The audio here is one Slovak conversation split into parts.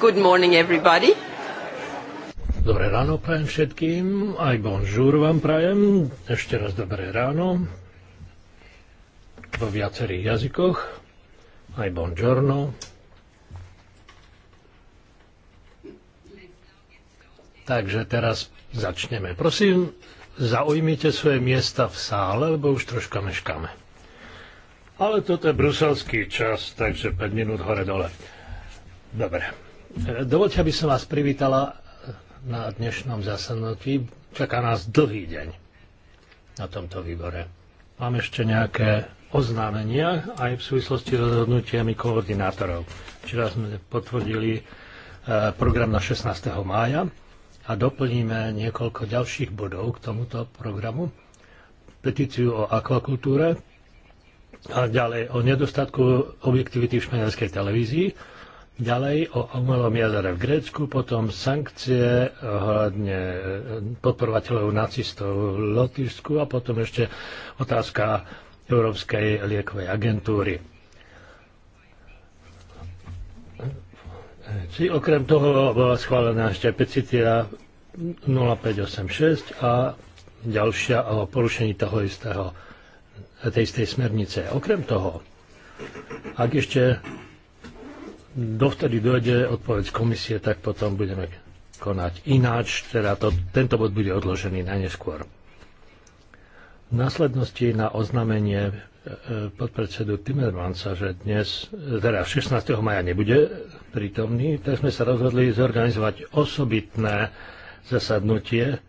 Good morning, everybody. Dobré ráno prajem všetkým, aj bonžúr vám prajem, ešte raz dobré ráno vo viacerých jazykoch, aj bonžorno. Takže teraz začneme. Prosím, zaujmite svoje miesta v sále, lebo už troška meškáme. Ale toto je bruselský čas, takže 5 minút hore-dole. Dobre. E, dovolte, aby som vás privítala na dnešnom zasadnutí. Čaká nás dlhý deň na tomto výbore. Mám ešte nejaké oznámenia aj v súvislosti s rozhodnutiami koordinátorov. Včera sme potvrdili e, program na 16. mája a doplníme niekoľko ďalších bodov k tomuto programu. Petíciu o akvakultúre, a ďalej o nedostatku objektivity v španielskej televízii, ďalej o umelom jazere v Grécku, potom sankcie hľadne eh, podporovateľov nacistov v Lotyšsku a potom ešte otázka Európskej liekovej agentúry. Eh, či okrem toho bola schválená ešte petícia 0586 a ďalšia o porušení toho istého tej tej smernice. Okrem toho, ak ešte dovtedy dojde odpoveď komisie, tak potom budeme konať. Ináč teda to, tento bod bude odložený na neskôr. V následnosti na oznámenie e, e, podpredsedu Timmermansa, že dnes, teda 16. maja nebude prítomný, tak sme sa rozhodli zorganizovať osobitné zasadnutie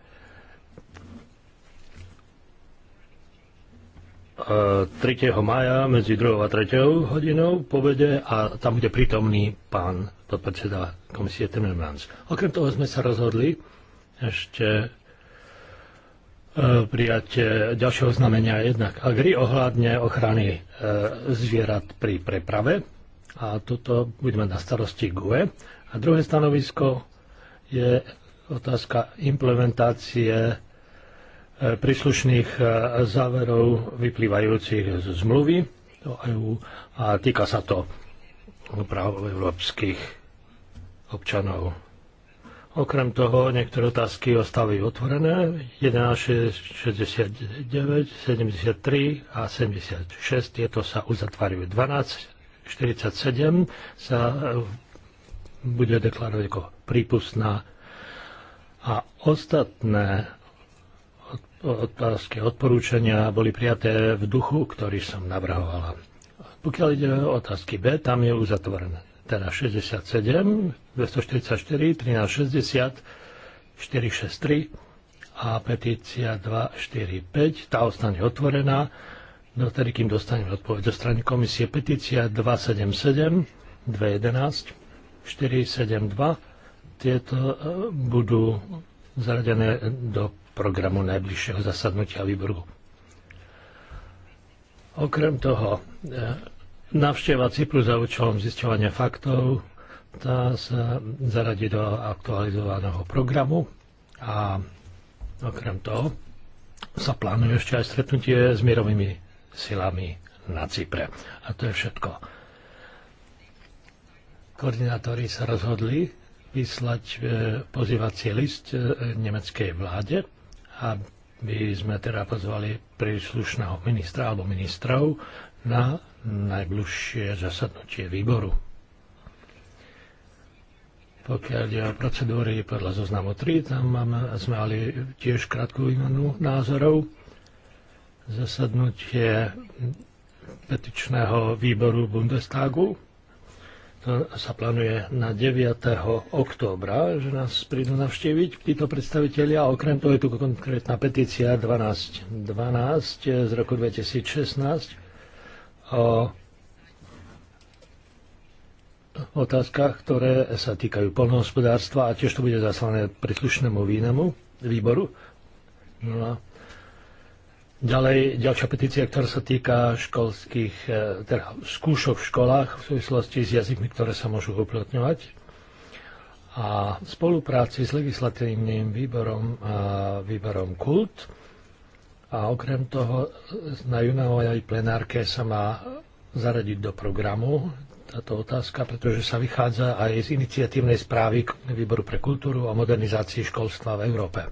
3. E, maja medzi 2. a 3. hodinou povede a tam bude prítomný pán podpredseda komisie Timmermans. Okrem toho sme sa rozhodli ešte e, prijať e, ďalšieho znamenia jednak agri ohľadne ochrany zvierat pri preprave a toto budeme na starosti GUE. A druhé stanovisko je otázka implementácie príslušných e, záverov vyplývajúcich z zmluvy do EU a týka sa to práv európskych občanov. Okrem toho niektoré otázky ostávajú otvorené. 11, 69, 73 a 76, tieto sa uzatvárajú. 12, 47 sa e, bude deklarovať ako prípustná a ostatné otázky, odporúčania boli prijaté v duchu, ktorý som navrhovala. Pokiaľ ide o otázky B, tam je uzatvorené. Teda 67, 244, 1360, 463 a petícia 245, tá ostane otvorená, tedy kým dostaneme odpoveď zo strany komisie. Petícia 277, 211, 472, tieto e, budú zaradené do programu najbližšieho zasadnutia výboru. Okrem toho, e, Navšteva Cypru za účelom zisťovania faktov tá sa zaradí do aktualizovaného programu a okrem toho sa plánuje ešte aj stretnutie s mierovými silami na Cypre. A to je všetko. Koordinátori sa rozhodli vyslať e, pozývací list e, nemeckej vláde aby sme teda pozvali príslušného ministra alebo ministrov na najbližšie zasadnutie výboru. Pokiaľ ide o procedúry podľa zoznamu 3, tam máme, sme mali tiež krátku výmenu názorov. Zasadnutie petičného výboru Bundestagu sa plánuje na 9. októbra, že nás prídu navštíviť títo predstavitelia. Okrem toho je tu konkrétna petícia 1212 12 z roku 2016 o otázkach, ktoré sa týkajú polnohospodárstva a tiež to bude zaslané príslušnému výnemu, výboru. No a Ďalej, ďalšia petícia, ktorá sa týka školských, e, teda skúšok v školách v súvislosti s jazykmi, ktoré sa môžu uplatňovať. A v spolupráci s legislatívnym výborom a e, výborom KULT a okrem toho na junovej plenárke sa má zaradiť do programu táto otázka, pretože sa vychádza aj z iniciatívnej správy Výboru pre kultúru a modernizácii školstva v Európe.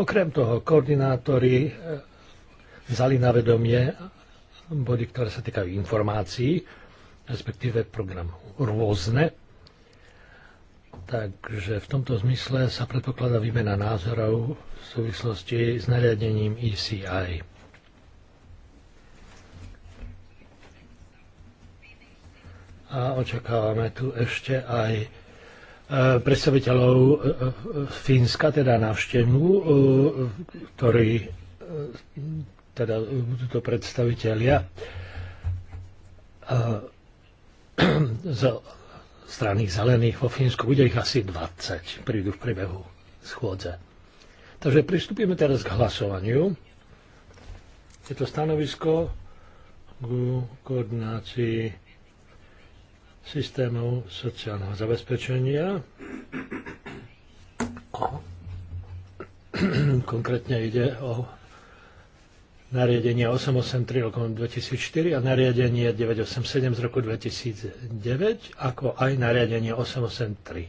Okrem toho koordinátori e, vzali na vedomie body, ktoré sa týkajú informácií, respektíve program rôzne. Takže v tomto zmysle sa predpokladá výmena názorov v súvislosti s nariadením ECI. A očakávame tu ešte aj e, predstaviteľov e, e, Fínska, teda návštevu, ktorí teda e, budú to predstaviteľia z strany zelených vo Fínsku. Bude ich asi 20, prídu v priebehu schôdze. Takže pristúpime teraz k hlasovaniu. Je to stanovisko k koordinácii systémov sociálneho zabezpečenia. Konkrétne ide o nariadenie 883 roku 2004 a nariadenie 987 z roku 2009, ako aj nariadenie 883 e,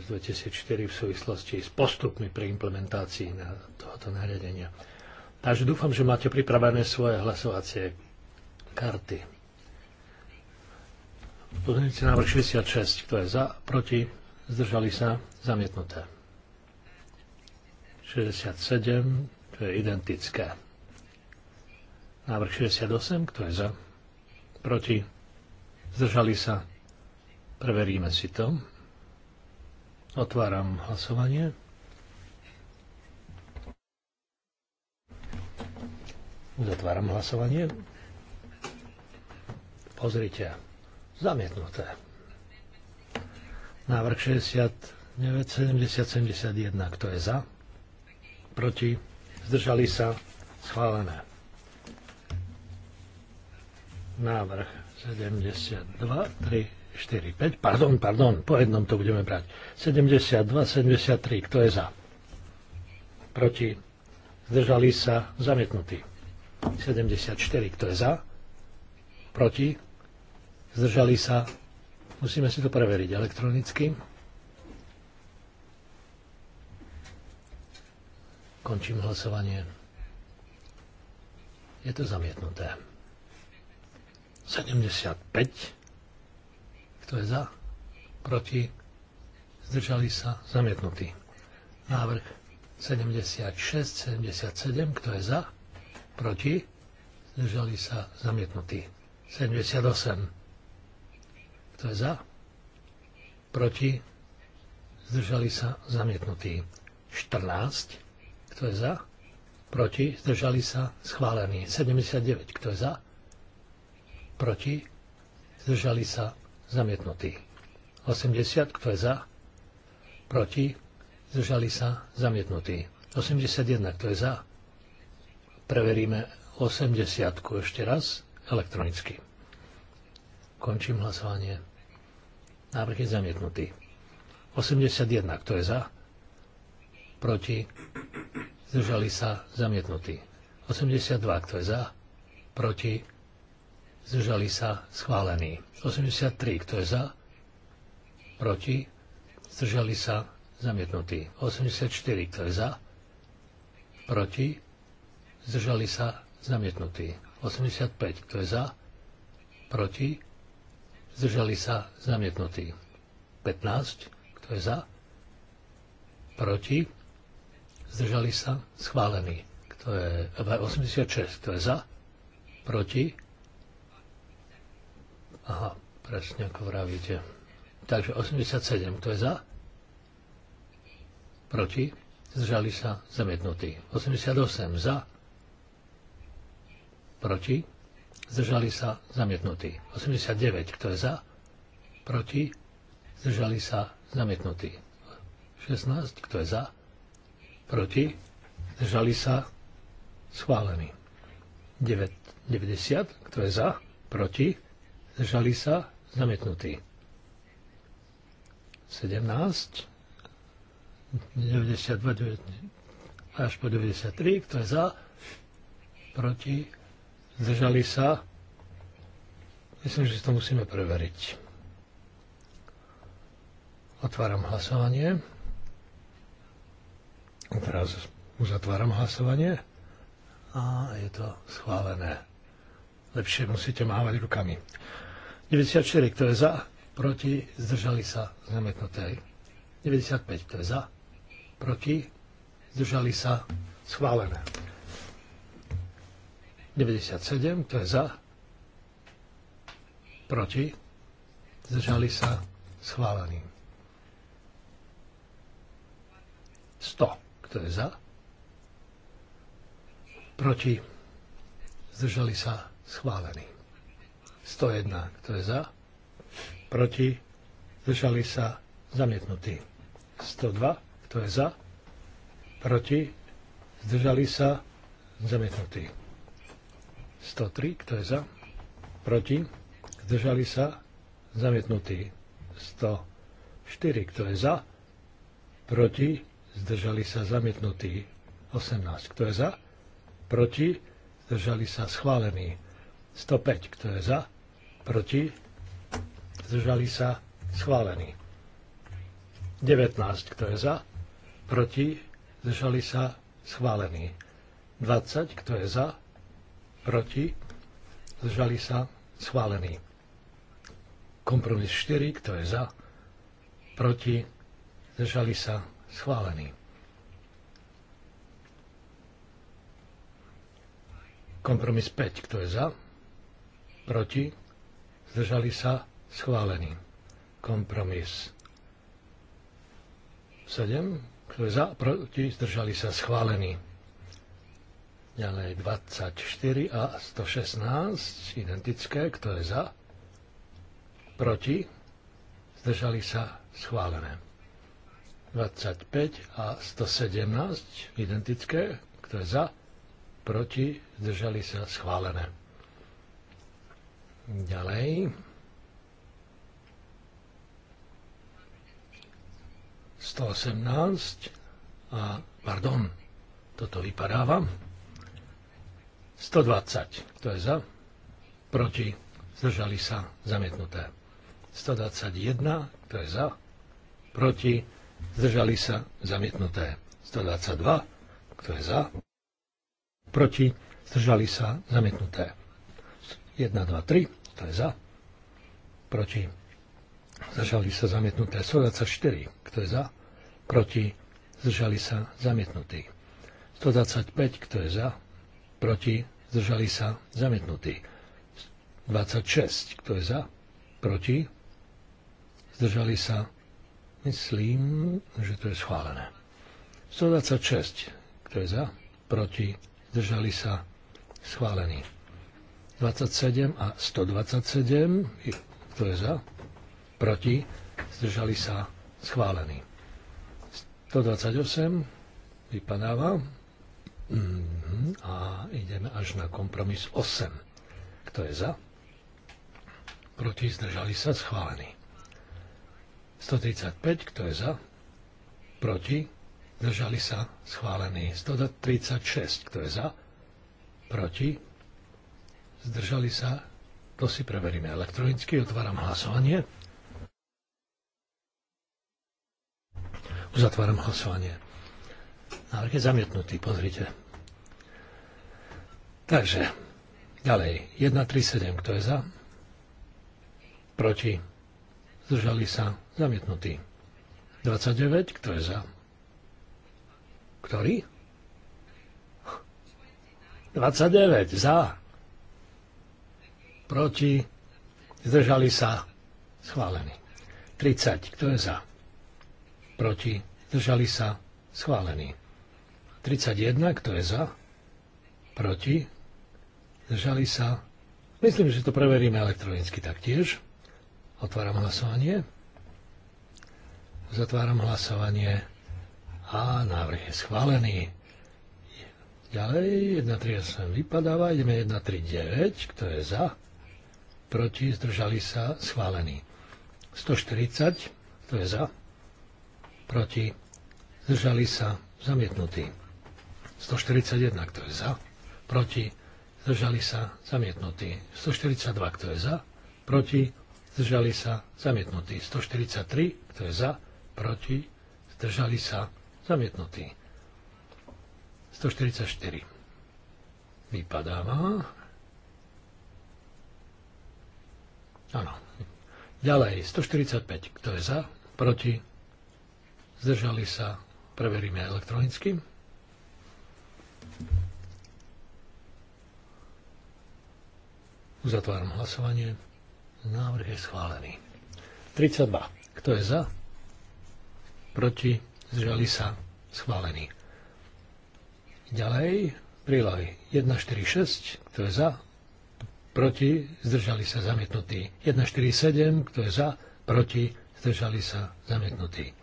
z 2004 v súvislosti s postupmi pri implementácii na tohoto nariadenia. Takže dúfam, že máte pripravené svoje hlasovacie karty. Pozornici návrh 66, kto je za, proti, zdržali sa, zamietnuté. 67, to je identické. Návrh 68, kto je za? Proti? Zdržali sa? Preveríme si to. Otváram hlasovanie. Uzatváram hlasovanie. Pozrite. Zamietnuté. Návrh 69, 70, 71. Kto je za? Proti? zdržali sa, schválené. Návrh 72, 3, 4, 5, pardon, pardon, po jednom to budeme brať. 72, 73, kto je za? Proti, zdržali sa, zamietnutí. 74, kto je za? Proti, zdržali sa, musíme si to preveriť elektronicky. Končím hlasovanie. Je to zamietnuté. 75. Kto je za? Proti? Zdržali sa? Zamietnutý. Návrh 76, 77. Kto je za? Proti? Zdržali sa? Zamietnutý. 78. Kto je za? Proti? Zdržali sa? Zamietnutý. 14. Kto je za? Proti? Zdržali sa? Schválený. 79. Kto je za? Proti? Zdržali sa? Zamietnutý. 80. Kto je za? Proti? Zdržali sa? Zamietnutý. 81. Kto je za? Preveríme 80 ešte raz elektronicky. Končím hlasovanie. Návrh je zamietnutý. 81. Kto je za? proti, zdržali sa, zamietnutí. 82, kto je za, proti, zdržali sa, schválení. 83, kto je za, proti, zdržali sa, zamietnutí. 84, kto je za, proti, zdržali sa, zamietnutí. 85, kto je za, proti, zdržali sa, zamietnutí. 15, kto je za, proti, zdržali sa, schválený. Kto je 86, kto je za, proti. Aha, presne ako vravíte. Takže 87, kto je za, proti, zdržali sa, zamietnutý. 88 za, proti, zdržali sa, zamietnutý. 89, kto je za, proti, zdržali sa, zamietnutý. 16, kto je za, proti, zdržali sa, schválený. 9, 90, kto je za, proti, zdržali sa, zamietnutý. 17, 92 až po 93, kto je za, proti, zdržali sa. Myslím, že to musíme preveriť. Otváram hlasovanie. Teraz uzatváram hlasovanie a je to schválené. Lepšie musíte mávať rukami. 94, kto je za, proti, zdržali sa zametnuté. 95, kto je za, proti, zdržali sa schválené. 97, kto je za, proti, zdržali sa schválený. 100. Kto je za? Proti? Zdržali sa schválení. 101. Kto je za? Proti? Zdržali sa zamietnutí. 102. Kto je za? Proti? Zdržali sa zamietnutí. 103. Kto je za? Proti? Zdržali sa zamietnutí. 104. Kto je za? Proti? zdržali sa zamietnutí. 18, kto je za, proti, zdržali sa schválení. 105, kto je za, proti, zdržali sa schválení. 19, kto je za, proti, zdržali sa schválení. 20, kto je za, proti, zdržali sa schválení. Kompromis 4, kto je za, proti, zdržali sa Schválený. Kompromis 5. Kto je za? Proti? Zdržali sa? Schválený. Kompromis 7. Kto je za? Proti? Zdržali sa? Schválený. Ďalej 24 a 116. Identické. Kto je za? Proti? Zdržali sa? Schválené. 25 a 117 identické, kto je za, proti, zdržali sa schválené. Ďalej. 118 a, pardon, toto vypadáva. 120, kto je za, proti, zdržali sa zamietnuté. 121, kto je za, proti, zdržali sa, zamietnuté. 122, kto je za, proti, zdržali sa, zamietnuté. 1, 2, 3, kto je za, proti, zdržali sa, zamietnuté. 124, kto je za, proti, zdržali sa, zamietnutí. 125, kto je za, proti, zdržali sa, zamietnutí. 26, kto je za, proti, zdržali sa, Myslím, že to je schválené. 126. Kto je za? Proti? Zdržali sa? Schválený. 27 a 127. Kto je za? Proti? Zdržali sa? Schválený. 128 vypadáva. Mhm. A ideme až na kompromis 8. Kto je za? Proti? Zdržali sa? Schválený. 135, kto je za? Proti? Zdržali sa? Schválený. 136, kto je za? Proti? Zdržali sa? To si preveríme elektronicky. Otváram hlasovanie. Uzatváram hlasovanie. Návrh je zamietnutý, pozrite. Takže, ďalej. 137, kto je za? Proti? Zdržali sa? Zamietnutý. 29, kto je za? Ktorý? 29, za. Proti. Zdržali sa. Schválený. 30, kto je za? Proti. Zdržali sa. Schválený. 31, kto je za? Proti. Zdržali sa. Myslím, že to preveríme elektronicky taktiež. Otváram hlasovanie. Zatváram hlasovanie. A návrh je schválený. Ďalej 138 vypadáva, ideme 139, kto je za, proti, zdržali sa, schválený. 140, kto je za, proti, zdržali sa, zamietnutý. 141, kto je za, proti, zdržali sa, zamietnutý. 142, kto je za, proti, zdržali sa, zamietnutý. 143, kto je za, proti, zdržali sa, zamietnutí 144 vypadáva. Áno. Ďalej, 145. Kto je za? Proti? Zdržali sa? Preveríme elektronicky. Uzatváram hlasovanie. Návrh je schválený. 32. Kto je za? proti, zdržali sa, schválený. Ďalej, prílohy 146, kto je za, proti, zdržali sa, 4, 147, kto je za, proti, zdržali sa, zamietnutí.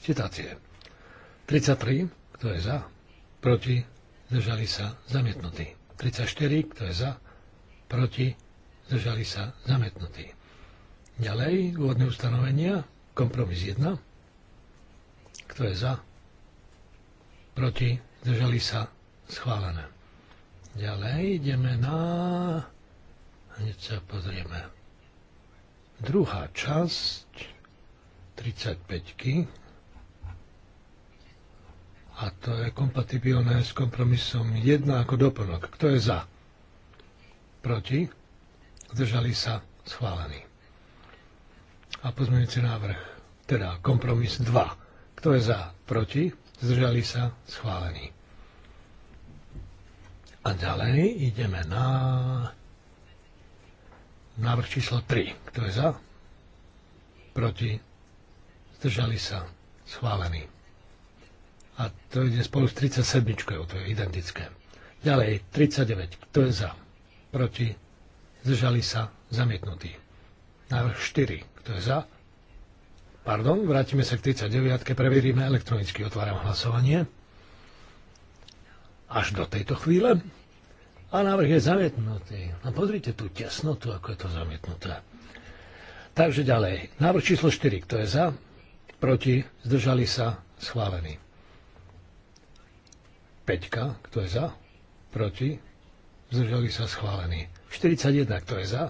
Citácie. 33, kto je za, proti, zdržali sa, zamietnutí. 34, kto je za, proti, zdržali sa, zamietnutí. Ďalej, úvodné ustanovenia, Kompromis 1. Kto je za? Proti? Zdržali sa? Schválené. Ďalej ideme na... Hneď sa pozrieme. Druhá časť 35 a to je kompatibilné s kompromisom 1 ako doplnok. Kto je za? Proti? Zdržali sa? Schválený a pozmeňujúci návrh, teda kompromis 2. Kto je za? Proti? Zdržali sa? Schválený. A ďalej ideme na návrh číslo 3. Kto je za? Proti? Zdržali sa? Schválený. A to ide spolu s 37, to je identické. Ďalej, 39. Kto je za? Proti? Zdržali sa? Zamietnutý. Návrh 4. Kto je za? Pardon, vrátime sa k 39. Preveríme elektronicky. Otváram hlasovanie. Až do tejto chvíle. A návrh je zamietnutý. No pozrite tú tesnotu, ako je to zamietnuté. Takže ďalej. Návrh číslo 4. Kto je za? Proti? Zdržali sa? Schválený. 5. Kto je za? Proti? Zdržali sa? Schválený. 41. Kto je za?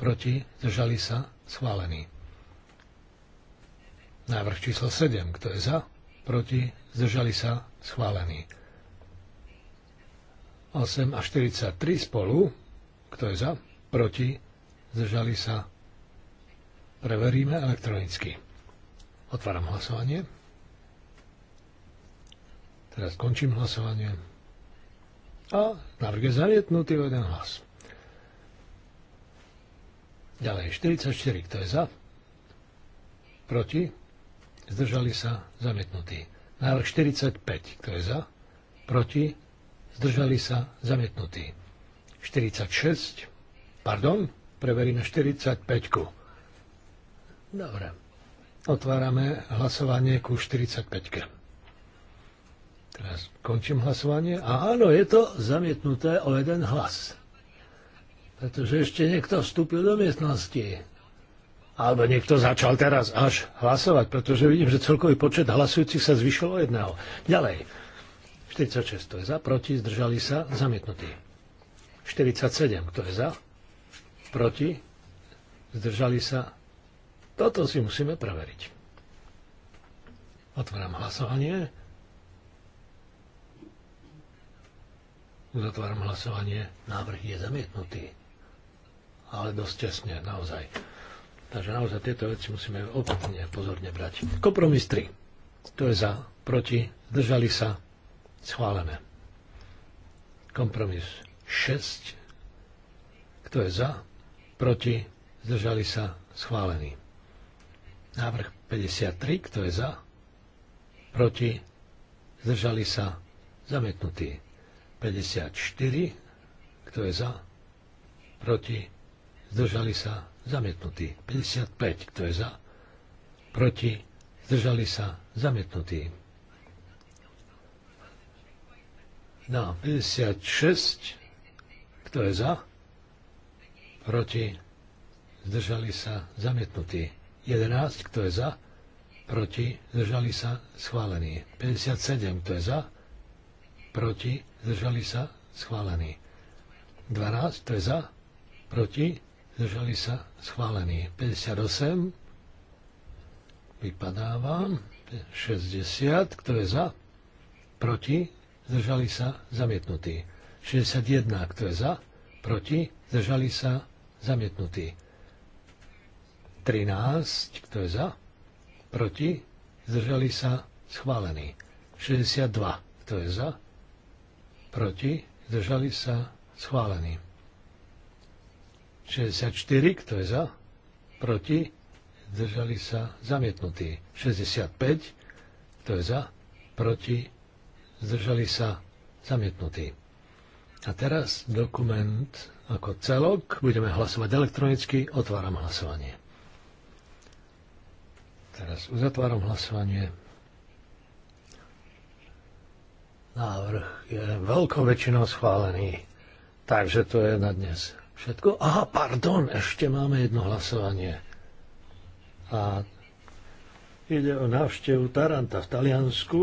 proti, zdržali sa, schválený. Návrh číslo 7, kto je za, proti, zdržali sa, schválený. 8 a 43 spolu, kto je za, proti, zdržali sa, preveríme elektronicky. Otváram hlasovanie. Teraz končím hlasovanie. A návrh je zamietnutý o jeden hlas. Ďalej, 44, kto je za? Proti? Zdržali sa zamietnutí. Návrh 45, kto je za? Proti? Zdržali sa zamietnutí. 46, pardon, preveríme 45. Dobre. Otvárame hlasovanie ku 45. Teraz končím hlasovanie. A áno, je to zamietnuté o jeden hlas pretože ešte niekto vstúpil do miestnosti. Alebo niekto začal teraz až hlasovať, pretože vidím, že celkový počet hlasujúcich sa zvyšil o jedného. Ďalej. 46, to je za, proti, zdržali sa, zamietnutí. 47, kto je za, proti, zdržali sa. Toto si musíme preveriť. Otváram hlasovanie. Uzatváram hlasovanie. Návrh je zamietnutý ale dosť tesne, naozaj. Takže naozaj tieto veci musíme opatne pozorne brať. Kompromis 3. To je za, proti, zdržali sa, schválené. Kompromis 6. Kto je za, proti, zdržali sa, schválený. Návrh 53. Kto je za, proti, zdržali sa, zamietnutý. 54. Kto je za, proti, zdržali sa, zamietnutí. 55, kto je za, proti, zdržali sa, zamietnutí. Na 56, kto je za, proti, zdržali sa, zamietnutí. 11, kto je za, proti, zdržali sa, schválený. 57, kto je za, proti, zdržali sa, schválený. 12, kto je za, proti, Zdržali sa? Schválený. 58. Vypadáva. 60. Kto je za? Proti? Zdržali sa? zamietnutí. 61. Kto je za? Proti? Zdržali sa? zamietnutí. 13. Kto je za? Proti? Zdržali sa? schválení. 62. Kto je za? Proti? Zdržali sa? schválení. 64, kto je za? Proti? Zdržali sa zamietnutí. 65, kto je za? Proti? Zdržali sa zamietnutí. A teraz dokument ako celok. Budeme hlasovať elektronicky. Otváram hlasovanie. Teraz uzatváram hlasovanie. Návrh je veľkou väčšinou schválený. Takže to je na dnes. Všetko? Aha, pardon, ešte máme jedno hlasovanie. A ide o návštevu Taranta v Taliansku,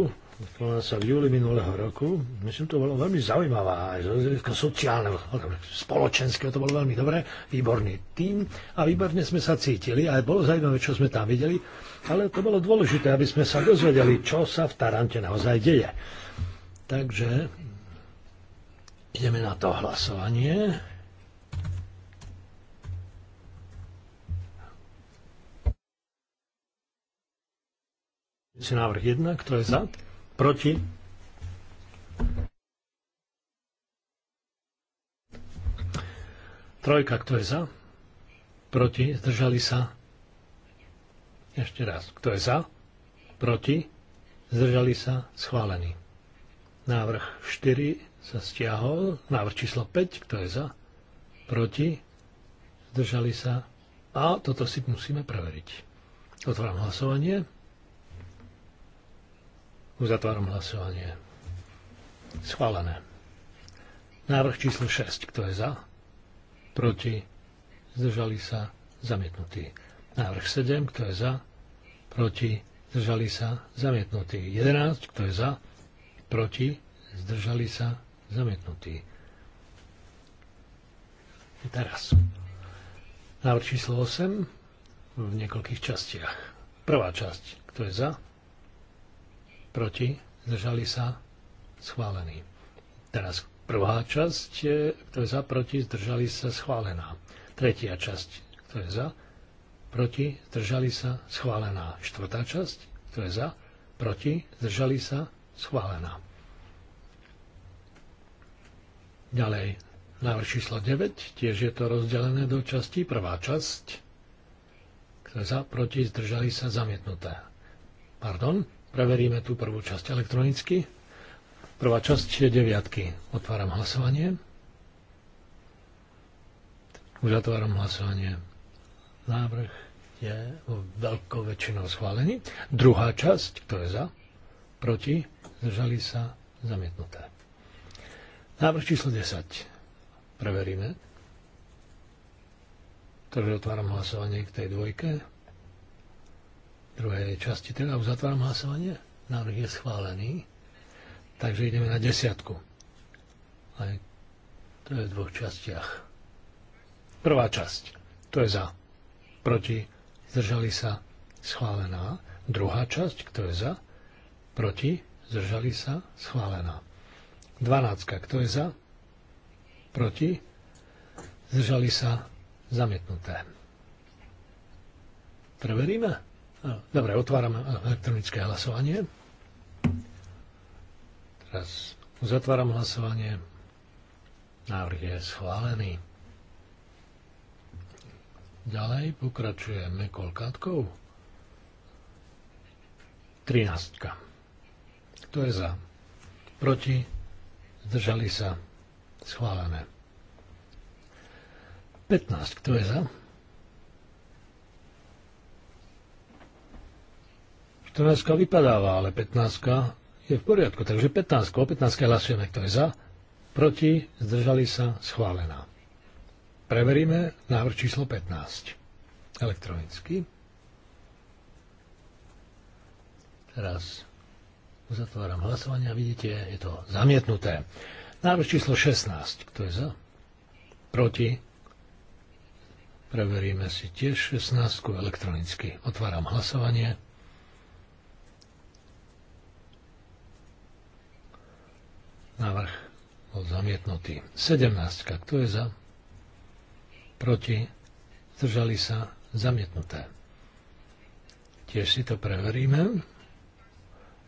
konala sa v júli minulého roku. Myslím, to bolo veľmi zaujímavá, aj sociálneho, spoločenského, to bolo veľmi dobré, výborný tým a výborne sme sa cítili, aj bolo zaujímavé, čo sme tam videli, ale to bolo dôležité, aby sme sa dozvedeli, čo sa v Tarante naozaj deje. Takže ideme na to hlasovanie. Je návrh 1, kto je za? No. Proti? Trojka, kto je za? Proti? Zdržali sa? Ešte raz. Kto je za? Proti? Zdržali sa? Schválený. Návrh 4 sa stiahol. Návrh číslo 5, kto je za? Proti? Zdržali sa? A toto si musíme preveriť. Otváram hlasovanie. Uzatváram hlasovanie. Schválené. Návrh číslo 6. Kto je za? Proti? Zdržali sa? Zamietnutý. Návrh 7. Kto je za? Proti? Zdržali sa? Zamietnutý. 11. Kto je za? Proti? Zdržali sa? Zamietnutý. Teraz. Návrh číslo 8 v niekoľkých častiach. Prvá časť. Kto je za? proti, zdržali sa, schválený. Teraz prvá časť, e, kto je za, proti, zdržali sa, schválená. Tretia časť, kto je za, proti, zdržali sa, schválená. Štvrtá časť, kto je za, proti, zdržali sa, schválená. Ďalej, návrh číslo 9, tiež je to rozdelené do časti. Prvá časť, kto je za, proti, zdržali sa, zamietnuté. Pardon, Preveríme tú prvú časť elektronicky. Prvá časť je deviatky. Otváram hlasovanie. Už otváram hlasovanie. Návrh je veľkou väčšinou schválený. Druhá časť, kto je za, proti, zdržali sa, zamietnuté. Návrh číslo 10. Preveríme. Takže otváram hlasovanie k tej dvojke druhej časti. Teda uzatváram hlasovanie. Návrh je schválený. Takže ideme na desiatku. Aj to je v dvoch častiach. Prvá časť. To je za. Proti. Zdržali sa. Schválená. Druhá časť. Kto je za? Proti. Zdržali sa. Schválená. Dvanáctka. Kto je za? Proti. Zdržali sa. Zamietnuté. Preveríme? Dobre, otváram elektronické hlasovanie. Teraz uzatváram hlasovanie. Návrh je schválený. Ďalej pokračujeme kolkátkou. 13. Kto je za? Proti? Zdržali sa? Schválené. 15. Kto je za? 14 vypadáva, ale 15 je v poriadku. Takže 15, o 15 hlasujeme, kto je za, proti, zdržali sa, schválená. Preveríme návrh číslo 15 elektronicky. Teraz uzatváram hlasovanie a vidíte, je to zamietnuté. Návrh číslo 16, kto je za? Proti? Preveríme si tiež 16 elektronicky. Otváram hlasovanie. Návrh bol zamietnutý. 17. Kto je za? Proti? Zdržali sa? Zamietnuté. Tiež si to preveríme.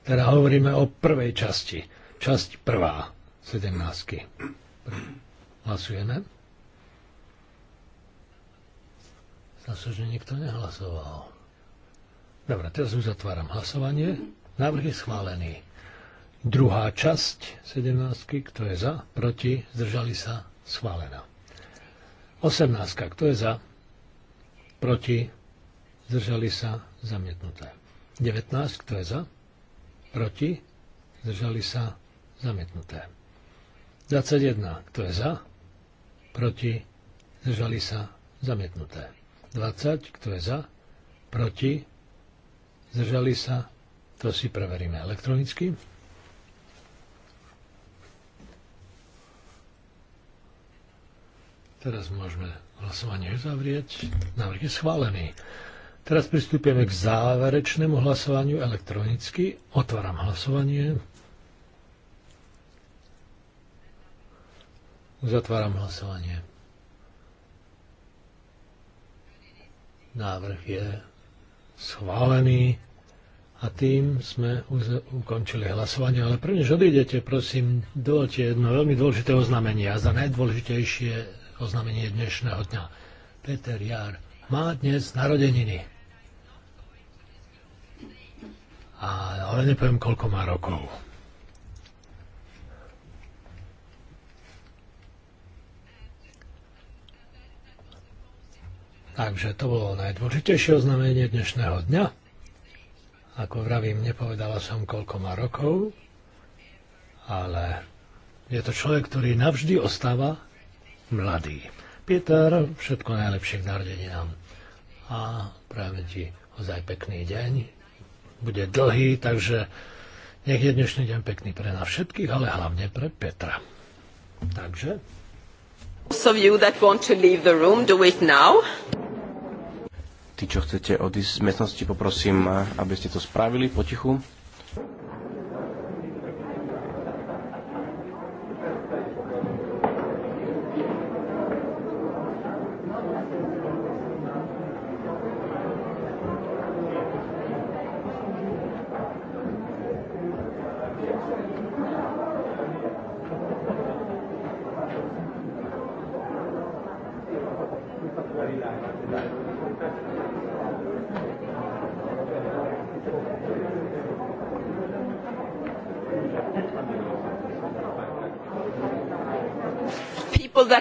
Teda hovoríme o prvej časti. Časť prvá. 17. Hlasujeme. Zdá sa, že nikto nehlasoval. Dobre, teraz uzatváram hlasovanie. Návrh je schválený. Druhá časť 17, kto je za, proti, zdržali sa, schválená. 18, kto je za, proti, zdržali sa, zamietnuté. 19, kto je za, proti, zdržali sa, zamietnuté. 21, kto je za, proti, zdržali sa, zamietnuté. 20, kto je za, proti, zdržali sa, to si preveríme elektronicky. Teraz môžeme hlasovanie uzavrieť. Návrh je schválený. Teraz pristúpime k záverečnému hlasovaniu elektronicky. Otváram hlasovanie. Uzatváram hlasovanie. Návrh je schválený a tým sme ukončili hlasovanie. Ale prvnež odídete, prosím, dovolte jedno veľmi dôležité oznámenie a za najdôležitejšie oznámenie dnešného dňa. Peter Jar má dnes narodeniny. A, ale nepoviem, koľko má rokov. Takže to bolo najdôležitejšie oznámenie dnešného dňa. Ako vravím, nepovedala som, koľko má rokov, ale je to človek, ktorý navždy ostáva mladý. Peter, všetko najlepšie k narodeninám. A práve ti ozaj pekný deň. Bude dlhý, takže nech je dnešný deň pekný pre nás všetkých, ale hlavne pre Petra. Takže... So you that want to leave the room, do it now. Tí, čo chcete odísť z miestnosti, poprosím, aby ste to spravili potichu.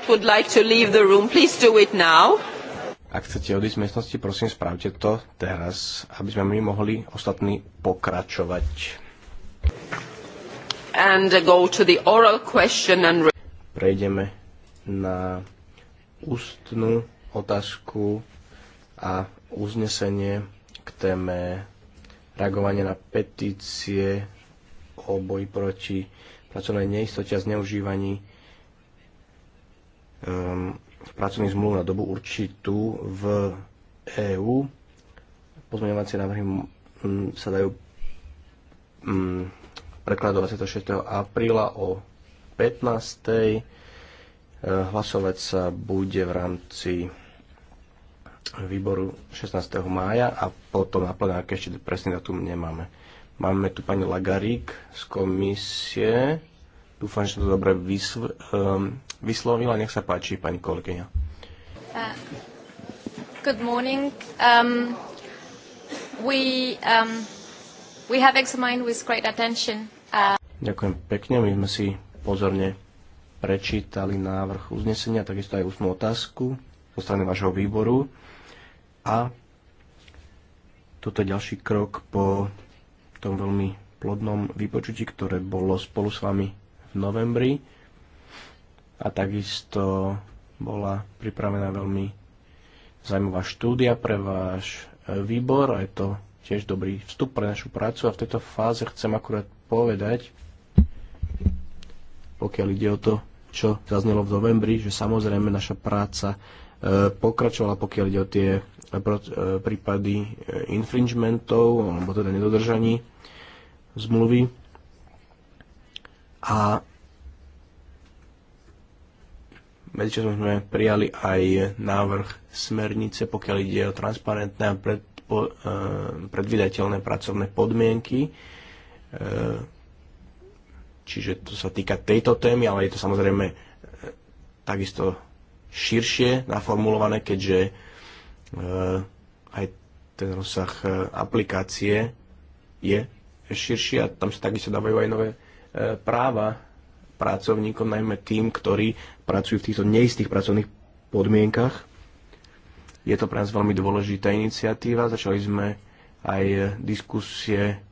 would like to leave the room, please do it now. Ak chcete odísť z miestnosti, prosím, spravte to teraz, aby sme my mohli ostatní pokračovať. And go to the oral question and... Prejdeme na ústnu otázku a uznesenie k téme reagovanie na petície o boji proti pracovnej neistote a zneužívaní Ehm, pracovných zmluv na dobu určitú v EÚ. Pozmeňovacie návrhy sa dajú prekladať do 26. apríla o 15. Ehm, hlasovať sa bude v rámci výboru 16. mája a potom na plenárke ešte presný datum nemáme. Máme tu pani Lagarík z komisie. Dúfam, že to dobre vysv- um, vyslovila. Nech sa páči, pani kolegyňa. Uh, good morning. Um, we, um, we have examined with great attention. Uh... Ďakujem pekne. My sme si pozorne prečítali návrh uznesenia, takisto aj ústnú otázku zo strany vášho výboru. A toto je ďalší krok po tom veľmi plodnom vypočutí, ktoré bolo spolu s vami v novembri a takisto bola pripravená veľmi zaujímavá štúdia pre váš e, výbor a je to tiež dobrý vstup pre našu prácu a v tejto fáze chcem akurát povedať, pokiaľ ide o to, čo zaznelo v novembri, že samozrejme naša práca e, pokračovala, pokiaľ ide o tie e, prípady infringementov, alebo teda nedodržaní zmluvy. A medzičasom sme prijali aj návrh smernice, pokiaľ ide o transparentné a predpo, e, predvydateľné pracovné podmienky. E, čiže to sa týka tejto témy, ale je to samozrejme e, takisto širšie naformulované, keďže aj ten rozsah aplikácie je širší a tam sa takisto dávajú aj nové E, práva pracovníkom, najmä tým, ktorí pracujú v týchto neistých pracovných podmienkach. Je to pre nás veľmi dôležitá iniciatíva. Začali sme aj diskusie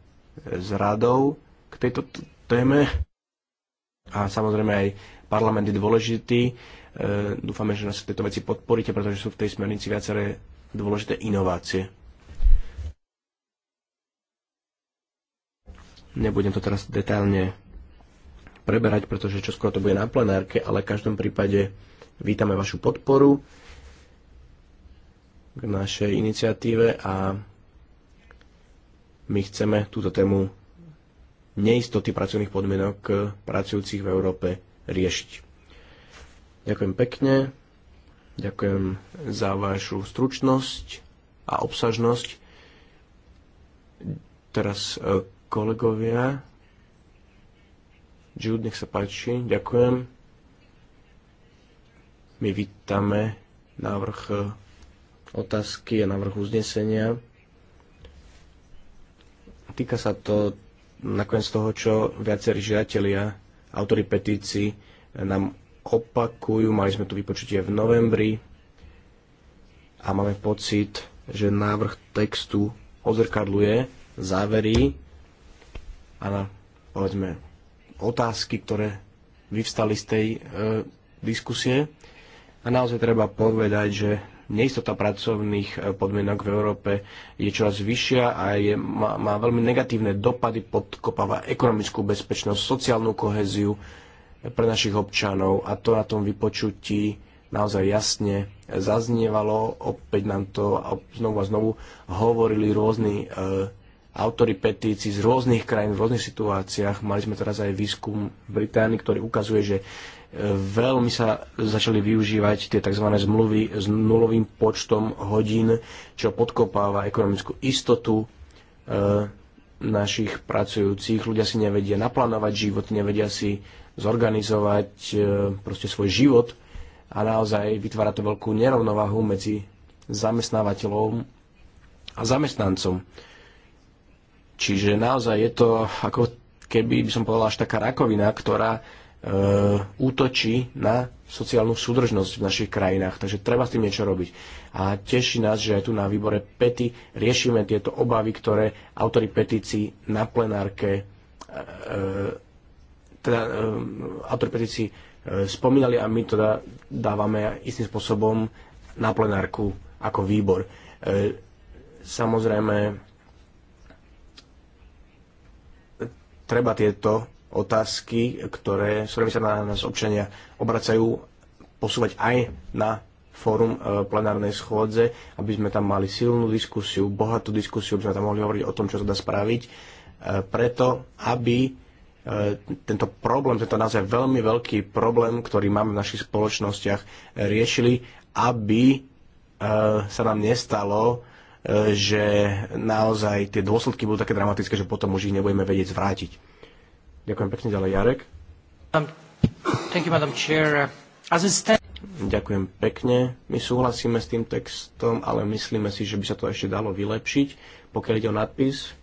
s radou k tejto téme. A samozrejme aj parlament je dôležitý. E, dúfame, že nás v tejto veci podporíte, pretože sú v tej smernici viaceré dôležité inovácie. Nebudem to teraz detailne preberať, pretože čoskoro to bude na plenárke, ale v každom prípade vítame vašu podporu k našej iniciatíve a my chceme túto tému neistoty pracovných podmienok pracujúcich v Európe riešiť. Ďakujem pekne, ďakujem za vašu stručnosť a obsažnosť. Teraz eh, kolegovia, Jude, nech sa páči. Ďakujem. My vítame návrh e, otázky a návrh uznesenia. Týka sa to nakoniec toho, čo viacerí žiadatelia, autori petícií nám opakujú. Mali sme tu vypočutie v novembri a máme pocit, že návrh textu odzrkadluje závery a na, povedzme, otázky, ktoré vyvstali z tej e, diskusie. A naozaj treba povedať, že neistota pracovných e, podmienok v Európe je čoraz vyššia a je, má, má veľmi negatívne dopady, podkopáva ekonomickú bezpečnosť, sociálnu koheziu e, pre našich občanov a to na tom vypočutí naozaj jasne zaznievalo. Opäť nám to znovu a znovu hovorili rôzni e, autory petícií z rôznych krajín, v rôznych situáciách. Mali sme teraz aj výskum v Británii, ktorý ukazuje, že e, veľmi sa začali využívať tie tzv. zmluvy s nulovým počtom hodín, čo podkopáva ekonomickú istotu e, našich pracujúcich. Ľudia si nevedia naplánovať život, nevedia si zorganizovať e, proste svoj život a naozaj vytvára to veľkú nerovnováhu medzi zamestnávateľom a zamestnancom. Čiže naozaj je to ako keby by som povedal až taká rakovina, ktorá e, útočí na sociálnu súdržnosť v našich krajinách. Takže treba s tým niečo robiť. A teší nás, že aj tu na výbore PETI riešime tieto obavy, ktoré autory petícií na plenárke e, e teda e, autor petícií e, spomínali a my to teda dávame istým spôsobom na plenárku ako výbor. E, samozrejme, treba tieto otázky, ktoré, s ktorými sa na nás občania obracajú, posúvať aj na fórum e, plenárnej schôdze, aby sme tam mali silnú diskusiu, bohatú diskusiu, aby sme tam mohli hovoriť o tom, čo sa dá spraviť, e, preto aby e, tento problém, tento naozaj veľmi veľký problém, ktorý máme v našich spoločnostiach, riešili, aby sa nám nestalo, že naozaj tie dôsledky budú také dramatické, že potom už ich nebudeme vedieť zvrátiť. Ďakujem pekne ďalej, Jarek. Um, Ďakujem pekne. My súhlasíme s tým textom, ale myslíme si, že by sa to ešte dalo vylepšiť, pokiaľ ide o nadpis.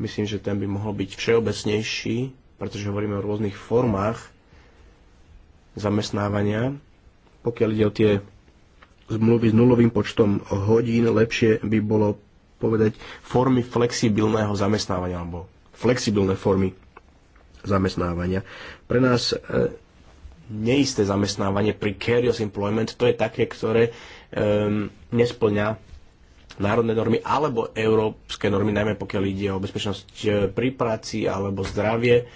Myslím, že ten by mohol byť všeobecnejší, pretože hovoríme o rôznych formách zamestnávania. Pokiaľ ide o tie zmluvy s nulovým počtom hodín, lepšie by bolo povedať formy flexibilného zamestnávania alebo flexibilné formy zamestnávania. Pre nás e, neisté zamestnávanie, precarious employment, to je také, ktoré e, nesplňa národné normy alebo európske normy, najmä pokiaľ ide o bezpečnosť e, pri práci alebo zdravie,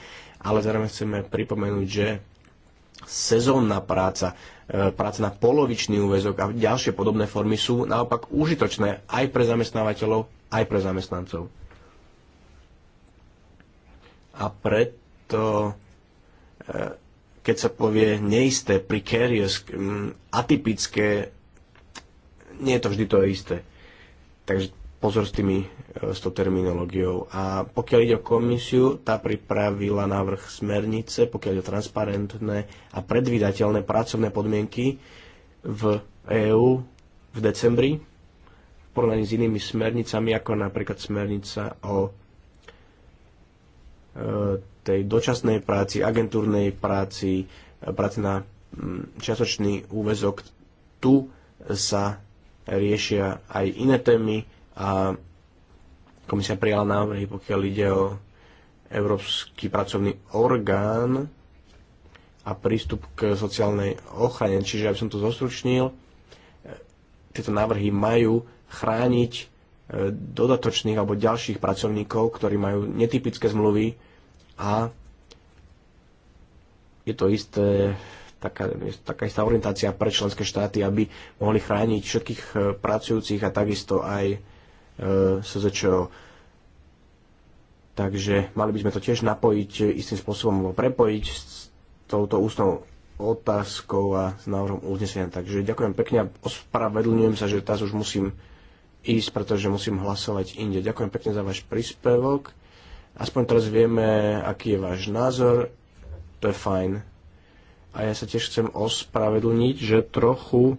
ale zároveň chceme pripomenúť, že sezónna práca, e, práca na polovičný úvezok a ďalšie podobné formy sú naopak užitočné aj pre zamestnávateľov, aj pre zamestnancov. A preto, e, keď sa povie neisté, precarious, atypické, nie je to vždy to isté. Takže pozor s, tými, e, s tou terminológiou. A pokiaľ ide o komisiu, tá pripravila návrh smernice, pokiaľ ide o transparentné a predvídateľné pracovné podmienky v EÚ v decembri v porovnaní s inými smernicami, ako napríklad smernica o e, tej dočasnej práci, agentúrnej práci, e, práci na mm, čiastočný úvezok. Tu sa riešia aj iné témy, a komisia prijala návrhy, pokiaľ ide o Európsky pracovný orgán a prístup k sociálnej ochrane. Čiže, aby som to zostručnil, tieto návrhy majú chrániť e, dodatočných alebo ďalších pracovníkov, ktorí majú netypické zmluvy a je to isté, taká, je taká istá orientácia pre členské štáty, aby mohli chrániť všetkých e, pracujúcich a takisto aj SZČO. Takže mali by sme to tiež napojiť e, istým spôsobom, prepojiť s touto ústnou otázkou a s návrhom uznesenia. Takže ďakujem pekne a ospravedlňujem sa, že teraz už musím ísť, pretože musím hlasovať inde. Ďakujem pekne za váš príspevok. Aspoň teraz vieme, aký je váš názor. To je fajn. A ja sa tiež chcem ospravedlniť, že trochu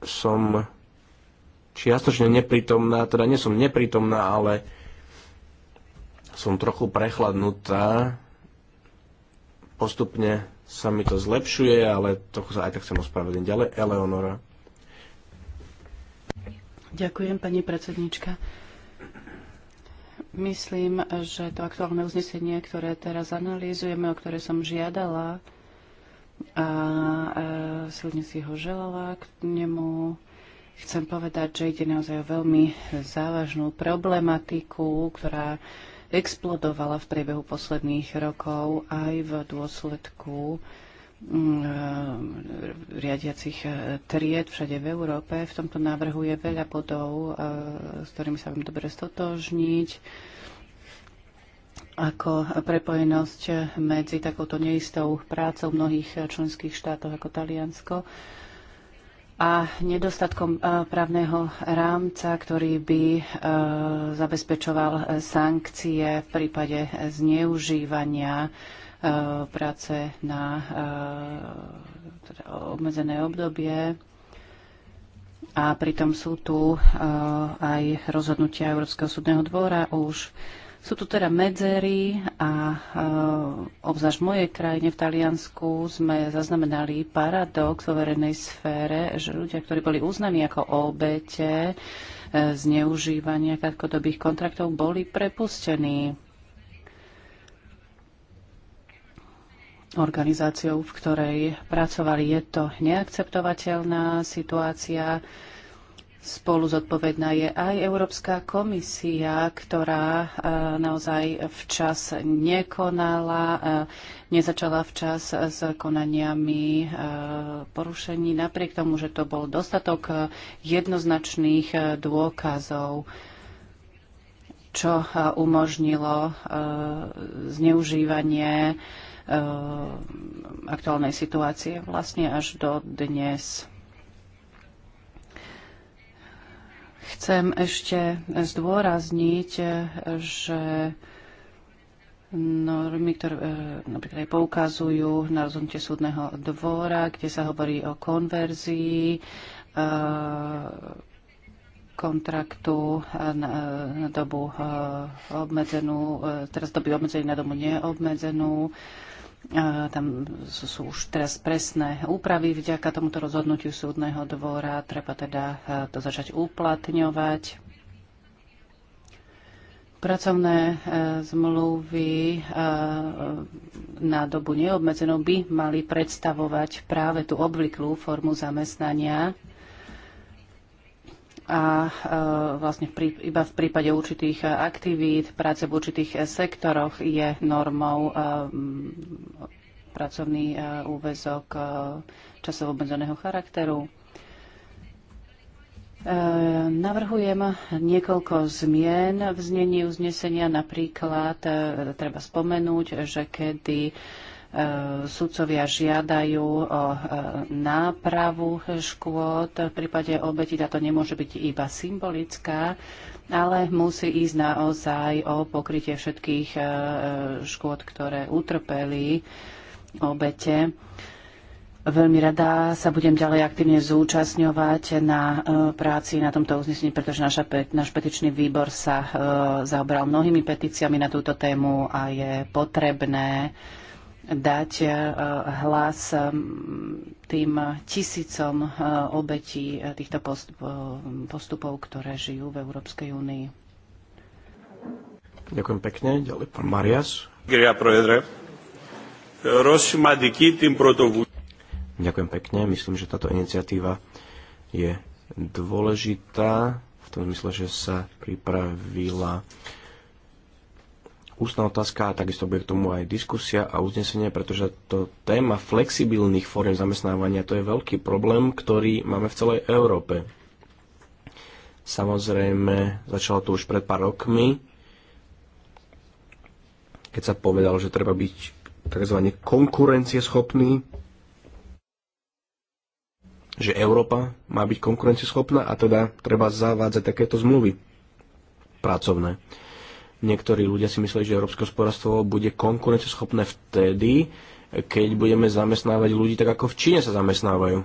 som čiastočne neprítomná, teda nie som neprítomná, ale som trochu prechladnutá. Postupne sa mi to zlepšuje, ale trochu sa aj tak chcem ospravedlniť. Ďalej, Eleonora. Ďakujem, pani predsednička. Myslím, že to aktuálne uznesenie, ktoré teraz analýzujeme, o ktoré som žiadala a, a e, silne si ho želala k nemu, Chcem povedať, že ide naozaj o veľmi závažnú problematiku, ktorá explodovala v priebehu posledných rokov aj v dôsledku mm, riadiacich e, tried všade v Európe. V tomto návrhu je veľa bodov, e, s ktorými sa vám dobre stotožniť ako prepojenosť medzi takouto neistou prácou mnohých členských štátov ako Taliansko a nedostatkom e, právneho rámca, ktorý by e, zabezpečoval sankcie v prípade zneužívania e, práce na teda obmedzené obdobie. A pritom sú tu aj rozhodnutia Európskeho súdneho dvora už sú tu teda medzery a obzvlášť v mojej krajine, v Taliansku, sme zaznamenali paradox vo verejnej sfére, že ľudia, ktorí boli uznaní ako obete e, zneužívania krátkodobých kontraktov, boli prepustení organizáciou, v ktorej pracovali. Je to neakceptovateľná situácia spolu zodpovedná je aj Európska komisia, ktorá e, naozaj včas nekonala, e, nezačala včas s konaniami e, porušení, napriek tomu, že to bol dostatok jednoznačných dôkazov čo umožnilo zneužívanie aktuálnej situácie vlastne až do dnes. Chcem ešte zdôrazniť, že normy, ktoré e, napríklad aj poukazujú na rozhodnutie súdneho dvora, kde sa hovorí o konverzii e, kontraktu e, na, na dobu obmedzenú, teraz doby obmedzenej na dobu neobmedzenú, tam sú, sú už teraz presné úpravy vďaka tomuto rozhodnutiu súdneho dvora. Treba teda e, to začať uplatňovať. Pracovné e, zmluvy e, na dobu neobmedzenú by mali predstavovať práve tú obvyklú formu zamestnania a e, vlastne v, iba v prípade určitých aktivít, práce v určitých e, sektoroch je normou e, pracovný úvezok časovo obmedzeného charakteru. Navrhujem niekoľko zmien v znení uznesenia. Napríklad treba spomenúť, že kedy E, sudcovia žiadajú o e, nápravu škôd. V prípade obeti táto nemôže byť iba symbolická, ale musí ísť naozaj o pokrytie všetkých e, škôd, ktoré utrpeli obete. Veľmi rada sa budem ďalej aktívne zúčastňovať na práci na tomto uznesení, pretože naša, náš petičný výbor sa zaoberal mnohými petíciami na túto tému a je potrebné dať e, hlas e, tým tisícom e, obetí týchto postupov, ktoré žijú v Európskej únii. Ďakujem pekne. Ďalej pán Marias. Ďakujem pekne. Myslím, že táto iniciatíva je dôležitá v tom zmysle, že sa pripravila ústna otázka a takisto bude k tomu aj diskusia a uznesenie, pretože to téma flexibilných fóriem zamestnávania to je veľký problém, ktorý máme v celej Európe. Samozrejme, začalo to už pred pár rokmi, keď sa povedalo, že treba byť tzv. konkurencieschopný, že Európa má byť konkurencieschopná a teda treba zavádzať takéto zmluvy pracovné. Niektorí ľudia si mysleli, že európske hospodárstvo bude konkurenceschopné vtedy, keď budeme zamestnávať ľudí tak, ako v Číne sa zamestnávajú.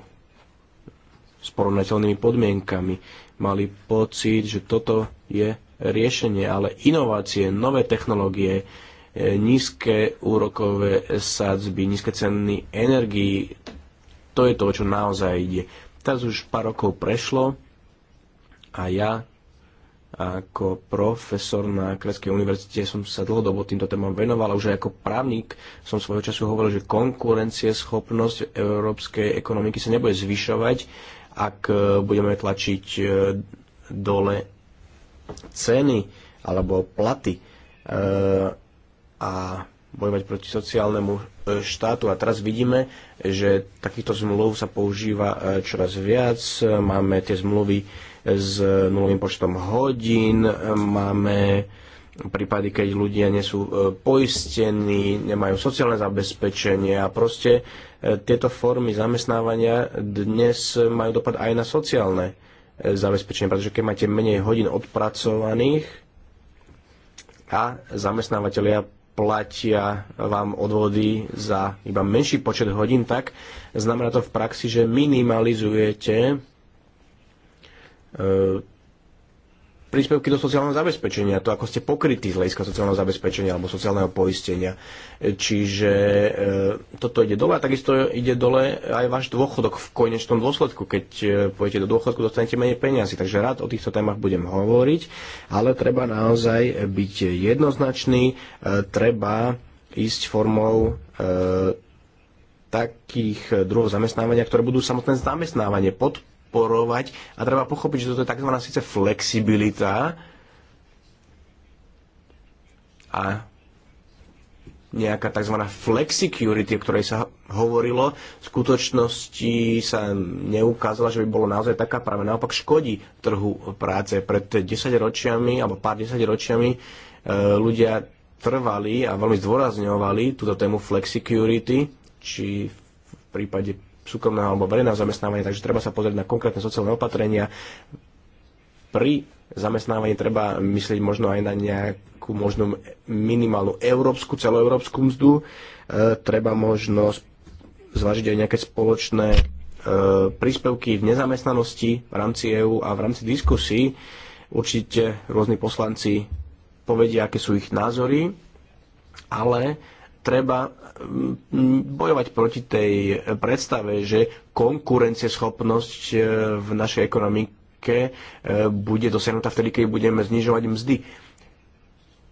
S porovnateľnými podmienkami. Mali pocit, že toto je riešenie, ale inovácie, nové technológie, e, nízke úrokové sadzby, nízke ceny energii, to je to, čo naozaj ide. Teraz už pár rokov prešlo a ja ako profesor na Kreskej univerzite som sa dlhodobo týmto témam venoval, už aj ako právnik som svojho času hovoril, že konkurencieschopnosť európskej ekonomiky sa nebude zvyšovať, ak e, budeme tlačiť e, dole ceny alebo platy e, a bojovať proti sociálnemu štátu. A teraz vidíme, že takýchto zmluv sa používa čoraz viac. Máme tie zmluvy s nulovým počtom hodín, máme prípady, keď ľudia nie sú e, poistení, nemajú sociálne zabezpečenie a proste e, tieto formy zamestnávania dnes majú dopad aj na sociálne e, zabezpečenie, pretože keď máte menej hodín odpracovaných a zamestnávateľia platia vám odvody za iba menší počet hodín, tak znamená to v praxi, že minimalizujete E, príspevky do sociálneho zabezpečenia, to ako ste pokrytí z hľadiska sociálneho zabezpečenia alebo sociálneho poistenia. E, čiže e, toto ide dole a takisto ide dole aj váš dôchodok v konečnom dôsledku. Keď e, pôjdete do dôchodku, dostanete menej peniazy. Takže rád o týchto témach budem hovoriť, ale treba naozaj byť jednoznačný, e, treba ísť formou e, takých druhov zamestnávania, ktoré budú samotné zamestnávanie pod podporovať a treba pochopiť, že toto je tzv. síce flexibilita a nejaká tzv. flexicurity, o ktorej sa hovorilo, v skutočnosti sa neukázala, že by bolo naozaj taká práve naopak škodí trhu práce. Pred 10 ročiami, alebo pár 10 ročiami e, ľudia trvali a veľmi zdôrazňovali túto tému flexicurity, či v prípade súkromná alebo verejného zamestnávania, takže treba sa pozrieť na konkrétne sociálne opatrenia. Pri zamestnávaní treba myslieť možno aj na nejakú možnú minimálnu európsku, celoeurópsku mzdu. E, treba možno zvážiť aj nejaké spoločné e, príspevky v nezamestnanosti v rámci EÚ a v rámci diskusí. Určite rôzni poslanci povedia, aké sú ich názory, ale treba bojovať proti tej predstave, že konkurencieschopnosť e, v našej ekonomike e, bude dosiahnutá vtedy, keď budeme znižovať mzdy.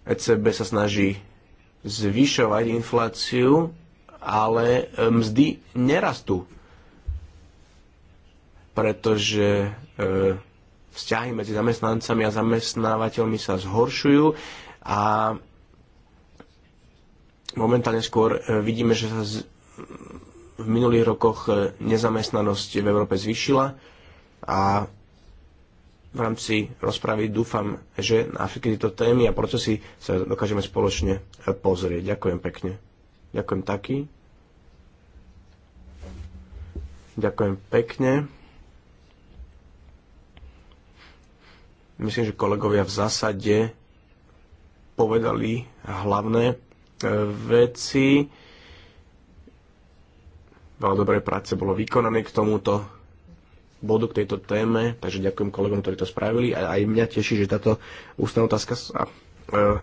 ECB sa snaží zvyšovať infláciu, ale e, mzdy nerastú, pretože vzťahy medzi zamestnancami a zamestnávateľmi sa zhoršujú a Momentálne skôr e, vidíme, že sa v minulých rokoch e, nezamestnanosť v Európe zvyšila a v rámci rozpravy dúfam, že na všetky tieto témy a procesy sa dokážeme spoločne e, pozrieť. Ďakujem pekne. Ďakujem taký. Ďakujem pekne. Myslím, že kolegovia v zásade povedali hlavné veci. Veľa dobré práce bolo vykonané k tomuto bodu, k tejto téme, takže ďakujem kolegom, ktorí to spravili a aj mňa teší, že táto ústna otázka sa, e,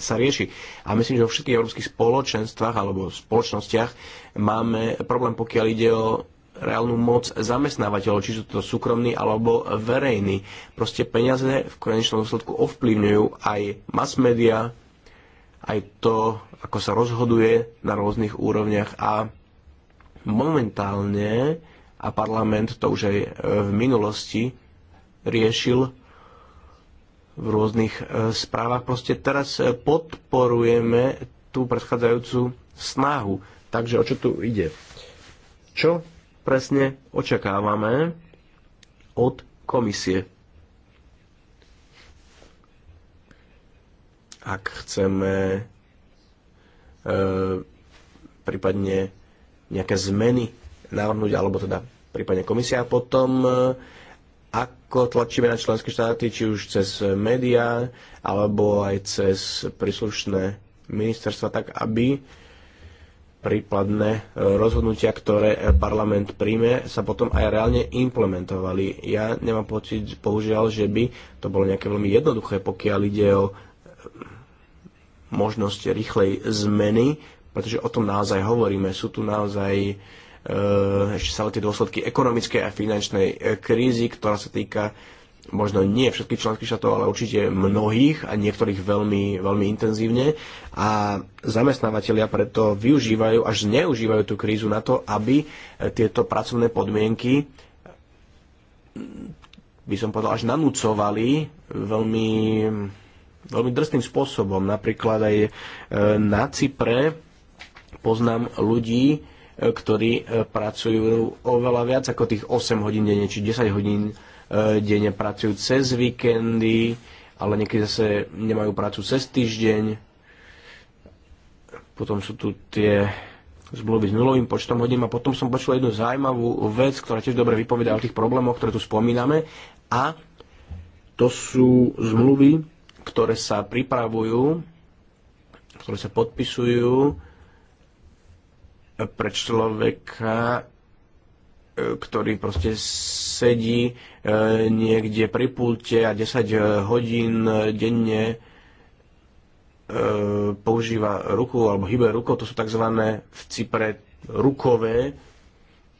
sa rieši. A myslím, že vo všetkých európskych spoločenstvách alebo spoločnostiach máme problém, pokiaľ ide o reálnu moc zamestnávateľov, či sú to súkromní alebo verejní. Proste peniaze v konečnom dôsledku ovplyvňujú aj mass media, aj to, ako sa rozhoduje na rôznych úrovniach a momentálne, a parlament to už aj e, v minulosti riešil v rôznych e, správach, proste teraz e, podporujeme tú predchádzajúcu snahu. Takže o čo tu ide? Čo presne očakávame od komisie? ak chceme e, prípadne nejaké zmeny navrhnúť, alebo teda prípadne komisia a potom e, ako tlačíme na členské štáty, či už cez médiá, alebo aj cez príslušné ministerstva, tak aby prípadné e, rozhodnutia, ktoré parlament príjme, sa potom aj reálne implementovali. Ja nemám pocit, bohužiaľ, že by to bolo nejaké veľmi jednoduché, pokiaľ ide o možnosť rýchlej zmeny, pretože o tom naozaj hovoríme. Sú tu naozaj e, ešte sa tie dôsledky ekonomickej a finančnej e, krízy, ktorá sa týka možno nie všetkých členských štátov, ale určite mnohých a niektorých veľmi, veľmi intenzívne. A zamestnávateľia preto využívajú až zneužívajú tú krízu na to, aby e, tieto pracovné podmienky by som povedal, až nanúcovali veľmi veľmi drsným spôsobom. Napríklad aj e, na Cypre poznám ľudí, e, ktorí e, pracujú oveľa viac ako tých 8 hodín denne, či 10 hodín denne pracujú cez víkendy, ale niekedy zase nemajú prácu cez týždeň. Potom sú tu tie zmluvy s nulovým počtom hodín a potom som počul jednu zaujímavú vec, ktorá tiež dobre vypovedá o tých problémoch, ktoré tu spomíname a to sú zmluvy ktoré sa pripravujú, ktoré sa podpisujú eh, pre človeka, eh, ktorý proste sedí eh, niekde pri pulte a 10 hodín denne používa ruku alebo hýbe rukou, to sú tzv. v Cypre rukové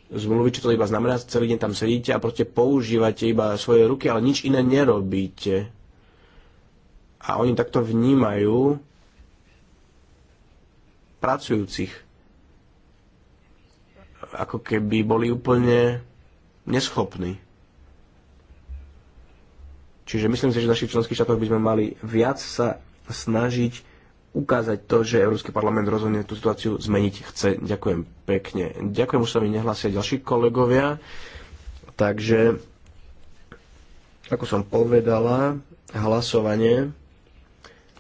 zmluvy, čo to iba znamená, celý deň tam sedíte a proste používate iba svoje ruky, ale nič iné nerobíte a oni takto vnímajú pracujúcich. Ako keby boli úplne neschopní. Čiže myslím si, že v našich členských štátoch by sme mali viac sa snažiť ukázať to, že Európsky parlament rozhodne tú situáciu zmeniť chce. Ďakujem pekne. Ďakujem, už sa mi nehlásia ďalší kolegovia. Takže, ako som povedala, hlasovanie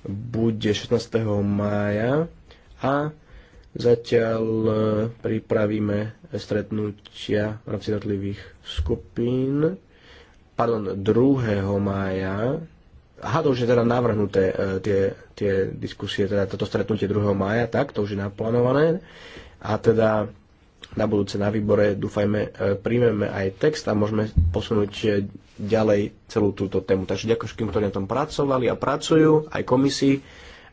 bude 16. mája a zatiaľ e, pripravíme stretnutia v rámci jednotlivých skupín. Pardon, 2. mája. Aha, to už je teda navrhnuté e, tie, tie diskusie, teda toto stretnutie 2. mája, tak, to už je naplánované. A teda na budúce na výbore, dúfajme, e, príjmeme aj text a môžeme posunúť e, ďalej celú túto tému. Takže ďakujem, všetkým, ktorí na tom pracovali a pracujú, aj komisii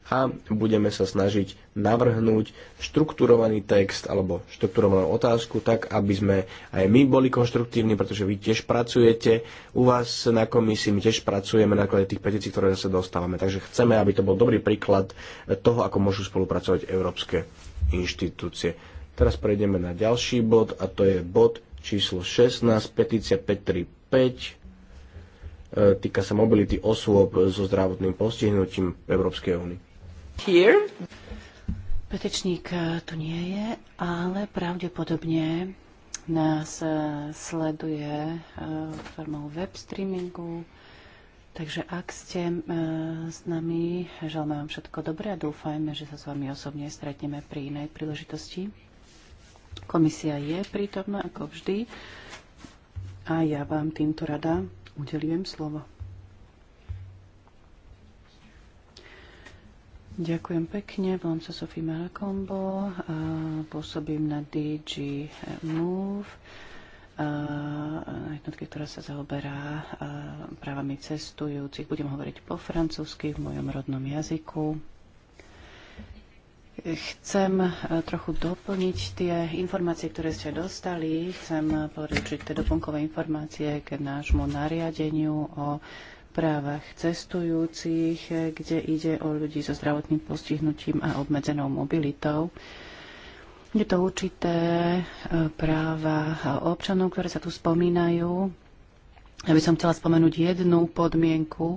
a budeme sa snažiť navrhnúť štrukturovaný text alebo štrukturovanú otázku tak, aby sme aj my boli konštruktívni, pretože vy tiež pracujete, u vás na komisii my tiež pracujeme na základe tých petícií, ktoré sa dostávame. Takže chceme, aby to bol dobrý príklad toho, ako môžu spolupracovať európske inštitúcie. Teraz prejdeme na ďalší bod a to je bod číslo 16, petícia 535. E, týka sa mobility osôb so zdravotným postihnutím v Európskej únii. Here. Petečník e, tu nie je, ale pravdepodobne nás e, sleduje formou web streamingu. Takže ak ste s nami, želáme vám všetko dobré a dúfajme, že sa s vami osobne stretneme pri inej príležitosti. Komisia je prítomná, ako vždy. A ja vám týmto rada udelujem slovo. Ďakujem pekne. Volám sa Sofie Marakombo. Pôsobím na DG Move Uh, jednotky, ktorá sa zaoberá právami cestujúcich. Budem hovoriť po francúzsky v mojom rodnom jazyku. Chcem e, trochu doplniť tie informácie, ktoré ste dostali. Chcem povedať tie doplnkové informácie k nášmu nariadeniu o právach cestujúcich, kde ide o ľudí so zdravotným postihnutím a obmedzenou mobilitou. Je to určité e, práva občanov, ktoré sa tu spomínajú. Ja by som chcela spomenúť jednu podmienku,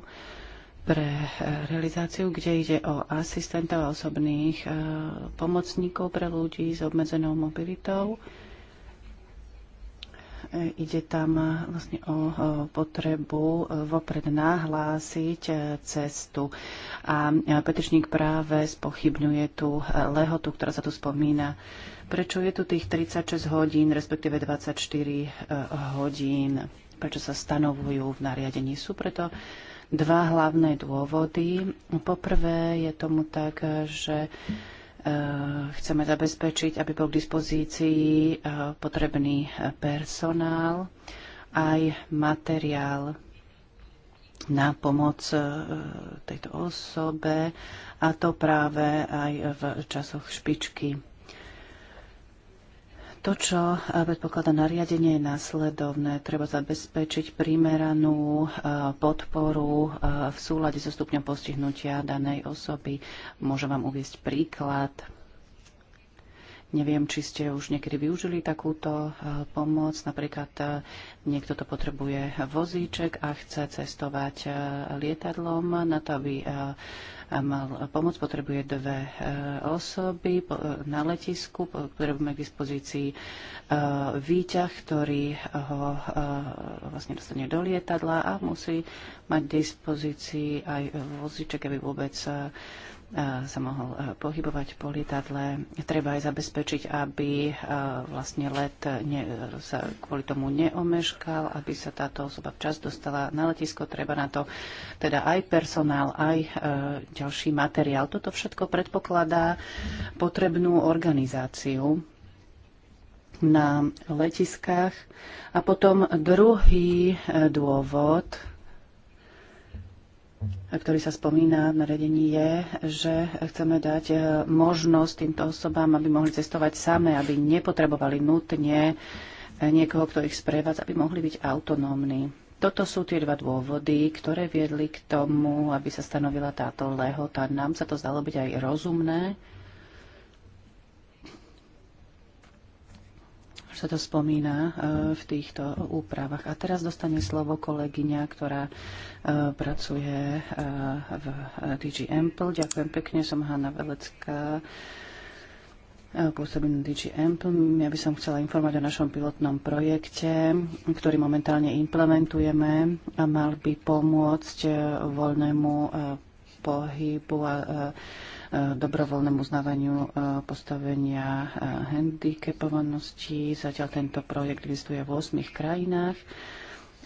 pre e, realizáciu, kde ide o asistentov a osobných e, pomocníkov pre ľudí s obmedzenou mobilitou. E, ide tam vlastne o potrebu vopred nahlásiť cestu. A petičník práve spochybňuje tú lehotu, ktorá sa tu spomína. Prečo je tu tých 36 hodín, respektíve 24 hodín? Prečo sa stanovujú v nariadení? Sú preto dva hlavné dôvody. Poprvé je tomu tak, že e, chceme zabezpečiť, aby bol k dispozícii e, potrebný e, personál aj materiál na pomoc tejto osobe a to práve aj v časoch špičky. To, čo e, predpokladá nariadenie, je následovné. Treba zabezpečiť primeranú e, podporu e, v súlade so stupňom postihnutia danej osoby. Môžem vám uviesť príklad. Neviem, či ste už niekedy využili takúto pomoc. Napríklad niekto to potrebuje vozíček a chce cestovať lietadlom na to, aby mal pomoc, potrebuje dve e, osoby e, na letisku, potrebujeme k dispozícii e, výťah, ktorý ho vlastne dostane do lietadla a musí mať k dispozícii aj voziček, aby vôbec sa mohol pohybovať po lietadle. Treba aj zabezpečiť, aby vlastne let ne, sa kvôli tomu neomeškal, aby sa táto osoba včas dostala na letisko. Treba na to teda aj personál, aj ďalší materiál. Toto všetko predpokladá potrebnú organizáciu na letiskách. A potom druhý e, dôvod, ktorý sa spomína v naredení, je, že chceme dať e, možnosť týmto osobám, aby mohli cestovať same, aby nepotrebovali nutne e, niekoho, kto ich sprevádza, aby mohli byť autonómni. Toto sú tie dva dôvody, ktoré viedli k tomu, aby sa stanovila táto lehota. Nám sa to zdalo byť aj rozumné, sa to spomína e, v týchto úpravách. A teraz dostane slovo kolegyňa, ktorá e, pracuje e, v DG Ample. Ďakujem pekne, som Hanna Velecká. Pôsobím DG Ample. Ja by som chcela informovať o našom pilotnom projekte, ktorý momentálne implementujeme a mal by pomôcť voľnému pohybu a E, dobrovoľnému uznávaniu e, postavenia e, handicapovanosti. Zatiaľ tento projekt existuje v 8 krajinách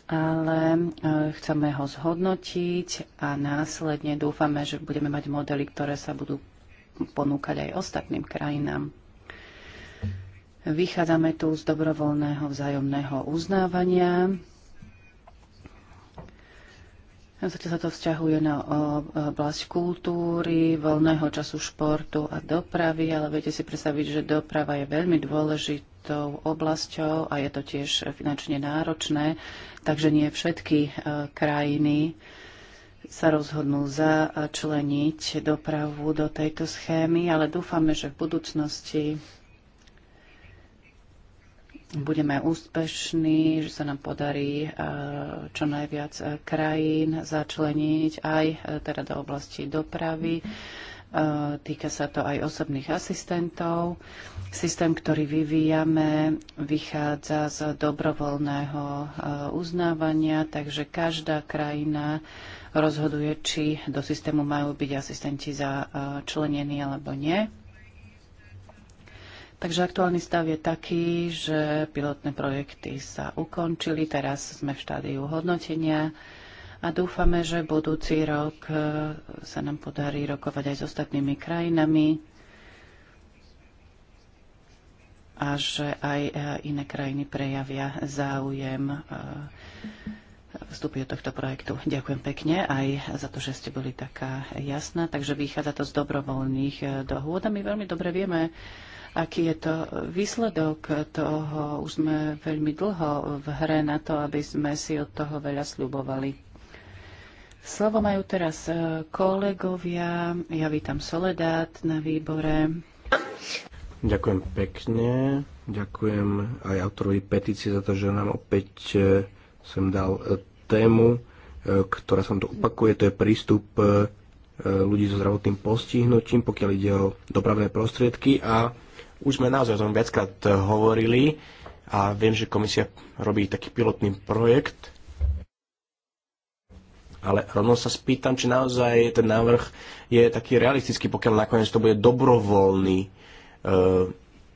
ale chceme ho zhodnotiť a následne dúfame, že budeme mať modely, ktoré sa budú ponúkať aj ostatným krajinám. Vychádzame tu z dobrovoľného vzájomného uznávania Zatiaľ sa to vzťahuje na oblasť kultúry, voľného času športu a dopravy, ale viete si predstaviť, že doprava je veľmi dôležitou oblasťou a je to tiež finančne náročné, takže nie všetky e, krajiny sa rozhodnú začleniť dopravu do tejto schémy, ale dúfame, že v budúcnosti budeme úspešní, že sa nám podarí e, čo najviac e, krajín začleniť aj e, teda do oblasti dopravy. Týka sa to aj osobných asistentov. Systém, ktorý vyvíjame, vychádza z dobrovoľného uznávania, takže každá krajina rozhoduje, či do systému majú byť asistenti začlenení alebo nie. Takže aktuálny stav je taký, že pilotné projekty sa ukončili, teraz sme v štádiu hodnotenia a dúfame, že budúci rok e, sa nám podarí rokovať aj s ostatnými krajinami a že aj e, iné krajiny prejavia záujem e, vstúpiť do tohto projektu. Ďakujem pekne aj za to, že ste boli taká jasná. Takže vychádza to z dobrovoľných dohôd a my veľmi dobre vieme, aký je to výsledok toho. Už sme veľmi dlho v hre na to, aby sme si od toho veľa slubovali. Slovo majú teraz e, kolegovia. Ja vítam Soledát na výbore. Ďakujem pekne. Ďakujem aj autorovi petície za to, že nám opäť e, som dal e, tému, ktorá som to opakuje, to je prístup ľudí so zdravotným postihnutím, pokiaľ ide o dopravné prostriedky a už sme naozaj o tom viackrát eh, hovorili a viem, že komisia robí taký pilotný projekt, ale rovno sa spýtam, či naozaj ten návrh je taký realistický, pokiaľ nakoniec to bude dobrovoľný e,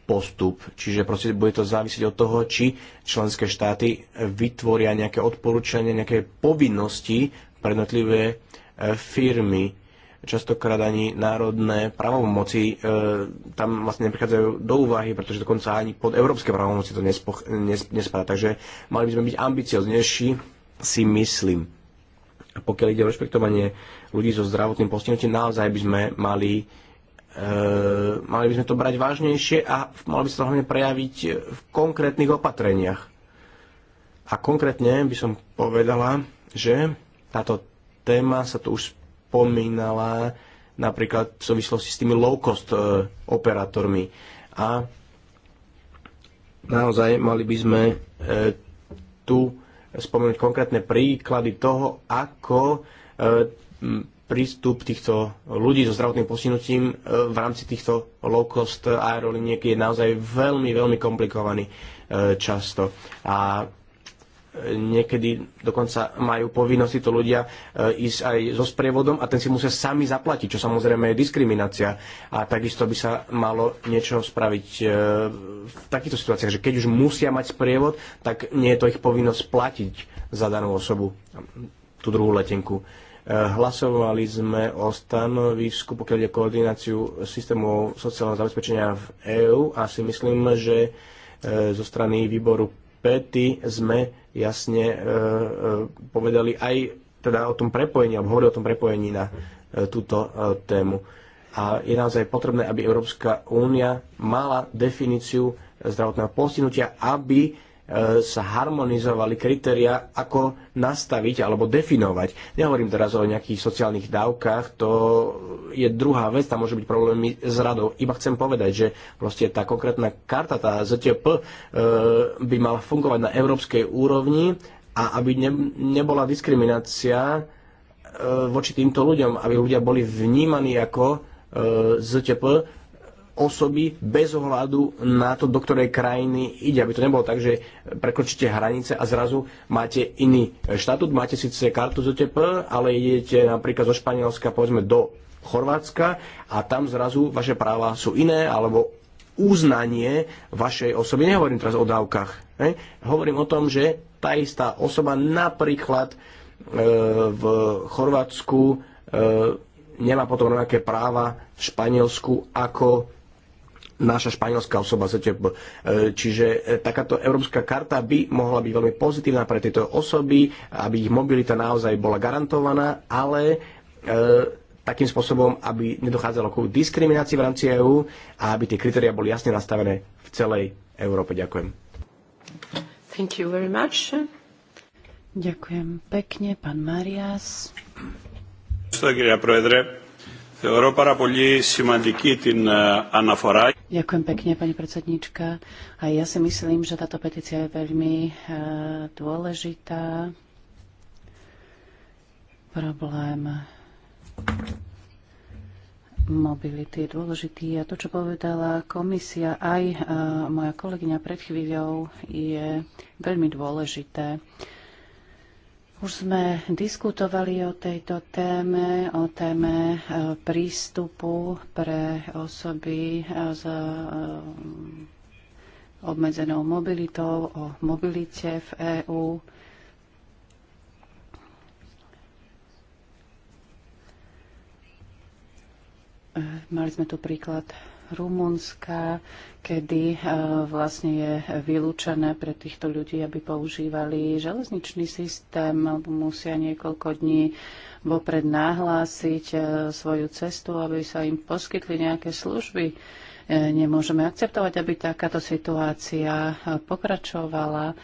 postup. Čiže proste bude to závisieť od toho, či členské štáty vytvoria nejaké odporúčania, nejaké povinnosti pre jednotlivé eh, firmy častokrát ani národné právomoci e, tam vlastne neprichádzajú do úvahy, pretože dokonca ani pod európske právomoci to nespoch, nes, nespadá. Takže mali by sme byť ambicioznejší, si myslím. A pokiaľ ide o rešpektovanie ľudí so zdravotným postihnutím, naozaj by sme mali e, mali by sme to brať vážnejšie a mali by sa to hlavne prejaviť v konkrétnych opatreniach. A konkrétne by som povedala, že táto téma sa tu už spomínala napríklad v súvislosti s tými low-cost e, operátormi. A naozaj mali by sme e, tu spomenúť konkrétne príklady toho, ako e, prístup týchto ľudí so zdravotným postihnutím v rámci týchto low-cost aeroliniek je naozaj veľmi, veľmi komplikovaný často. A niekedy dokonca majú povinnosť to ľudia e, ísť aj so sprievodom a ten si musia sami zaplatiť, čo samozrejme je diskriminácia. A takisto by sa malo niečo spraviť e, v takýchto situáciách, že keď už musia mať sprievod, tak nie je to ich povinnosť platiť za danú osobu, tú druhú letenku. E, hlasovali sme o stanovisku, pokiaľ ide koordináciu systémov sociálneho zabezpečenia v EÚ a si myslím, že zo strany výboru pety sme jasne e, e, povedali aj teda o tom prepojení, alebo hovorili o tom prepojení na e, túto tému. A je naozaj potrebné, aby Európska únia mala definíciu zdravotného postihnutia, aby E, sa harmonizovali kritéria, ako nastaviť alebo definovať. Nehovorím teraz o nejakých sociálnych dávkach, to je druhá vec, tam môže byť problémy s radou. Iba chcem povedať, že proste tá konkrétna karta, tá ZTP, e, by mala fungovať na európskej úrovni a aby nebola diskriminácia e, voči týmto ľuďom, aby ľudia boli vnímaní ako ZTP, osoby bez ohľadu na to, do ktorej krajiny ide. Aby to nebolo tak, že prekročíte hranice a zrazu máte iný štatút, máte síce kartu ZTP, ale idete napríklad zo Španielska povedzme do Chorvátska a tam zrazu vaše práva sú iné alebo uznanie vašej osoby. Nehovorím teraz o dávkach. Ne? Hovorím o tom, že tá istá osoba napríklad e, v Chorvátsku e, nemá potom rovnaké práva v Španielsku ako naša španielská osoba ZTP. E, čiže e, takáto európska karta by mohla byť veľmi pozitívna pre tieto osoby, aby ich mobilita naozaj bola garantovaná, ale e, takým spôsobom, aby nedochádzalo k diskriminácii v rámci EÚ a aby tie kritéria boli jasne nastavené v celej Európe. Ďakujem. Thank you very much. Ďakujem pekne, pán Marias. Ďakujem, Ďakujem pekne, pani predsedníčka. A ja si myslím, že táto petícia je veľmi e, dôležitá. Problém mobility je dôležitý. A to, čo povedala komisia, aj e, moja kolegyňa pred chvíľou, je veľmi dôležité. Uh, už sme diskutovali o tejto téme, o téme e, prístupu pre osoby e, s e, obmedzenou mobilitou, o mobilite v EÚ. Mali sme tu príklad Rumunska, kedy e, vlastne je vylúčené pre týchto ľudí, aby používali železničný systém, alebo musia niekoľko dní vopred nahlásiť e, svoju cestu, aby sa im poskytli nejaké služby. E, nemôžeme akceptovať, aby takáto situácia pokračovala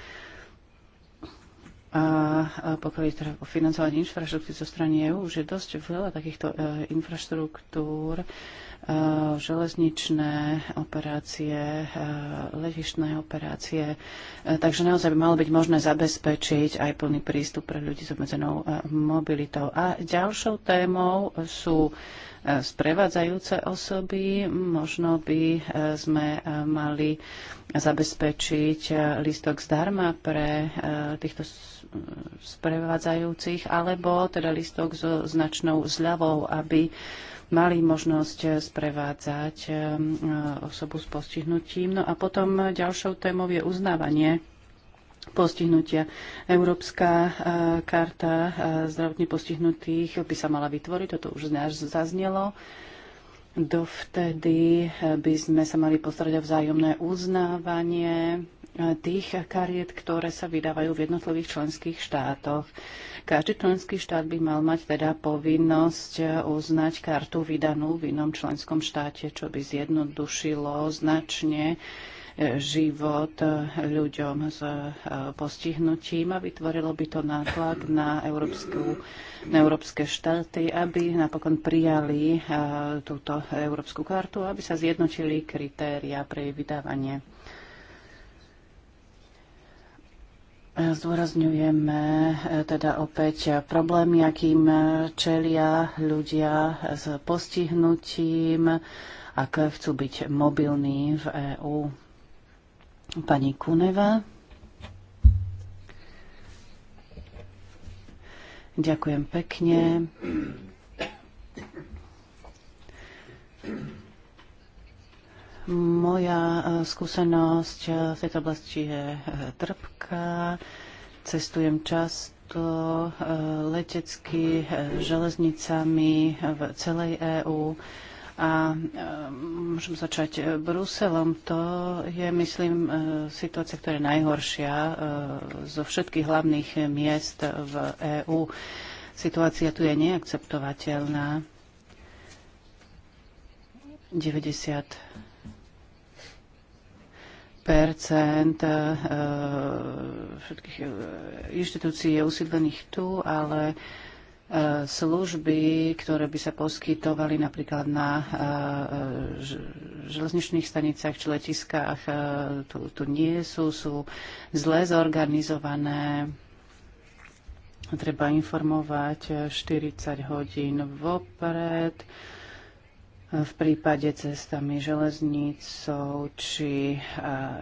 a pokiaľ teda o infraštruktúry zo strany EU, už je dosť veľa takýchto infraštruktúr, Eh, železničné operácie, eh, ležišné operácie. Eh, takže naozaj by malo byť možné zabezpečiť aj plný prístup pre ľudí s obmedzenou mobilitou. A ďalšou témou sú sprevádzajúce osoby. Možno by sme mali zabezpečiť listok zdarma pre týchto sprevádzajúcich, alebo teda listok so značnou zľavou, aby mali možnosť eh, sprevádzať eh, eh, osobu s postihnutím. No a potom ďalšou témou je uznávanie postihnutia. Európska karta zdravotne postihnutých by sa mala vytvoriť, toto už zaznelo. Dovtedy by sme sa mali postarať o vzájomné uznávanie tých kariet, ktoré sa vydávajú v jednotlivých členských štátoch. Každý členský štát by mal mať teda povinnosť uznať kartu vydanú v inom členskom štáte, čo by zjednodušilo značne e, život ľuďom s e, postihnutím a vytvorilo by to nátlak na, európsku, na európske štáty, aby napokon prijali e, túto európsku kartu, aby sa zjednotili kritéria pre jej vydávanie. Zdôrazňujeme e, teda opäť e, problémy, akým e, čelia ľudia s postihnutím, ak chcú byť mobilní v EÚ. Pani Kuneva. Ďakujem pekne. Moja e, skúsenosť e, v tejto oblasti je e, trpká. Cestujem často letecky, železnicami v celej EÚ a môžem začať Bruselom. To je, myslím, situácia, ktorá je najhoršia zo všetkých hlavných miest v EÚ. Situácia tu je neakceptovateľná. 90 Eh, eh, všetkých eh, inštitúcií je usídlených tu, ale služby, ktoré by sa poskytovali napríklad na železničných stanicách či letiskách, tu, tu nie sú, sú zle zorganizované. Treba informovať 40 hodín vopred v prípade cestami železnicou či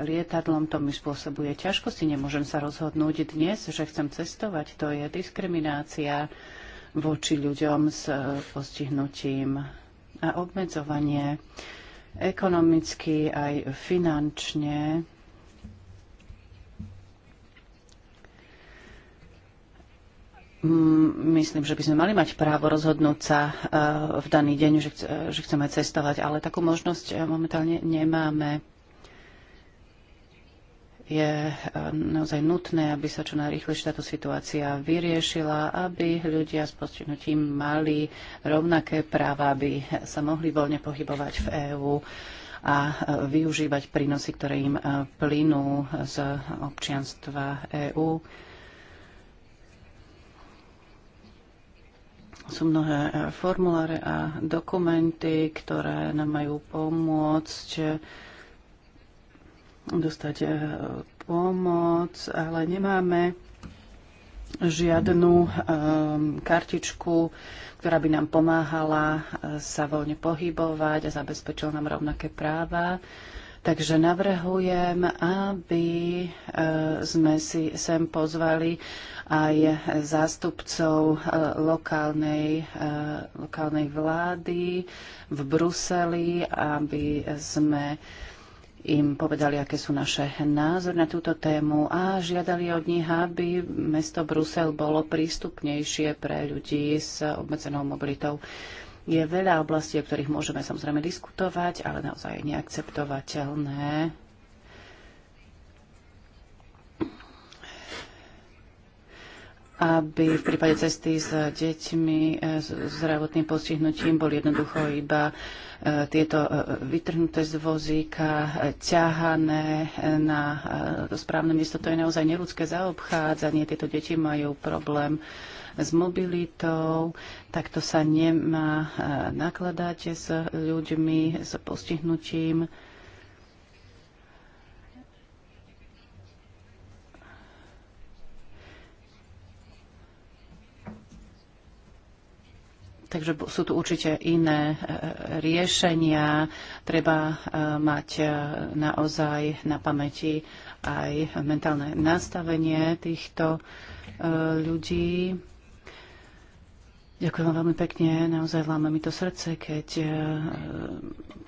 lietadlom to mi spôsobuje ťažkosti. Nemôžem sa rozhodnúť dnes, že chcem cestovať. To je diskriminácia voči ľuďom s e, postihnutím a obmedzovanie ekonomicky aj finančne Mm, myslím, že by sme mali mať právo rozhodnúť sa e, v daný deň, že, chceme cestovať, ale takú možnosť e, momentálne nemáme. Je e, naozaj nutné, aby sa čo najrýchlejšie táto situácia vyriešila, aby ľudia s postihnutím mali rovnaké práva, aby sa mohli voľne pohybovať v EÚ a využívať prínosy, ktoré im plynú z občianstva EÚ sú mnohé e, formuláre a dokumenty, ktoré nám majú pomôcť e, dostať e, pomoc, ale nemáme žiadnu um, kartičku, ktorá by nám pomáhala sa voľne pohybovať a zabezpečila nám rovnaké práva. Takže navrhujem, aby e, sme si sem pozvali aj zástupcov e, lokálnej, e, lokálnej vlády v Bruseli, aby sme im povedali, aké sú naše názory na túto tému a žiadali od nich, aby mesto Brusel bolo prístupnejšie pre ľudí s obmedzenou mobilitou. Je veľa oblastí, o ktorých môžeme samozrejme diskutovať, ale naozaj neakceptovateľné aby v prípade cesty s deťmi e, s zdravotným postihnutím boli jednoducho iba e, tieto e, vytrhnuté z vozíka, ťahané na správne miesto. To je naozaj neludské zaobchádzanie. Tieto deti majú problém s mobilitou, takto sa nemá e, nakladať s ľuďmi s postihnutím. Takže sú tu určite iné e, riešenia. Treba e, mať naozaj na pamäti aj mentálne nastavenie týchto ľudí. Ďakujem vám veľmi pekne. Naozaj láme mi to srdce, keď e,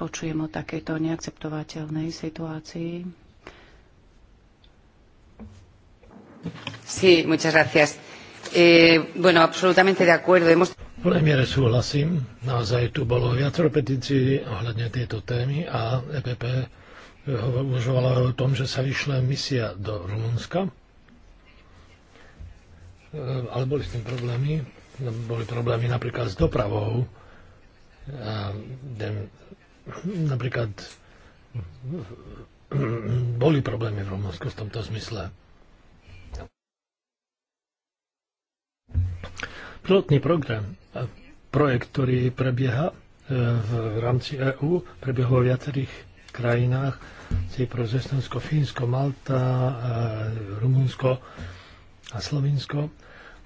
počujem o takejto neakceptovateľnej situácii. Sí, muchas gracias. Eh, bueno, absolutamente de acuerdo. Hemos... V miere súhlasím. Naozaj tu bolo viacero petícií ohľadne tejto témy a EPP eh, uvažovala o tom, že sa vyšle misia do Rumunska. Eh, ale boli s tým problémy, No, boli problémy napríklad s dopravou. A ten, napríklad boli problémy v Rumunsku v tomto zmysle. Pilotný program, projekt, ktorý prebieha e, v rámci EÚ, prebiehol v viacerých krajinách, Cyprus, Estonsko, Fínsko, Malta, e, Rumunsko a Slovinsko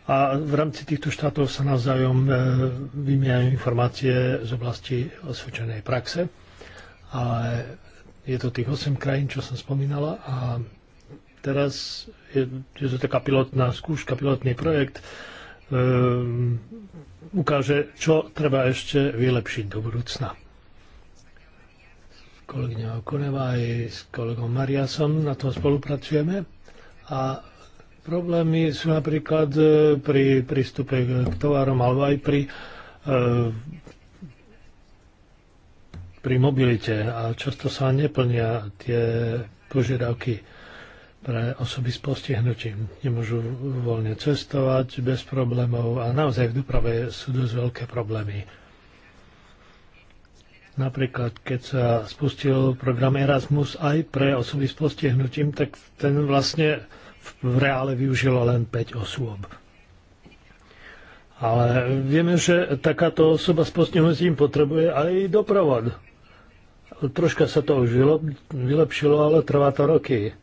a v rámci týchto štátov sa navzájom e, vymieňajú informácie z oblasti osvedčenej praxe, ale je to tých 8 krajín, čo som spomínala a teraz je, je to taká pilotná skúška, pilotný projekt, um, ukáže, čo treba ešte vylepšiť do budúcna. Kolegyňa Okoneva aj s kolegom Mariasom na tom spolupracujeme a Problémy sú napríklad e, pri prístupe k tovarom alebo aj pri, e, pri mobilite a často sa neplnia tie požiadavky pre osoby s postihnutím. Nemôžu voľne cestovať bez problémov a naozaj v doprave sú dosť veľké problémy. Napríklad, keď sa spustil program Erasmus aj pre osoby s postihnutím, tak ten vlastne v reále využilo len 5 osôb. Ale vieme, že takáto osoba s postihnutím potrebuje aj doprovod. Troška sa to už vylepšilo, ale trvá to roky.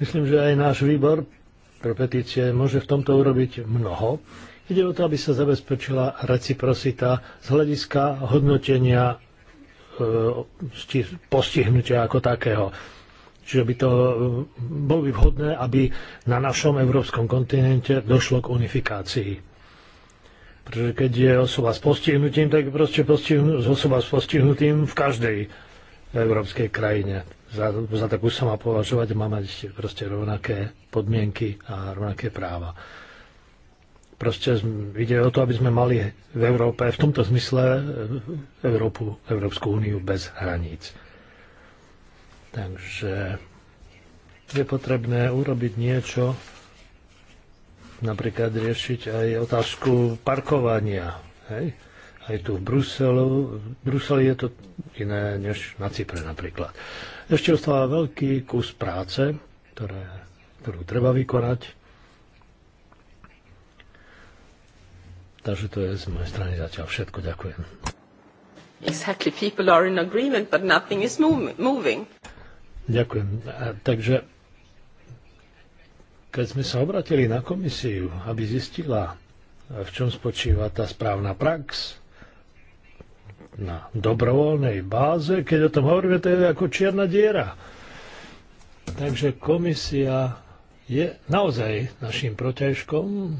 Myslím, že aj náš výbor pre petície môže v tomto urobiť mnoho. Ide o to, aby sa zabezpečila reciprocita z hľadiska hodnotenia E, postihnutia ako takého. Čiže by to e, bolo by vhodné, aby na našom európskom kontinente došlo k unifikácii. Pretože keď je osoba s postihnutím, tak proste postihnu, osoba s postihnutím v každej európskej krajine. Za, za takú sa má považovať, má mať proste rovnaké podmienky a rovnaké práva. Proste ide o to, aby sme mali v Európe, v tomto zmysle e, Európu, Európsku úniu bez hraníc. Takže je potrebné urobiť niečo, napríklad riešiť aj otázku parkovania. Hej? Aj tu v Bruselu. V Bruseli je to iné než na Cypre napríklad. Ešte ostáva veľký kus práce, ktoré, ktorú treba vykonať Takže to je z mojej strany zatiaľ všetko. Ďakujem. Exactly, people are in agreement, but nothing is moving. Ďakujem. A, takže keď sme sa obratili na komisiu, aby zistila, v čom spočíva tá správna prax, na dobrovoľnej báze, keď o tom hovoríme, to je ako čierna diera. Takže komisia je naozaj našim protiažkom,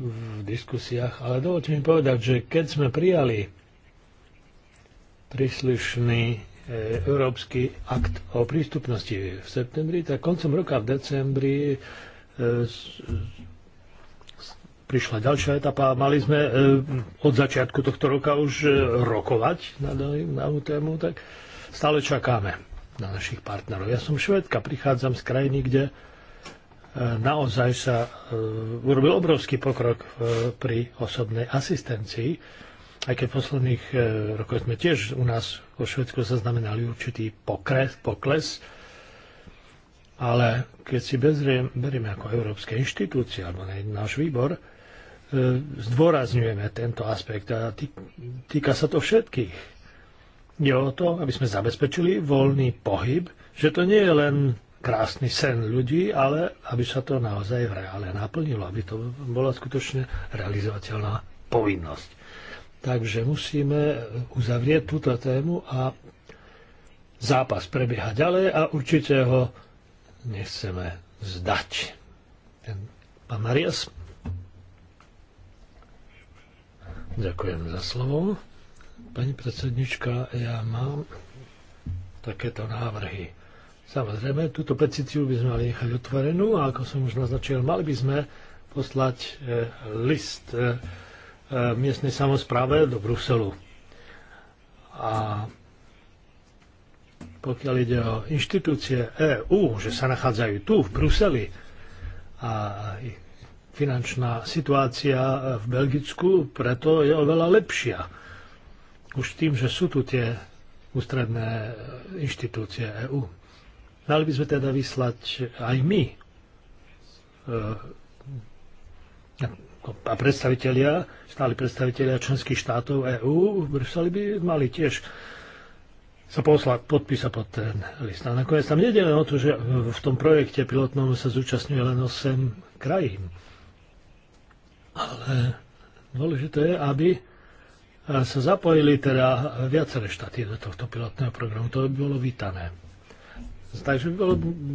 v diskusiách, ale dovolte mi povedať, že keď sme prijali príslušný e, Európsky akt o prístupnosti v septembri, tak koncom roka v decembri e, prišla ďalšia etapa. Mali sme e, od začiatku tohto roka už rokovať na danú tému, tak stále čakáme na našich partnerov. Ja som švedka, prichádzam z krajiny, kde naozaj sa e, urobil obrovský pokrok e, pri osobnej asistencii, aj keď v posledných e, rokoch sme tiež u nás vo Švedsku zaznamenali určitý pokres, pokles, ale keď si bezriem, berieme ako európske inštitúcie alebo náš výbor, zdôrazňujeme tento aspekt a týka sa to všetkých. Je o to, aby sme zabezpečili voľný pohyb, že to nie je len krásny sen ľudí, ale aby sa to naozaj v reále naplnilo, aby to bola skutočne realizovateľná povinnosť. Takže musíme uzavrieť túto tému a zápas prebieha ďalej a určite ho nechceme zdať. Ten pán Marias? Ďakujem za slovo. Pani predsednička, ja mám takéto návrhy Samozrejme, túto petíciu by sme mali nechať otvorenú a ako som už naznačil, mali by sme poslať eh, list eh, eh, miestnej samozpráve do Bruselu. A pokiaľ ide o inštitúcie EÚ, že sa nachádzajú tu, v Bruseli, a finančná situácia v Belgicku preto je oveľa lepšia. Už tým, že sú tu tie ústredné inštitúcie EÚ. Mali by sme teda vyslať aj my eh, no, a predstavitelia, stáli predstavitelia členských štátov EÚ v Bruseli by mali tiež sa posla, podpísa pod ten list. A nakoniec tam nejde len o to, že v tom projekte pilotnom sa zúčastňuje len 8 krajín. Ale dôležité je, aby sa zapojili teda viaceré štáty do tohto pilotného programu. To by bolo vítané. Takže by bolo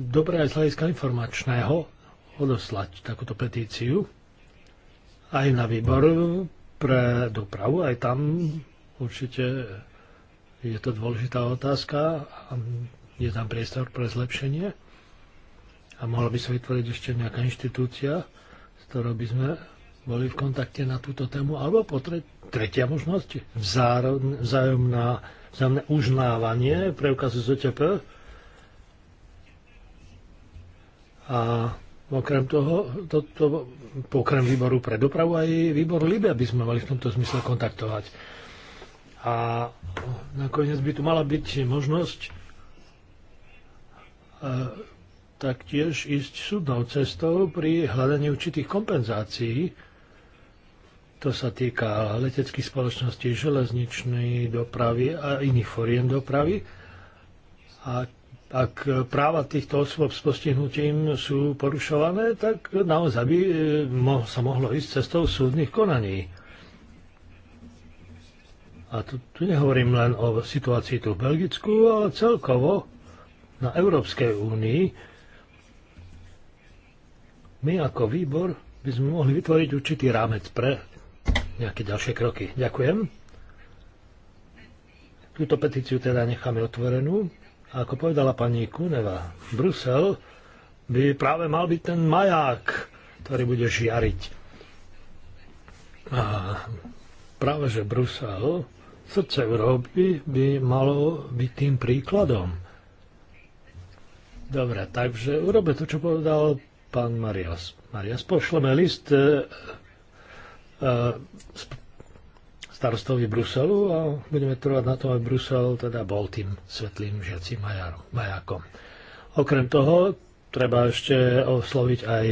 dobré aj z hľadiska informačného odoslať takúto petíciu aj na výbor pre dopravu, aj tam určite je to dôležitá otázka a je tam priestor pre zlepšenie a mohla by sa vytvoriť ešte nejaká inštitúcia, s ktorou by sme boli v kontakte na túto tému, alebo po tretia možnosť, vzájomná, vzájomné uznávanie preukazu OTP, A okrem toho, to, to, okrem výboru pre dopravu aj výbor Libia by sme mali v tomto zmysle kontaktovať. A nakoniec by tu mala byť možnosť e, taktiež ísť súdnou cestou pri hľadaní určitých kompenzácií. To sa týka leteckých spoločností, železničnej dopravy a iných foriem dopravy. A ak práva týchto osôb s postihnutím sú porušované, tak naozaj by e, sa mohlo ísť cestou súdnych konaní. A tu, tu nehovorím len o situácii tu v Belgicku, ale celkovo na Európskej únii my ako výbor by sme mohli vytvoriť určitý rámec pre nejaké ďalšie kroky. Ďakujem. Túto petíciu teda necháme otvorenú. Ako povedala pani Kuneva, Brusel by práve mal byť ten maják, ktorý bude žiariť. A práve že Brusel, srdce Európy, by malo byť tým príkladom. Dobre, takže urobe to, čo povedal pán Marias. Marias, pošleme list e, e, starostovi Bruselu a budeme trvať na tom, aby Brusel teda bol tým svetlým žiacim majákom. Okrem toho treba ešte osloviť aj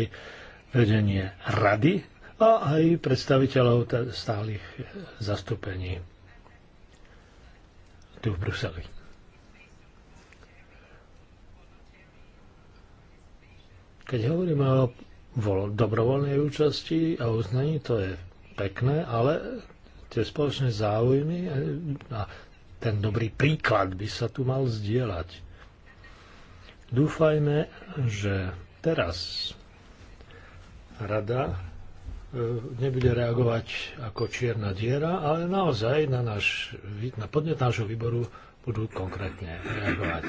vedenie rady a aj predstaviteľov stálych zastúpení tu v Bruseli. Keď hovoríme o dobrovoľnej účasti a uznaní, to je pekné, ale tie spoločné záujmy e, a ten dobrý príklad by sa tu mal zdieľať. Dúfajme, že teraz rada e, nebude reagovať ako čierna diera, ale naozaj na, náš, na podnet nášho výboru budú konkrétne reagovať.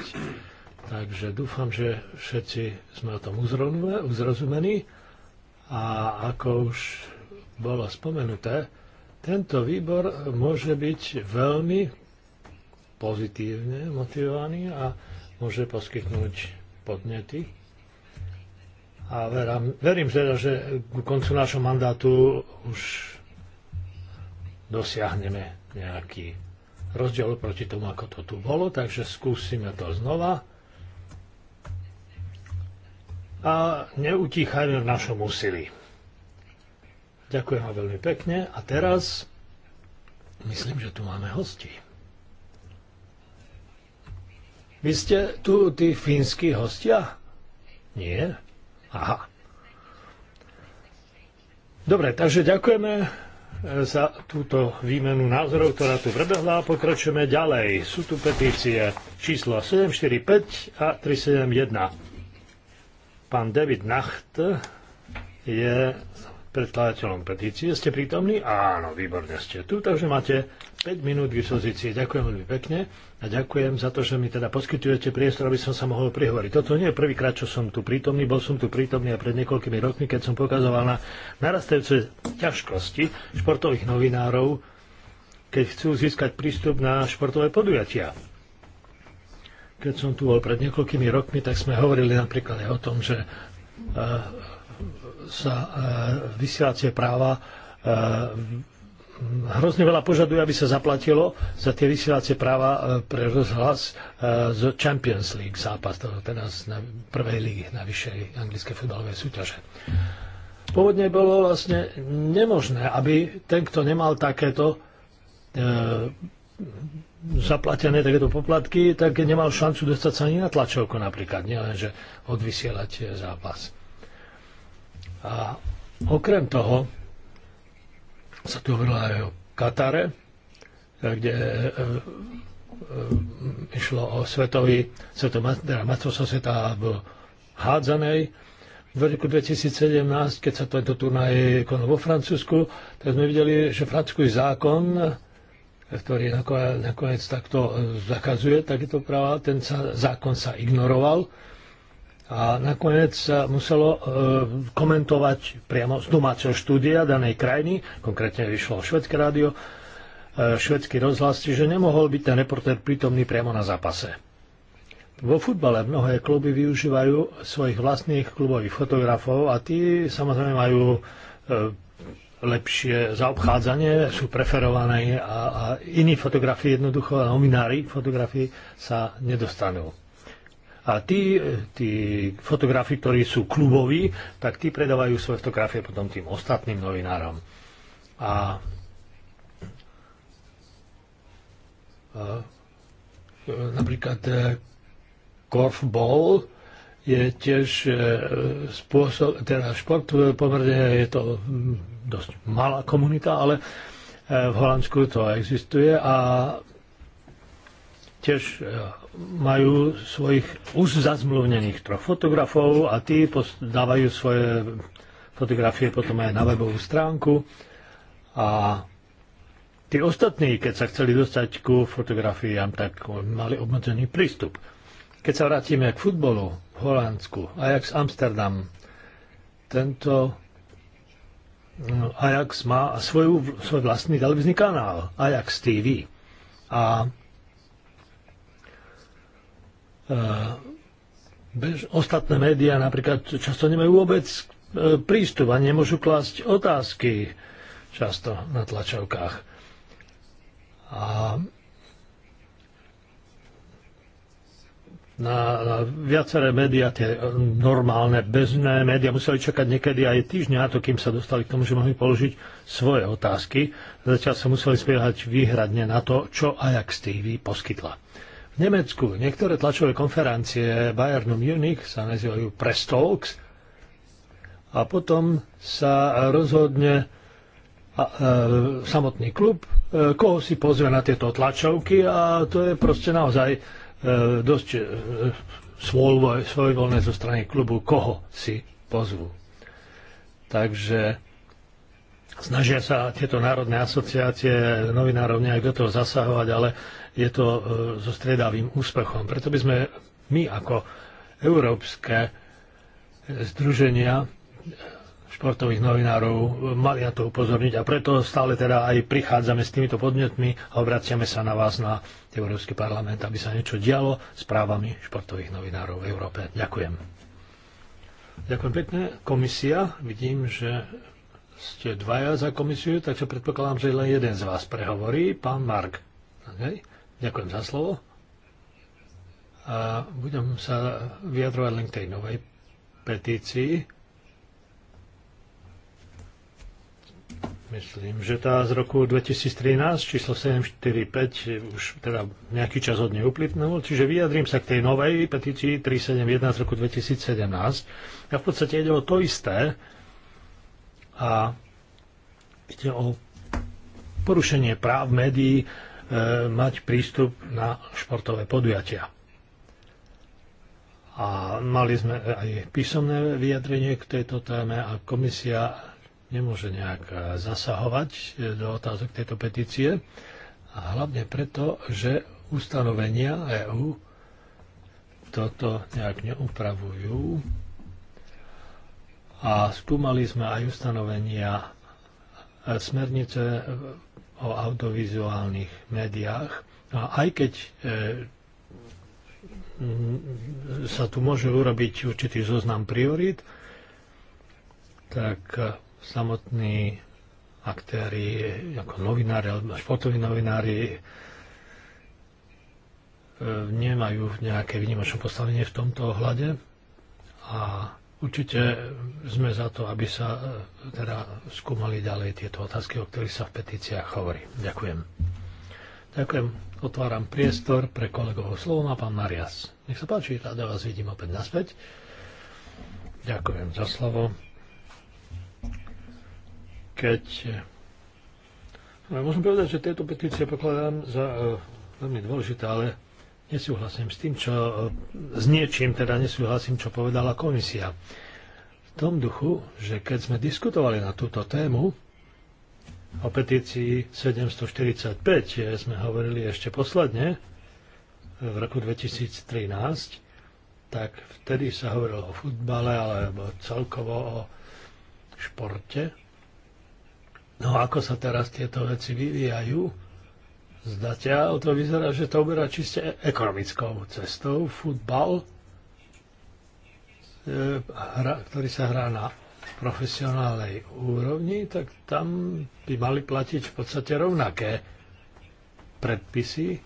Takže dúfam, že všetci sme o tom uzrozumení a ako už bolo spomenuté, tento výbor môže byť veľmi pozitívne motivovaný a môže poskytnúť podnety. A verám, verím teda, že ku koncu nášho mandátu už dosiahneme nejaký rozdiel proti tomu, ako to tu bolo, takže skúsime to znova. A neutíchajme v našom úsilí. Ďakujem vám veľmi pekne a teraz myslím, že tu máme hosti. Vy ste tu tí fínsky hostia? Nie? Aha. Dobre, takže ďakujeme eh, za túto výmenu názorov, ktorá tu prebehla a pokračujeme ďalej. Sú tu petície číslo 745 a 371. Pán David Nacht je predkladateľom petície. Ste prítomní? Áno, výborne ste tu, takže máte 5 minút k dispozícii. Ďakujem veľmi pekne a ďakujem za to, že mi teda poskytujete priestor, aby som sa mohol prihovoriť. Toto nie je prvýkrát, čo som tu prítomný, bol som tu prítomný a pred niekoľkými rokmi, keď som pokazoval na narastajúce ťažkosti športových novinárov, keď chcú získať prístup na športové podujatia keď som tu bol pred niekoľkými rokmi, tak sme hovorili napríklad aj o tom, že sa e, vysielacie práva e, hrozne veľa požaduje, aby sa zaplatilo za tie vysielacie práva e, pre rozhlas z Champions League zápas, to teraz na prvej ligy, na vyššej anglické futbalovej súťaže. Pôvodne bolo vlastne nemožné, aby ten, kto nemal takéto e, zaplatené takéto poplatky, tak nemal šancu dostať sa ani na tlačovku napríklad, nie že odvysielať zápas. A okrem toho sa tu hovorilo aj o Katare, kde e, e, e, išlo o svetový, svetový teda matrosa sveta v hádzanej. V roku 2017, keď sa tento turnaj konal vo Francúzsku, tak sme videli, že francúzsky zákon, ktorý nakoniec takto zakazuje takéto práva, ten sa, zákon sa ignoroval a nakoniec sa muselo e, komentovať priamo z domáceho štúdia danej krajiny, konkrétne vyšlo švedské rádio, e, švedský rozhlas, že nemohol byť ten reportér prítomný priamo na zápase. Vo futbale mnohé kluby využívajú svojich vlastných klubových fotografov a tí samozrejme majú e, lepšie zaobchádzanie, sú preferované a, a iní fotografii jednoducho, nominári, fotografii sa nedostanú. A tí, tí fotografi, ktorí sú kluboví, tak tí predávajú svoje fotografie potom tým ostatným novinárom. A, a napríklad e, korfball je tiež e, spôsob, teda šport e, pomerne je to dosť malá komunita, ale v Holandsku to existuje a tiež majú svojich už zazmluvnených troch fotografov a tí dávajú svoje fotografie potom aj na webovú stránku a tí ostatní, keď sa chceli dostať ku fotografiám, tak mali obmedzený prístup. Keď sa vrátime k futbolu v Holandsku, Ajax Amsterdam, tento hm, Ajax má svoju, svoj vlastný televízny kanál, Ajax TV. A bež, ostatné médiá napríklad často nemajú vôbec e, prístup a nemôžu klásť otázky často na tlačovkách. A na, na viaceré médiá, tie normálne, bežné médiá, museli čakať niekedy aj týždňa na to, kým sa dostali k tomu, že mohli položiť svoje otázky. Zatiaľ sa museli spiehať výhradne na to, čo Ajax TV poskytla. V Nemecku niektoré tlačové konferencie Bayernu Munich sa nazývajú press talks a potom sa rozhodne a, a, e, samotný klub, a, e, koho si pozve na tieto tlačovky a to je proste naozaj a, e, dosť svojvoľné zo strany klubu, koho si pozvu. Takže snažia sa tieto národné asociácie novinárov nejak do toho zasahovať, ale je to e, so stredavým úspechom. Preto by sme my ako európske e, združenia e, športových novinárov mali na to upozorniť a preto stále teda aj prichádzame s týmito podnetmi a obraciame sa na vás, na Európsky parlament, aby sa niečo dialo s právami športových novinárov v Európe. Ďakujem. Ďakujem pekne. Komisia, vidím, že ste dvaja za komisiu, takže predpokladám, že len jeden z vás prehovorí, pán Mark. Okay. Ďakujem za slovo. A budem sa vyjadrovať len k tej novej petícii. Myslím, že tá z roku 2013, číslo 745, už teda nejaký čas od nej čiže vyjadrím sa k tej novej petícii 371 z roku 2017. A v podstate ide o to isté. A ide o porušenie práv médií E, mať prístup na športové podujatia. A mali sme aj písomné vyjadrenie k tejto téme a komisia nemôže nejak e, zasahovať e, do otázok tejto petície. A hlavne preto, že ustanovenia EÚ toto nejak neupravujú. A skúmali sme aj ustanovenia smernice o audiovizuálnych médiách. A aj keď e, sa tu môže urobiť určitý zoznam priorít, tak e, samotní aktéry, ako novinári alebo športoví novinári, e, nemajú nejaké výnimočné postavenie v tomto ohľade a Určite sme za to, aby sa e, teda skúmali ďalej tieto otázky, o ktorých sa v petíciách hovorí. Ďakujem. Ďakujem. Otváram priestor pre kolegov. Slovo má pán Marias. Nech sa páči, ráda vás vidím opäť naspäť. Ďakujem za slovo. Keď... E, no, môžem povedať, že tieto petície pokladám za e, veľmi dôležité, ale nesúhlasím s tým, čo, e, s niečím teda nesúhlasím, čo povedala komisia. V tom duchu, že keď sme diskutovali na túto tému, o petícii 745 e, sme hovorili ešte posledne, e, v roku 2013, tak vtedy sa hovorilo o futbale alebo celkovo o športe. No ako sa teraz tieto veci vyvíjajú? Zatiaľ to vyzerá, že to uberá čiste e- ekonomickou cestou. Futbal, e, hra, ktorý sa hrá na profesionálnej úrovni, tak tam by mali platiť v podstate rovnaké predpisy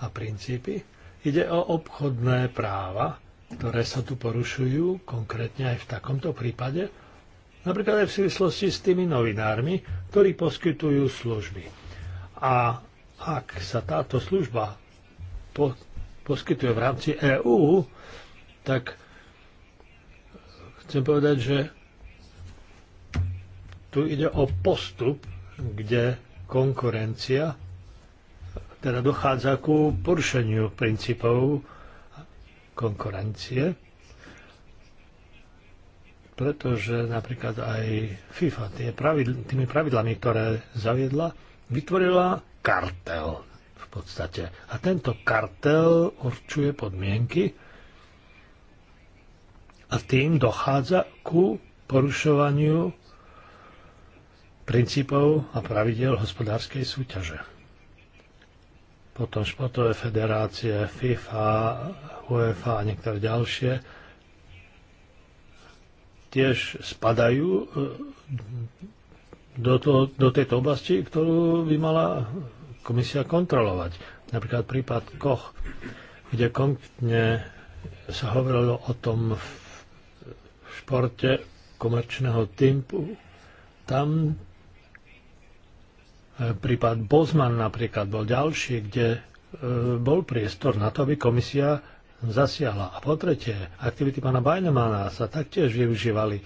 a princípy. Ide o obchodné práva, ktoré sa tu porušujú, konkrétne aj v takomto prípade, napríklad aj v súvislosti s tými novinármi, ktorí poskytujú služby. A ak sa táto služba po, poskytuje v rámci EÚ, tak chcem povedať, že tu ide o postup, kde konkurencia, teda dochádza ku porušeniu princípov konkurencie, pretože napríklad aj FIFA tými pravidlami, ktoré zaviedla, vytvorila kartel v podstate. A tento kartel určuje podmienky a tým dochádza ku porušovaniu princípov a pravidel hospodárskej súťaže. Potom športové federácie, FIFA, UEFA a niektoré ďalšie tiež spadajú e, do, to, do tejto oblasti, ktorú by mala komisia kontrolovať. Napríklad v prípad Koch, kde konkrétne sa hovorilo o tom v športe komerčného typu, tam e, prípad Bozman napríklad bol ďalší, kde e, bol priestor na to, aby komisia zasiahla. A po tretie, aktivity pána Bajnemana sa taktiež využívali.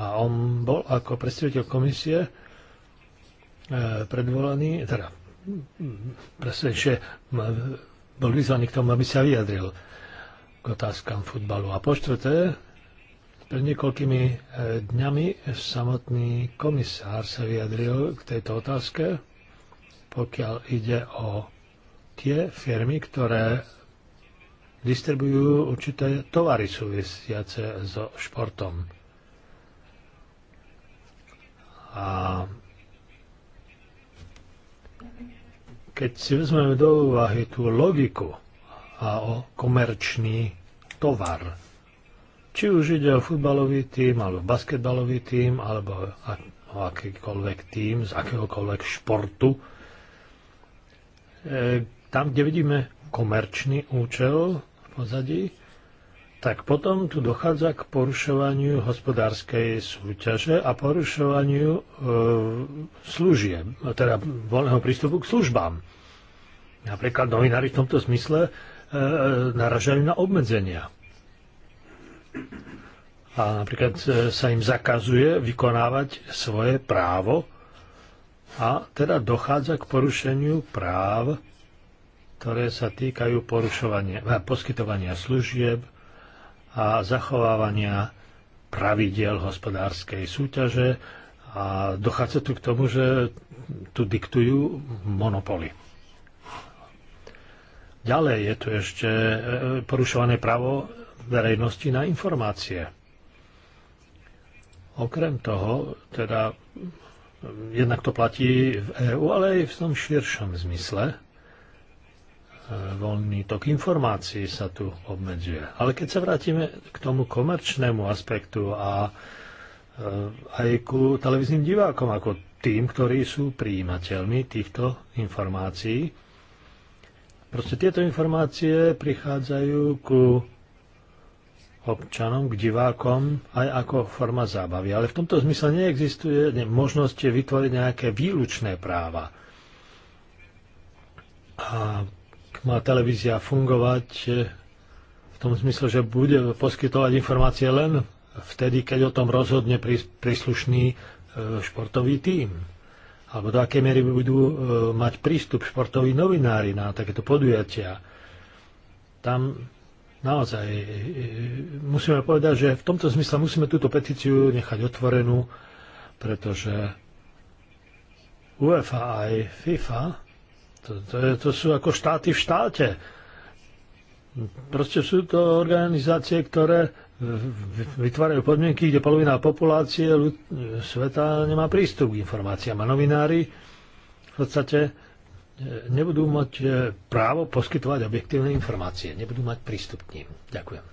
A on bol ako predstaviteľ komisie e, predvolaný, teda presvedčil, že bol vyzvaný k tomu, aby sa vyjadril k otázkam futbalu. A po štvrté, pred niekoľkými e, dňami samotný komisár sa vyjadril k tejto otázke, pokiaľ ide o tie firmy, ktoré distribujú určité tovary súvisiace so športom. A keď si vezmeme do úvahy tú logiku a o komerčný tovar, či už ide o futbalový tím, alebo basketbalový tím, alebo o akýkoľvek tím z akéhokoľvek športu, e, tam, kde vidíme komerčný účel v pozadí, tak potom tu dochádza k porušovaniu hospodárskej súťaže a porušovaniu e, služieb, teda voľného prístupu k službám. Napríklad novinári v tomto zmysle e, naražajú na obmedzenia. A napríklad e, sa im zakazuje vykonávať svoje právo a teda dochádza k porušeniu práv, ktoré sa týkajú porušovania, e, poskytovania služieb, a zachovávania pravidel hospodárskej súťaže a dochádza tu k tomu, že tu diktujú monopoly. Ďalej je tu ešte e, porušované právo verejnosti na informácie. Okrem toho, teda jednak to platí v EÚ, ale aj v tom širšom zmysle, voľný tok informácií sa tu obmedzuje. Ale keď sa vrátime k tomu komerčnému aspektu a e, aj ku televíznym divákom, ako tým, ktorí sú príjimateľmi týchto informácií, proste tieto informácie prichádzajú ku občanom, k divákom, aj ako forma zábavy. Ale v tomto zmysle neexistuje možnosť vytvoriť nejaké výlučné práva. A má televízia fungovať e, v tom zmysle, že bude poskytovať informácie len vtedy, keď o tom rozhodne príslušný e, športový tím. Alebo do akej miery budú e, mať prístup športoví novinári na takéto podujatia. Tam naozaj musíme povedať, že v tomto zmysle musíme túto petíciu nechať otvorenú, pretože UEFA aj FIFA to, to, je, to sú ako štáty v štáte. Proste sú to organizácie, ktoré vytvárajú podmienky, kde polovina populácie sveta nemá prístup k informáciám. A novinári v podstate e, nebudú mať e, právo poskytovať objektívne informácie. Nebudú mať prístup k ním. Ďakujem.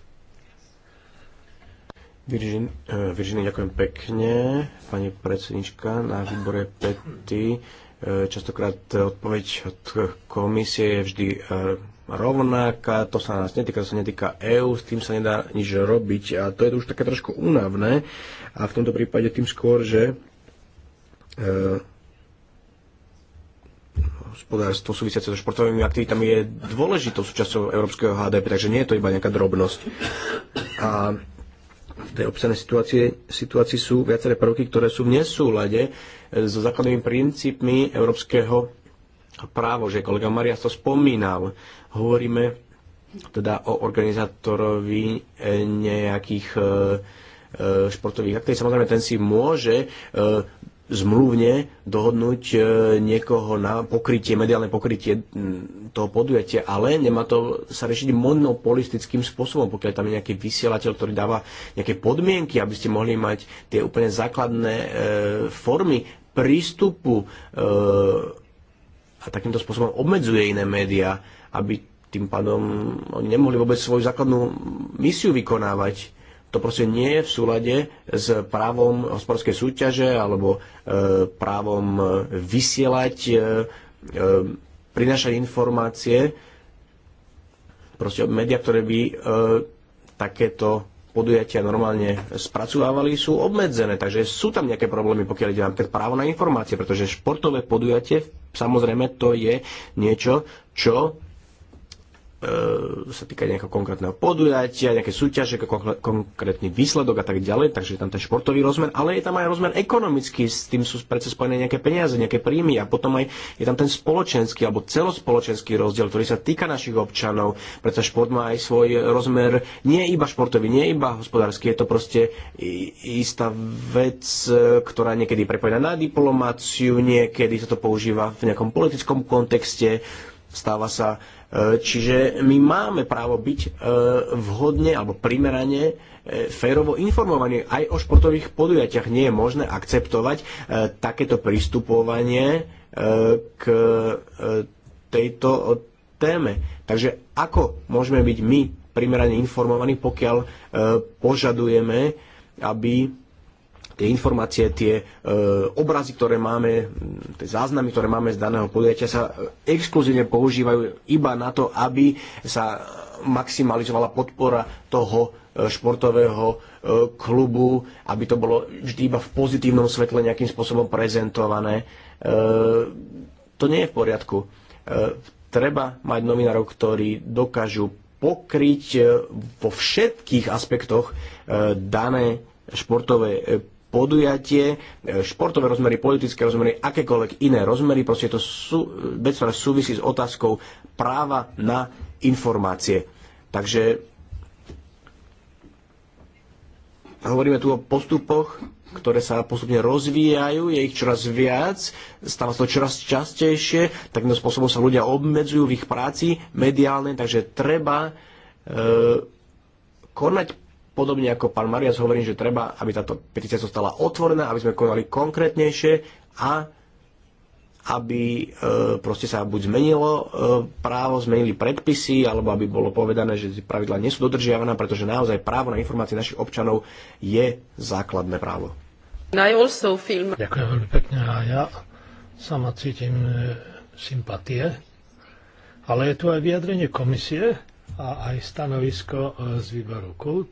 Virgin, e, Virginia, ďakujem pekne. Pani predsednička, na výbore PETY Častokrát odpoveď od komisie je vždy e, rovnaká, to sa nás netýka, to sa netýka EÚ, s tým sa nedá nič robiť a to je to už také trošku únavné a v tomto prípade tým skôr, že e, hospodárstvo súvisiace so športovými aktivitami je dôležitou súčasťou európskeho HDP, takže nie je to iba nejaká drobnosť. A v tej obsanej situácii, situácii sú viaceré prvky, ktoré sú v nesúlade e, so základnými princípmi európskeho právo, že kolega Marias to spomínal. Hovoríme teda o organizátorovi e, nejakých e, športových aktivít. Samozrejme, ten si môže zmluvne dohodnúť e, niekoho na pokrytie, mediálne pokrytie mm, toho podujatia, ale nemá to sa riešiť monopolistickým spôsobom, pokiaľ tam je nejaký vysielateľ, ktorý dáva nejaké podmienky, aby ste mohli mať tie úplne základné e, formy prístupu e, a takýmto spôsobom obmedzuje iné médiá, aby tým pádom oni nemohli vôbec svoju základnú misiu vykonávať to proste nie je v súlade s právom hospodárskej súťaže alebo e, právom e, vysielať, e, prinášať informácie, proste médiá, ktoré by takéto podujatia normálne spracovávali, sú obmedzené. Takže sú tam nejaké problémy, pokiaľ ide nám právo na informácie, pretože športové podujatie, samozrejme, to je niečo, čo E, sa týka nejakého konkrétneho podujatia, nejaké súťaže, konkrétny výsledok a tak ďalej, takže je tam ten športový rozmer, ale je tam aj rozmer ekonomický, s tým sú predsa spojené nejaké peniaze, nejaké príjmy a potom aj je tam ten spoločenský alebo celospoločenský rozdiel, ktorý sa týka našich občanov, pretože šport má aj svoj rozmer, nie iba športový, nie iba hospodársky, je to proste istá vec, e, ktorá niekedy prepojená na diplomáciu, niekedy sa to používa v nejakom politickom kontexte, stáva sa E, čiže my máme právo byť e, vhodne alebo primerane e, férovo informovaní aj o športových podujatiach. Nie je možné akceptovať takéto pristupovanie k tejto téme. Takže ako môžeme byť my primerane informovaní, pokiaľ požadujeme, aby tie informácie, tie e, obrazy, ktoré máme, tie záznamy, ktoré máme z daného podujatia sa e, exkluzívne používajú iba na to, aby sa maximalizovala podpora toho e, športového e, klubu, aby to bolo vždy iba v pozitívnom svetle nejakým spôsobom prezentované. E, to nie je v poriadku. E, treba mať novinárov, ktorí dokážu pokryť vo všetkých aspektoch dané športové podujatie, e, športové rozmery, politické rozmery, akékoľvek iné rozmery, proste to sú, e, vec, ktorá súvisí s otázkou práva na informácie. Takže hovoríme tu o postupoch, ktoré sa postupne rozvíjajú, je ich čoraz viac, stáva sa to čoraz častejšie, takýmto spôsobom sa ľudia obmedzujú v ich práci mediálnej, takže treba e, konať Podobne ako pán Marias hovorím, že treba, aby táto petícia zostala otvorená, aby sme konali konkrétnejšie a aby e, proste sa buď zmenilo e, právo, zmenili predpisy, alebo aby bolo povedané, že pravidla nie sú dodržiavané, pretože naozaj právo na informácie našich občanov je základné právo. Ďakujem veľmi pekne a ja sama cítim e, sympatie, ale je tu aj vyjadrenie komisie a aj stanovisko e, z výboru KULT.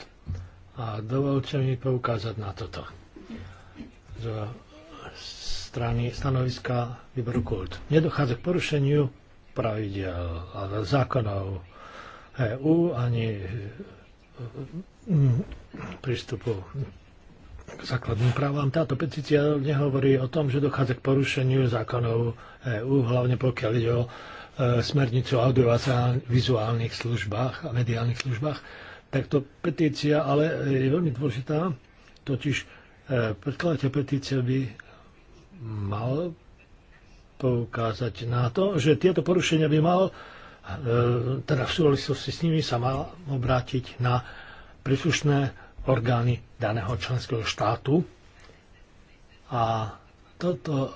A dovolte mi poukázať na toto. Zo strany stanoviska výboru kult. Nedochádza k porušeniu pravidel a zákonov EU ani mm, prístupu k základným právam. Táto petícia nehovorí o tom, že dochádza k porušeniu zákonov EU, hlavne pokiaľ ide o e, smernicu o audiovizuálnych službách a mediálnych službách takto petícia, ale je veľmi dôležitá, totiž e, predkladateľ petície by mal poukázať na to, že tieto porušenia by mal, e, teda v súvislosti s nimi sa mal obrátiť na príslušné orgány daného členského štátu. A toto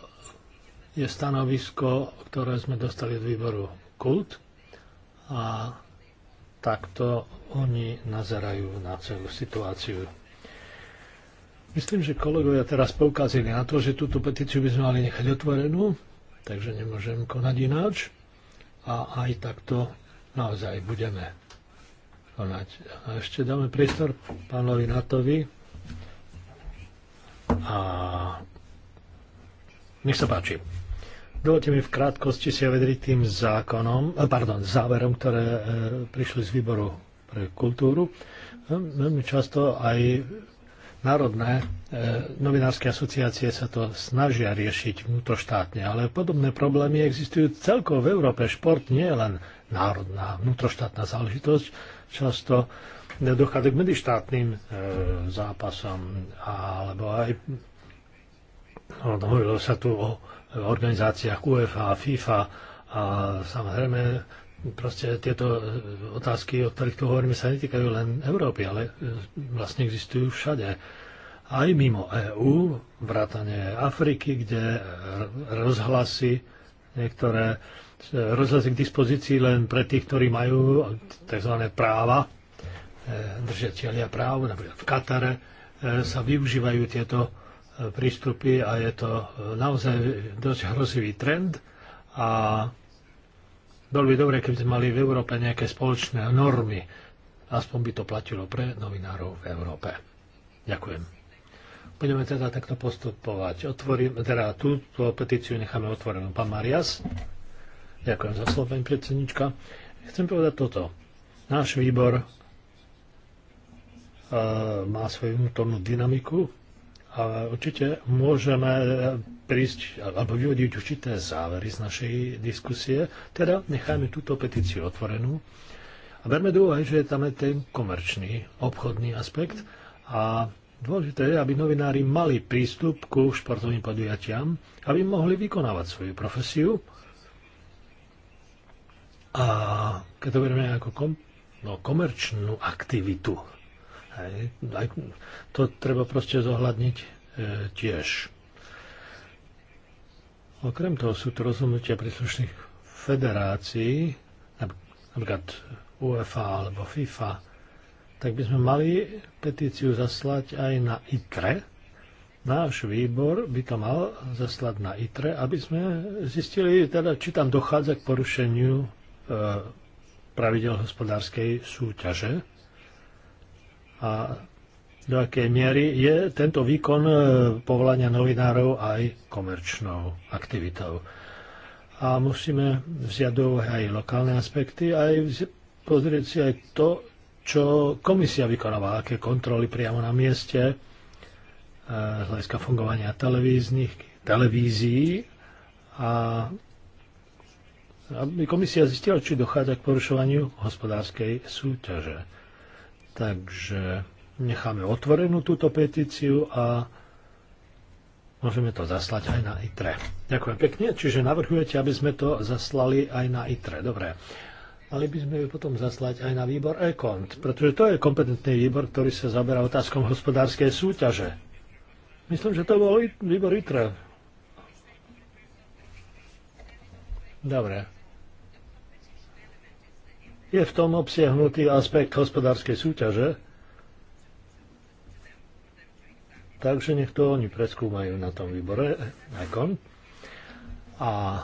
je stanovisko, ktoré sme dostali od výboru KULT a takto oni nazerajú na celú situáciu. Myslím, že kolegovia teraz poukázali na to, že túto petíciu by sme mali nechať otvorenú, takže nemôžem konať ináč. A aj takto naozaj budeme konať. A ešte dáme priestor pánovi Natovi. A nech sa páči. Dovolte mi v krátkosti si vedriť tým zákonom, eh, pardon, záverom, ktoré eh, prišli z výboru pre kultúru. No, veľmi často aj národné e, novinárske asociácie sa to snažia riešiť vnútroštátne, ale podobné problémy existujú celkovo v Európe. Šport nie je len národná, vnútroštátna záležitosť. Často dochádza k medištátnym e, zápasom, alebo aj no, hovorilo sa tu o organizáciách UEFA, FIFA a samozrejme proste tieto e, otázky, o ktorých tu hovoríme, sa netýkajú len Európy, ale e, vlastne existujú všade. Aj mimo EÚ, vrátane Afriky, kde rozhlasy niektoré e, rozhlasy k dispozícii len pre tých, ktorí majú tzv. práva, držiteľia práv, napríklad v Katare sa využívajú tieto prístupy a je to naozaj dosť hrozivý trend a bolo by dobre, keby sme mali v Európe nejaké spoločné normy. Aspoň by to platilo pre novinárov v Európe. Ďakujem. Budeme teda takto postupovať. Otvorím, teda túto petíciu necháme otvorenú. Pán Marias. Ďakujem za slovo, pani predsednička. Chcem povedať toto. Náš výbor e, má svoju vnútornú dynamiku a určite môžeme prísť alebo vyvodiť určité závery z našej diskusie. Teda nechajme túto petíciu otvorenú a berme do úvahy, že tam je ten komerčný, obchodný aspekt a dôležité je, aby novinári mali prístup ku športovým podujatiam, aby mohli vykonávať svoju profesiu a keď to berieme ako kom, no, komerčnú aktivitu, aj, aj, to treba proste zohľadniť e, tiež. Okrem toho sú to rozhodnutia príslušných federácií, napríklad UEFA alebo FIFA, tak by sme mali petíciu zaslať aj na ITRE. Náš výbor by to mal zaslať na ITRE, aby sme zistili, teda, či tam dochádza k porušeniu e, pravidel hospodárskej súťaže. A do akej miery je tento výkon e, povolania novinárov aj komerčnou aktivitou. A musíme vziať do aj lokálne aspekty, aj pozrieť si aj to, čo komisia vykonáva, aké kontroly priamo na mieste, e, z hľadiska fungovania televíznych, televízií a aby komisia zistila, či dochádza k porušovaniu hospodárskej súťaže. Takže necháme otvorenú túto petíciu a môžeme to zaslať aj na ITRE. Ďakujem pekne. Čiže navrhujete, aby sme to zaslali aj na ITRE. Dobre. Mali by sme ju potom zaslať aj na výbor EKONT, pretože to je kompetentný výbor, ktorý sa zaberá otázkom hospodárskej súťaže. Myslím, že to bol výbor ITRE. Dobre. Je v tom obsiahnutý aspekt hospodárskej súťaže, Takže nech to oni preskúmajú na tom výbore nakon. A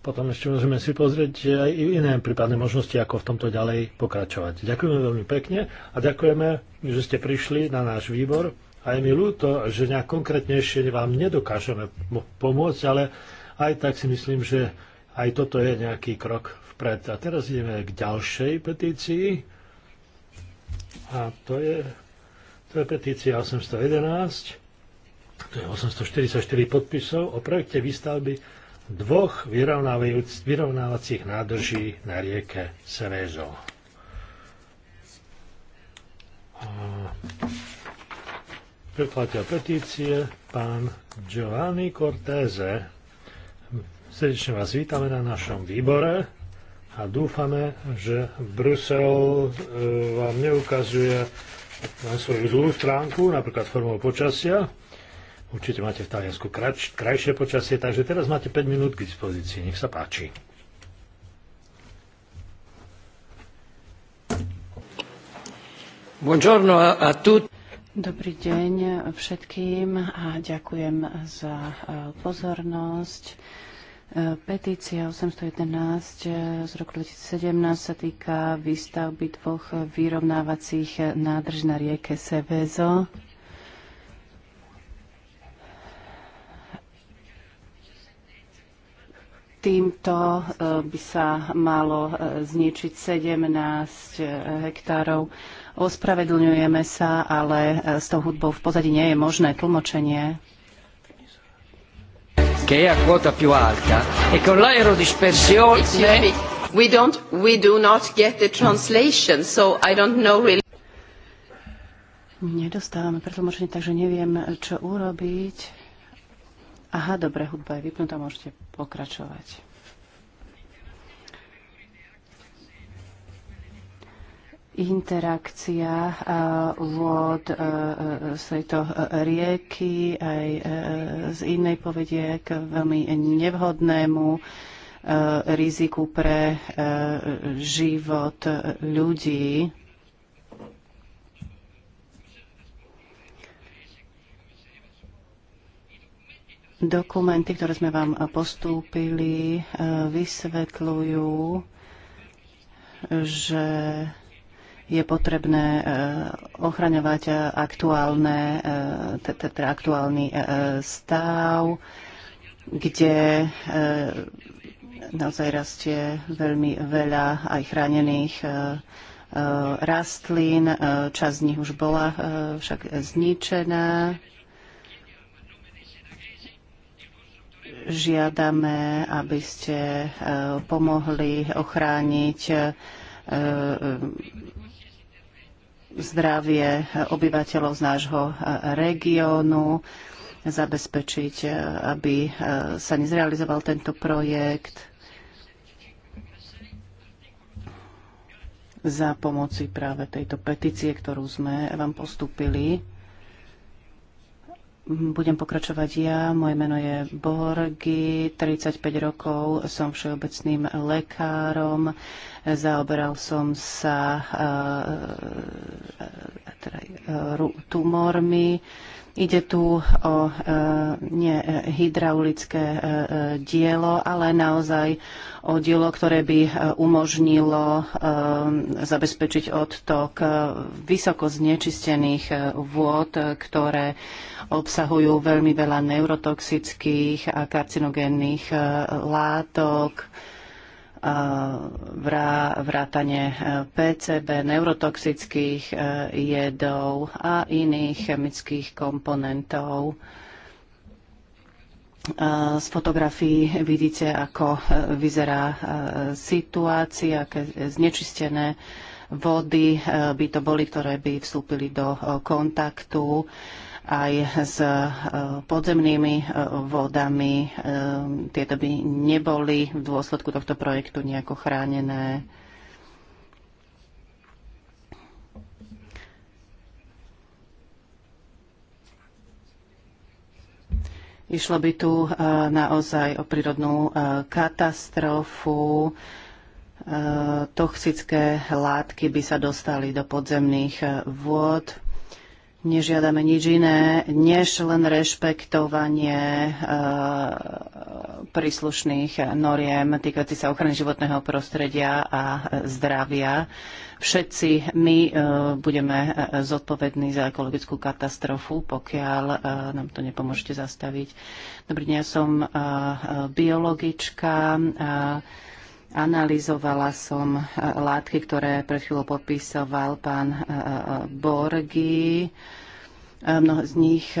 potom ešte môžeme si pozrieť aj iné prípadné možnosti, ako v tomto ďalej pokračovať. Ďakujeme veľmi pekne a ďakujeme, že ste prišli na náš výbor. A je mi ľúto, že nejak konkrétnejšie vám nedokážeme pomôcť, ale aj tak si myslím, že aj toto je nejaký krok vpred. A teraz ideme k ďalšej petícii. A to je to je petícia 811, to je 844 podpisov o projekte výstavby dvoch vyrovnávacích nádrží na rieke Serezo. Prekladia petície pán Giovanni Cortese. Srdečne vás vítame na našom výbore a dúfame, že Brusel e, vám neukazuje na svoju zlú stránku, napríklad formou počasia. Určite máte v Taliansku krač, krajšie počasie, takže teraz máte 5 minút k dispozícii. Nech sa páči. Buongiorno a tutti. Dobrý deň všetkým a ďakujem za eh, pozornosť. Petícia 811 eh, z roku 2017 sa týka výstavby dvoch vyrovnávacích nádrž na rieke Sevezo. Týmto eh, by sa malo eh, zničiť 17 hektárov. Ospravedlňujeme sa, ale s tou hudbou v pozadí nie je možné tlmočenie che è a quota più alta e con l'aerodispersione we don't we do not get the translation so I don't know really Nedostávame pretlmočenie, takže neviem, čo urobiť. Aha, dobre, hudba je vypnutá, môžete pokračovať. interakcia vôd z tejto rieky aj z inej povedie k veľmi nevhodnému riziku pre život ľudí. Dokumenty, ktoré sme vám postúpili, vysvetľujú, že je potrebné eh, ochraňovať eh, aktuálne, eh, teda aktuálny stav, kde naozaj rastie veľmi veľa aj chránených rastlín. Časť z nich už bola však zničená. Žiadame, aby ste pomohli ochrániť zdravie obyvateľov z nášho e, regiónu, zabezpečiť, e, aby e, sa nezrealizoval tento projekt za pomoci práve tejto petície, ktorú sme vám postúpili. Mm, budem pokračovať ja. Moje meno je Borgi, 35 rokov som všeobecným lekárom. Zaoberal som sa uh, teda, uh, tumormi. Ide tu o e, nie e, hydraulické e, e, dielo, ale naozaj o dielo, ktoré by e, umožnilo e, zabezpečiť odtok vysoko znečistených vôd, ktoré obsahujú veľmi veľa neurotoxických a karcinogénnych látok vrá, vrátanie PCB, neurotoxických e, jedov a iných chemických komponentov. E, z fotografií vidíte, ako e, vyzerá situácia, aké znečistené vody by to boli, ktoré by vstúpili do kontaktu aj s e, podzemnými e, vodami. E, tieto by neboli v dôsledku tohto projektu nejako chránené. Išlo by tu naozaj o prírodnú katastrofu. Toxické látky by sa dostali do podzemných vôd nežiadame nič iné, než len rešpektovanie e, príslušných noriem týkajúcich sa ochrany životného prostredia a zdravia. Všetci my e, budeme zodpovední za ekologickú katastrofu, pokiaľ e, nám to nepomôžete zastaviť. Dobrý deň, ja som e, biologička e, Analizovala som e, látky, ktoré pred chvíľou popisoval pán e, e, Borgi. Mnoho z nich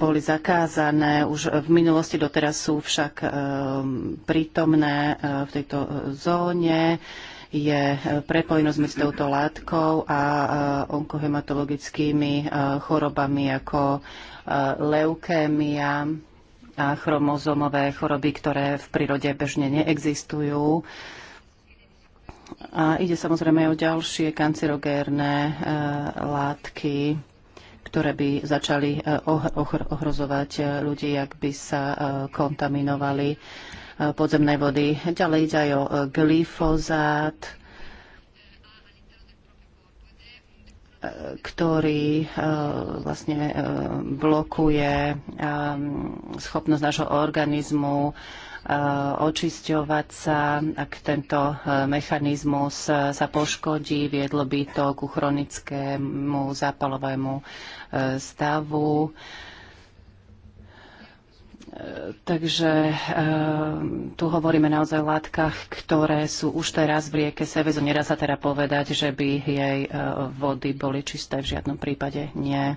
boli zakázané už v minulosti, doteraz sú však prítomné v tejto zóne. Je prepojenosť medzi touto látkou a onkohematologickými chorobami ako leukémia chromozomové choroby, ktoré v prírode bežne neexistujú. A ide samozrejme o ďalšie kancerogérne e, látky, ktoré by začali e, ohrozovať e, ľudí, ak by sa kontaminovali podzemné vody. Ďalej ide aj o glyfozát, ktorý e, vlastne e, blokuje e, schopnosť nášho organizmu očisťovať sa. Ak tento mechanizmus sa poškodí, viedlo by to ku chronickému zápalovému stavu Takže e, tu hovoríme naozaj o látkach, ktoré sú už teraz v rieke Sevezo. Nedá sa teda povedať, že by jej e, vody boli čisté. V žiadnom prípade nie.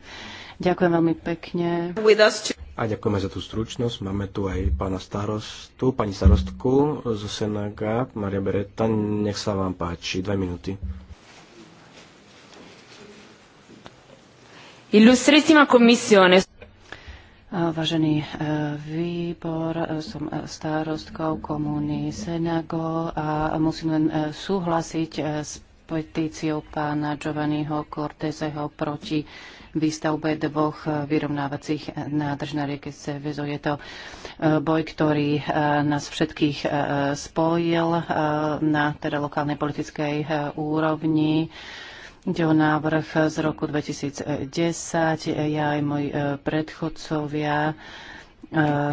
Ďakujem veľmi pekne. A ďakujeme za tú stručnosť. Máme tu aj pána starostu, pani starostku zo Senaga, Maria Beretta. Nech sa vám páči. Dve minúty. Illustrissima Commissione. Vážený e, výbor, e, som starostkou komúny Senago a musím len e, súhlasiť s petíciou pána Giovanniho Corteseho proti výstavbe dvoch vyrovnávacích nádrž na rieke Cevezo. Je to boj, ktorý nás všetkých spojil na teda lokálnej politickej úrovni. Ide o návrh z roku 2010. Ja aj moji e, predchodcovia e,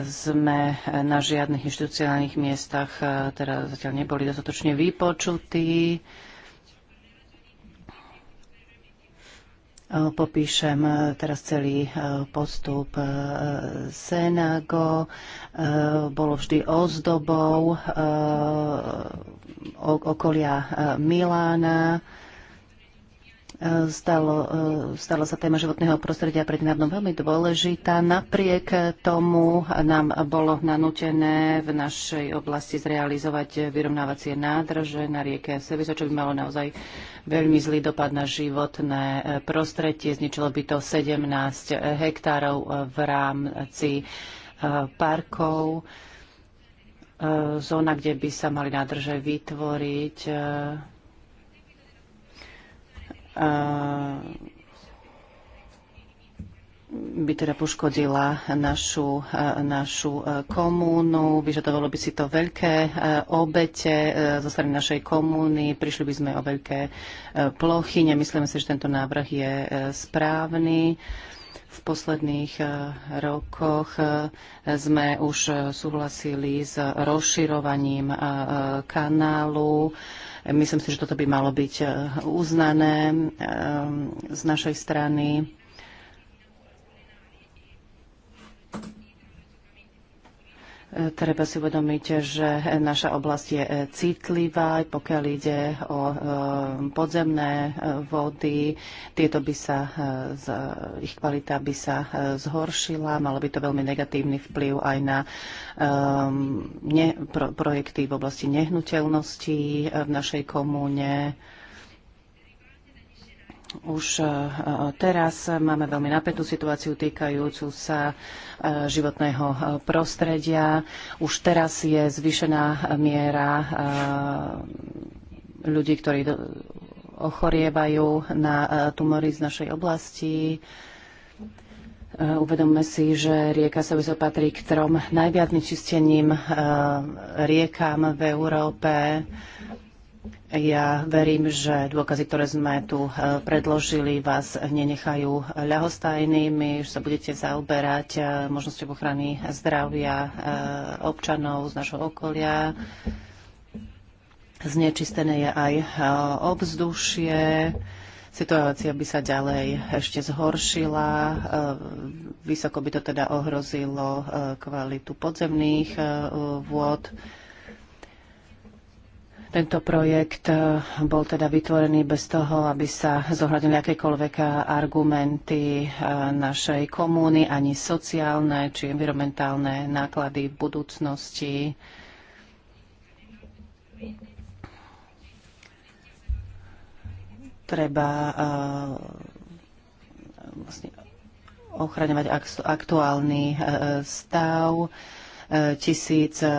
sme na žiadnych inštitucionálnych miestach e, teda zatiaľ neboli dostatočne vypočutí. Popíšem teraz celý postup Senago. Bolo vždy ozdobou okolia Milána stalo, eh, stala sa téma životného prostredia pred nedávnom veľmi dôležitá. Napriek tomu nám bolo nanútené v našej oblasti zrealizovať vyrovnávacie nádrže na rieke Sevisa, čo by malo naozaj veľmi zlý dopad na životné eh, prostredie. Zničilo by to 17 eh, hektárov v rámci parkov zóna, kde by sa mali nádrže vytvoriť by teda poškodila našu, našu komúnu, vyžadovalo by si to veľké obete zo strany našej komúny, prišli by sme o veľké plochy, nemyslíme si, že tento návrh je správny. V posledných eh, rokoch eh, sme už eh, súhlasili s rozširovaním kanálu. Myslím si, že toto by malo byť uznané z našej strany. Treba si uvedomiť, že naša oblasť je eh, citlivá, pokiaľ ide o eh, podzemné eh, vody. Tieto by sa, ich kvalita by sa zhoršila, malo by to veľmi negatívny vplyv aj na projekty v oblasti nehnuteľnosti v našej komúne už e, teraz máme veľmi napätú situáciu týkajúcu sa e, životného e, prostredia. Už teraz je zvyšená miera ľudí, ktorí ochorievajú na tumory z našej oblasti. Uvedomme si, že rieka sa patrí k trom najviac nečistením riekám v Európe ja verím, že dôkazy, ktoré sme tu e, predložili, vás nenechajú ľahostajnými, že sa budete zaoberať e, možnosťou ochrany zdravia e, občanov z našho okolia. Znečistené je aj obzdušie. Situácia by sa ďalej ešte zhoršila. Vysoko by to teda ohrozilo kvalitu podzemných vôd. Tento projekt eh, bol teda vytvorený bez toho, aby sa zohľadili akékoľvek eh, argumenty eh, našej komúny, ani sociálne či environmentálne náklady v budúcnosti. Treba vlastne ochraňovať aktuálny stav tisíc eh,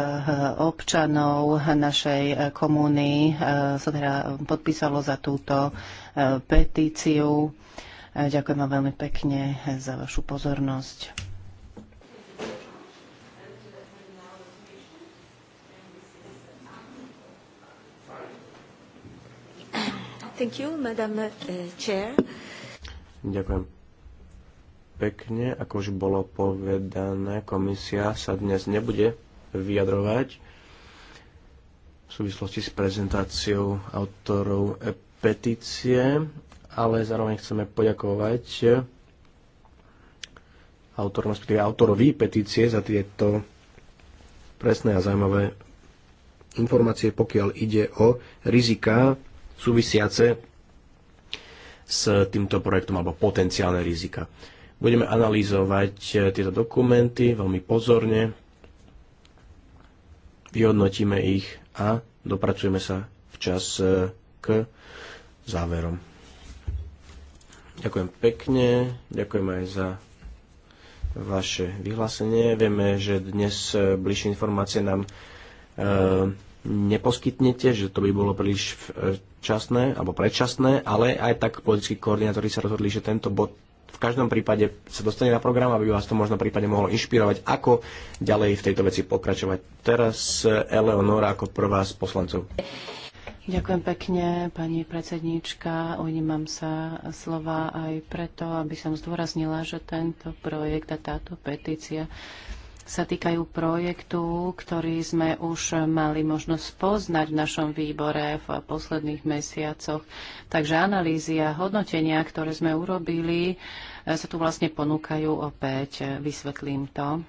občanov našej eh, komúny eh, sa teda podpísalo za túto petíciu. Ďakujem vám veľmi pekne za vašu pozornosť. Thank you, Madam Chair. Ďakujem pekne. Ako už bolo povedané, komisia sa dnes nebude vyjadrovať v súvislosti s prezentáciou autorov e- petície, ale zároveň chceme poďakovať autorom, autorovi petície za tieto presné a zaujímavé informácie, pokiaľ ide o rizika súvisiace s týmto projektom alebo potenciálne rizika. Budeme analýzovať e, tieto dokumenty veľmi pozorne, vyhodnotíme ich a dopracujeme sa včas e, k záverom. Ďakujem pekne, ďakujem aj za vaše vyhlásenie. Vieme, že dnes e, bližšie informácie nám e, neposkytnete, že to by bolo príliš časné alebo predčasné, ale aj tak politickí koordinátori sa rozhodli, že tento bod v každom prípade sa dostane na program, aby vás to možno prípadne mohlo inšpirovať, ako ďalej v tejto veci pokračovať. Teraz eh, Eleonora ako prvá z poslancov. Ďakujem pekne, pani predsednička. Ujímam sa slova aj preto, aby som zdôraznila, že tento projekt a táto petícia sa týkajú projektu, ktorý sme už mali možnosť poznať v našom výbore v posledných mesiacoch. Takže analýzy a hodnotenia, ktoré sme urobili, sa tu vlastne ponúkajú opäť. Vysvetlím to.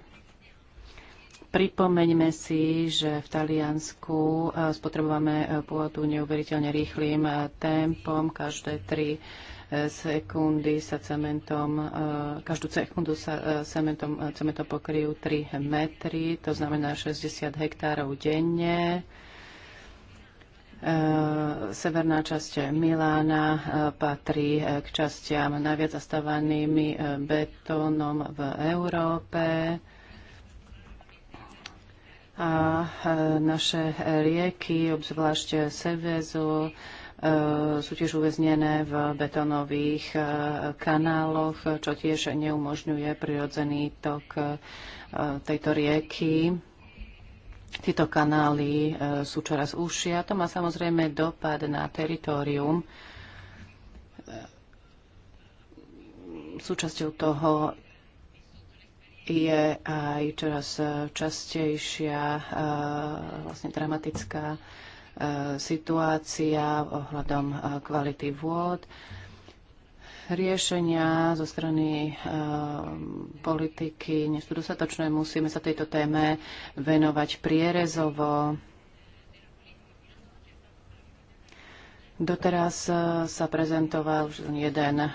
Pripomeňme si, že v Taliansku eh, spotrebujeme eh, pôdu neuveriteľne rýchlým eh, tempom. Každé tri sekundy sa cementom, každú sekundu sa cementom, cementom pokryjú 3 metry, to znamená 60 hektárov denne. Eh, severná časť Milána eh, patrí eh, k častiam najviac zastávaným betónom v Európe. A naše rieky, obzvlášť Sevezu, sú tiež uväznené v betónových kanáloch, čo tiež neumožňuje prirodzený tok tejto rieky. Tieto kanály e, sú čoraz užšie a to má samozrejme dopad na teritorium. E, súčasťou toho je aj čoraz častejšia e, vlastne dramatická situácia ohľadom kvality vôd riešenia zo strany e, politiky nie sú dostatočné. Musíme sa tejto téme venovať prierezovo. Doteraz eh, sa prezentoval už jeden e,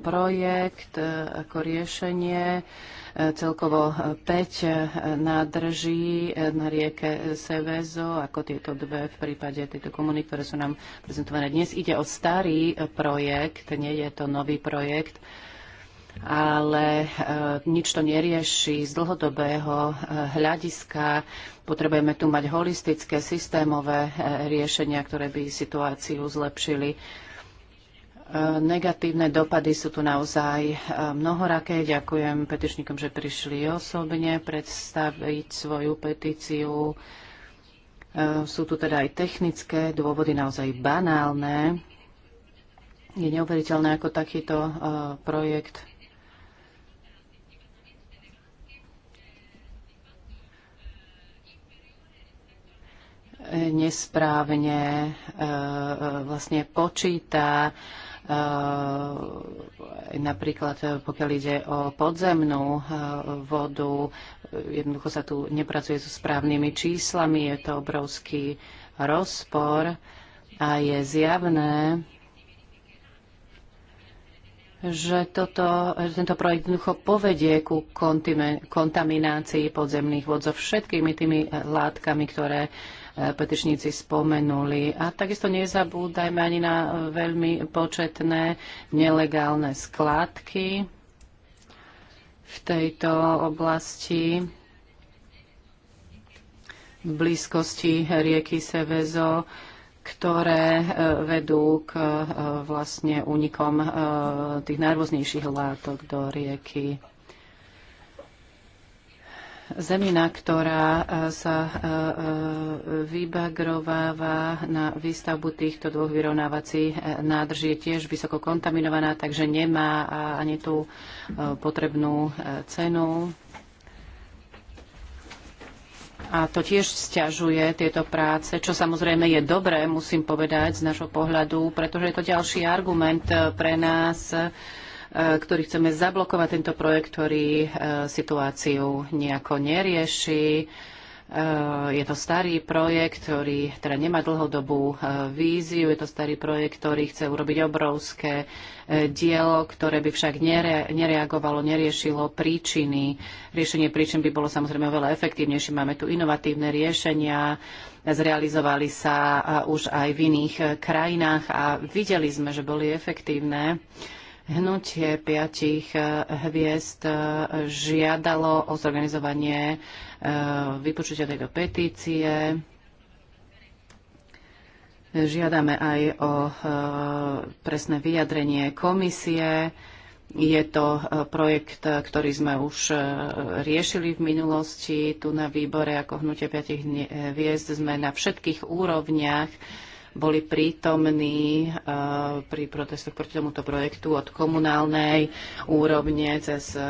projekt e, ako riešenie. E, celkovo 5 e, e, nádrží e, na rieke Sevezo, ako tieto dve v prípade tejto komuny, ktoré sú nám prezentované dnes. Ide o starý projekt, nie je to nový projekt ale e, nič to nerieši z dlhodobého e, hľadiska. Potrebujeme tu mať holistické, systémové e, riešenia, ktoré by situáciu zlepšili. E, Negatívne dopady sú tu naozaj e, mnohoraké. Ďakujem petičníkom, že prišli osobne predstaviť svoju petíciu. E, sú tu teda aj technické dôvody naozaj banálne. Je neuveriteľné, ako takýto e, projekt nesprávne vlastne počíta Eh, napríklad eh, pokiaľ ide o podzemnú eh, vodu, jednoducho sa tu nepracuje so správnymi číslami, je to obrovský rozpor a je zjavné, že toto, tento projekt jednoducho povedie ku kontaminácii podzemných vod so všetkými tými e, látkami, ktoré e, petičníci spomenuli. A takisto nezabúdajme ani na e, veľmi početné nelegálne skládky v tejto oblasti v blízkosti rieky Sevezo ktoré e, vedú k e, vlastne únikom e, tých najrôznejších látok do rieky. Zemina, ktorá sa vybagrováva na výstavbu týchto dvoch vyrovnávacích nádrží, je tiež vysoko kontaminovaná, takže nemá ani tú potrebnú cenu a to tiež stiažuje tieto práce, čo samozrejme je dobré, musím povedať, z našho pohľadu, pretože je to ďalší argument eh, pre nás, eh, ktorý chceme zablokovať tento projekt, ktorý eh, situáciu nejako nerieši Eh, je to starý projekt, ktorý teda nemá dlhodobú eh, víziu, je to starý projekt, ktorý chce urobiť obrovské eh, dielo, ktoré by však nereagovalo, neriešilo príčiny. Riešenie príčin by bolo samozrejme oveľa efektívnejšie. Máme tu inovatívne riešenia, zrealizovali sa už aj v iných krajinách a videli sme, že boli efektívne. Hnutie piatich eh, hviezd eh, žiadalo o zorganizovanie eh, vypočutia tejto petície. Žiadame aj o presné vyjadrenie komisie. Je to projekt, ktorý sme už riešili v minulosti. Tu na výbore ako Hnutie piatich hviezd sme na všetkých úrovniach boli prítomní eh, pri protestoch proti tomuto projektu od komunálnej úrovne cez eh,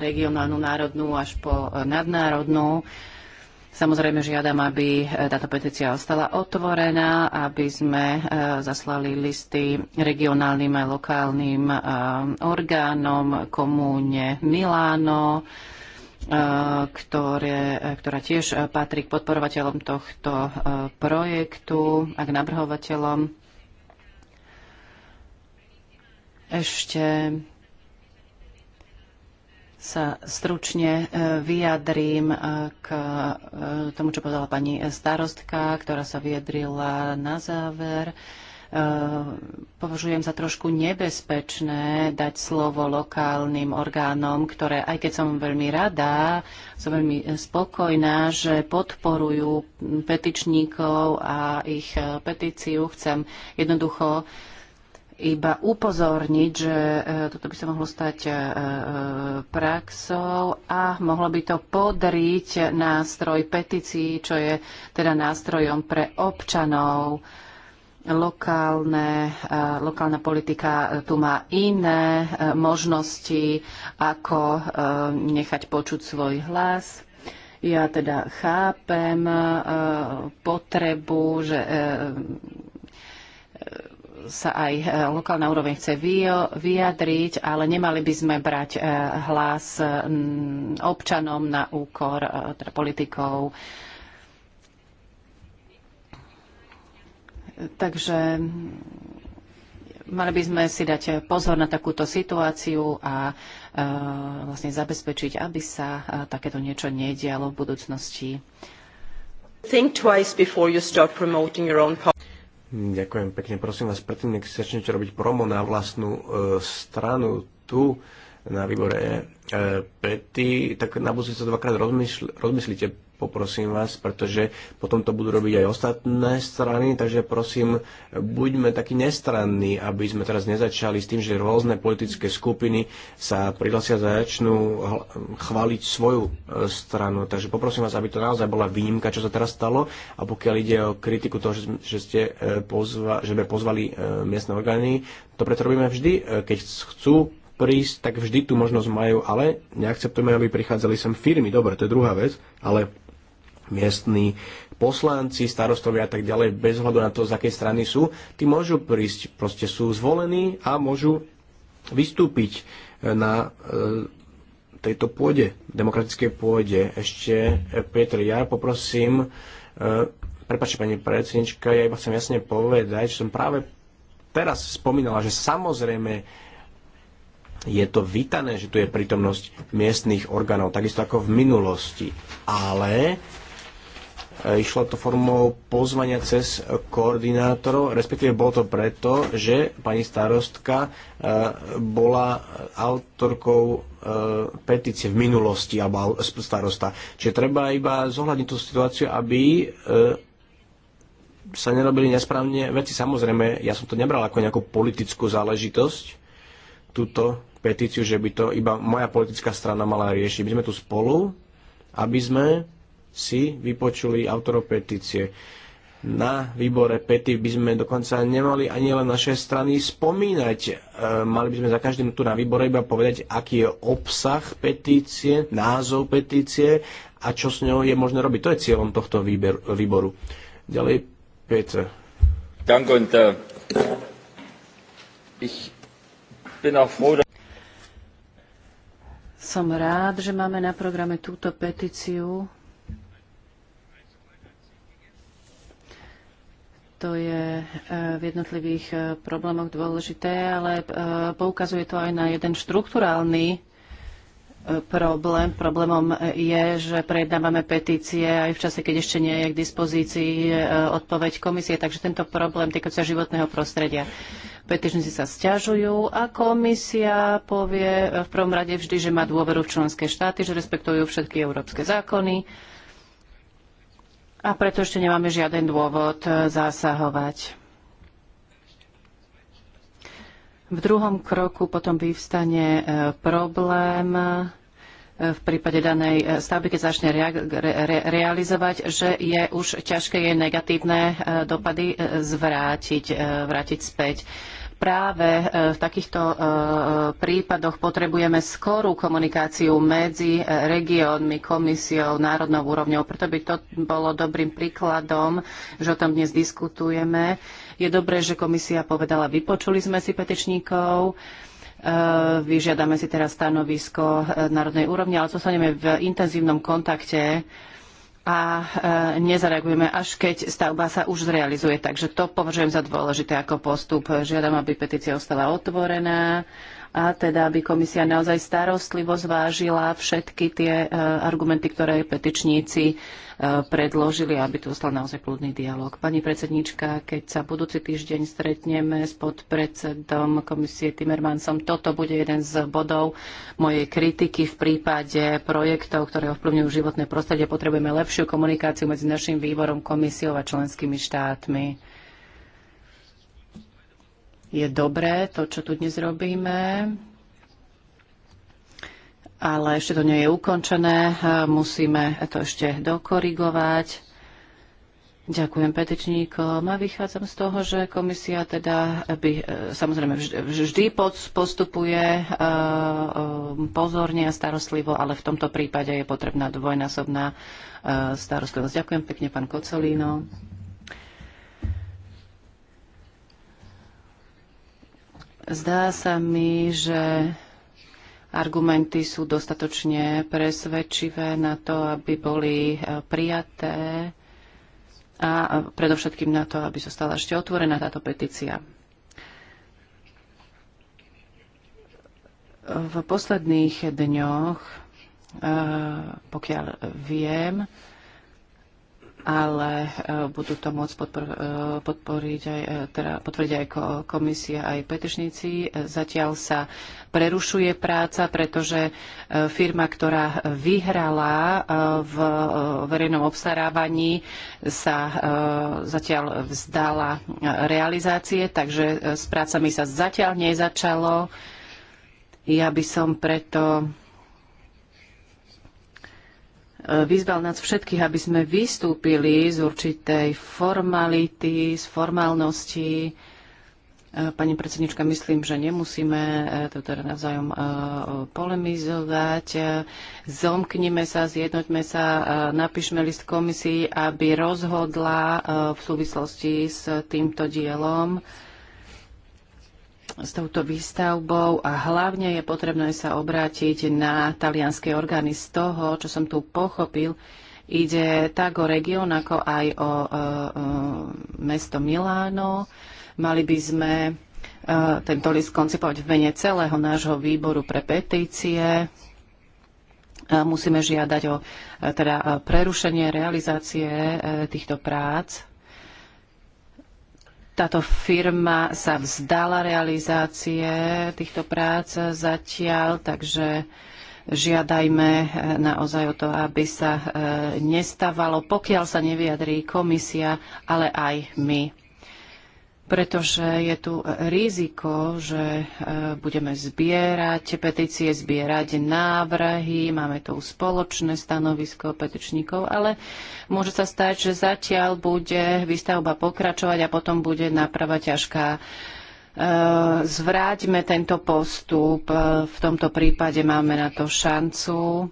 regionálnu, národnú až po eh, nadnárodnú. Samozrejme žiadam, aby táto petícia ostala otvorená, aby sme zaslali listy regionálnym a lokálnym orgánom komúne Miláno, ktoré, ktorá tiež patrí k podporovateľom tohto eh, projektu a k navrhovateľom. Ešte sa stručne eh, vyjadrím eh, k tomu, čo povedala pani starostka, ktorá sa vyjadrila na záver. Eh, považujem za trošku nebezpečné dať slovo lokálnym orgánom, ktoré, aj keď som veľmi rada, som veľmi eh, spokojná, že podporujú petičníkov a ich eh, petíciu. Chcem jednoducho iba upozorniť, že toto by sa mohlo stať praxou a mohlo by to podriť nástroj petícií, čo je teda nástrojom pre občanov lokálne, e, lokálna politika e, tu má iné e, možnosti, ako nechať počuť svoj hlas. Ja teda chápem potrebu, že sa aj lokálna úroveň chce vyjadriť, ale nemali by sme brať hlas občanom na úkor teda politikov Takže mali by sme si dať pozor na takúto situáciu a e, vlastne zabezpečiť, aby sa e, takéto niečo nedialo v budúcnosti. Ďakujem pekne. Prosím vás, predtým, nech začnete robiť promo na vlastnú e, stranu tu na výbore e, Pety, tak na budúce sa dvakrát rozmysl- rozmyslíte, poprosím vás, pretože potom to budú robiť aj ostatné strany, takže prosím, buďme takí nestranní, aby sme teraz nezačali s tým, že rôzne politické skupiny sa prihlasia a začnú chváliť svoju e, stranu. Takže poprosím vás, aby to naozaj bola výnimka, čo sa teraz stalo a pokiaľ ide o kritiku toho, že, ste e, pozva, že by pozvali e, miestne orgány, to preto robíme vždy, keď chcú prísť, tak vždy tú možnosť majú, ale neakceptujeme, aby prichádzali sem firmy. Dobre, to je druhá vec, ale miestni poslanci, starostovia a tak ďalej, bez hľadu na to, z akej strany sú, tí môžu prísť, proste sú zvolení a môžu vystúpiť e, na e, tejto pôde, demokratickej pôde. Ešte, e, Petr, ja poprosím, prepáčte pani predsednička, ja iba chcem jasne povedať, že som práve teraz spomínala, že samozrejme je to vítané, že tu je prítomnosť miestnych orgánov, takisto ako v minulosti. Ale E, išlo to formou pozvania cez koordinátorov, respektíve bolo to preto, že pani starostka e, bola autorkou e, petície v minulosti, alebo starosta. Čiže treba iba zohľadniť tú situáciu, aby sa nerobili nesprávne veci. Samozrejme, ja som to nebral ako nejakú politickú záležitosť, túto petíciu, že by to iba moja politická strana mala riešiť. My sme tu spolu, aby sme si vypočuli autorov petície. Na výbore pety by sme dokonca nemali ani len naše strany spomínať. E, mali by sme za každým tu na výbore iba povedať, aký je obsah petície, názov petície a čo s ňou je možné robiť. To je cieľom tohto výber, výboru. Ďalej, Peter. Äh, Som rád, že máme na programe túto petíciu, to je e, v jednotlivých e, problémoch dôležité, ale e, poukazuje to aj na jeden štruktúrálny problém. Problémom je, že prejednávame petície aj v čase, keď ešte nie je k dispozícii odpoveď komisie, takže tento problém týka sa životného prostredia. Petičníci sa stiažujú a komisia povie v prvom rade vždy, že má dôveru v členské štáty, že respektujú všetky európske zákony a preto ešte nemáme žiaden dôvod eh, zasahovať. V druhom kroku potom vyvstane eh, problém eh, v prípade danej stavby, keď začne rea- re- realizovať, že je už ťažké jej negatívne dopady zvrátiť, vrátiť späť práve e, v takýchto e, e, prípadoch potrebujeme skorú komunikáciu medzi regiónmi, komisiou, národnou úrovňou. Preto by to bolo dobrým príkladom, že o tom dnes diskutujeme. Je dobré, že komisia povedala, vypočuli sme si petičníkov, vyžiadame si teraz stanovisko národnej úrovne, ale zostaneme v intenzívnom kontakte a e, nezareagujeme, až keď stavba sa už zrealizuje. Takže to považujem za dôležité ako postup. Žiadam, aby petícia ostala otvorená a teda, aby komisia naozaj starostlivo zvážila všetky tie e, argumenty, ktoré petičníci e, predložili, aby tu ostal naozaj plodný dialog. Pani predsednička, keď sa budúci týždeň stretneme s podpredsedom komisie Timmermansom, toto bude jeden z bodov mojej kritiky v prípade projektov, ktoré ovplyvňujú životné prostredie. Potrebujeme lepšiu komunikáciu medzi našim výborom, komisiou a členskými štátmi je dobré to, čo tu dnes robíme, ale ešte to nie je ukončené. Musíme to ešte dokorigovať. Ďakujem petičníkom a vychádzam z toho, že komisia teda by, e, samozrejme vždy postupuje e, e, pozorne a starostlivo, ale v tomto prípade je potrebná dvojnásobná starostlivosť. Ďakujem pekne, pán Kocolino. Zdá sa mi, že argumenty sú dostatočne presvedčivé na to, aby boli e, prijaté a e, predovšetkým na to, aby zostala ešte otvorená táto petícia. V posledných dňoch, e, pokiaľ viem, ale e, budú to môcť podpor, e, podporiť aj, e, teda potvrdiť aj komisia, aj petičníci. Zatiaľ sa prerušuje práca, pretože firma, ktorá vyhrala v verejnom obstarávaní, sa zatiaľ vzdala realizácie, takže s prácami sa zatiaľ nezačalo. Ja by som preto vyzval nás všetkých, aby sme vystúpili z určitej formality, z formálnosti. E, pani predsednička, myslím, že nemusíme e, to teda navzájom e, polemizovať. Zomknime sa, zjednoťme sa, napíšme list komisii, aby rozhodla v súvislosti s týmto dielom s touto výstavbou a hlavne je potrebné sa obrátiť na talianské orgány. Z toho, čo som tu pochopil, ide tak o región, ako aj o, o, e, o e, mesto Miláno. Mali by sme o, e, tento list koncipovať v mene celého nášho výboru pre petície. Musíme žiadať o teda prerušenie realizácie týchto prác táto firma sa vzdala realizácie týchto prác zatiaľ, takže žiadajme eh, naozaj o to, aby sa eh, nestávalo, pokiaľ sa nevyjadrí komisia, ale aj my pretože je tu riziko, že e, budeme zbierať petície, zbierať návrhy, máme tu spoločné stanovisko petičníkov, ale môže sa stať, že zatiaľ bude výstavba pokračovať a potom bude náprava ťažká. E, zvráťme tento postup, e, v tomto prípade máme na to šancu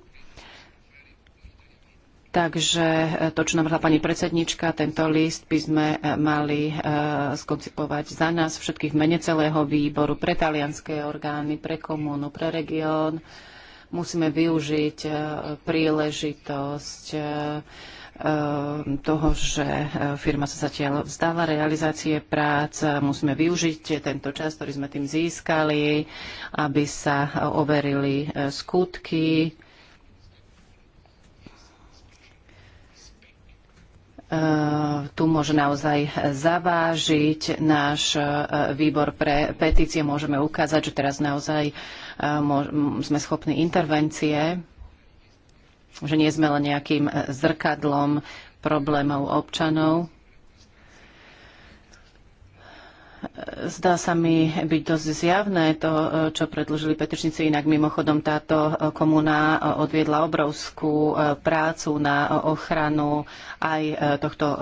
Takže e, to, čo navrhla pani predsednička, tento list by sme e, mali e, skoncipovať za nás všetkých v mene celého výboru pre talianské orgány, pre komúnu, pre región. Musíme využiť príležitosť toho, že firma sa zatiaľ vzdala realizácie prác. Musíme využiť tento čas, ktorý sme tým získali, aby sa overili skutky E, tu môže naozaj zavážiť náš e, výbor pre petície. Môžeme ukázať, že teraz naozaj e, sme schopní intervencie, že nie sme len nejakým zrkadlom problémov občanov. Zdá sa mi byť dosť zjavné to, čo predložili petičníci. Inak mimochodom táto komuna odviedla obrovskú e, prácu na ochranu aj e, tohto e,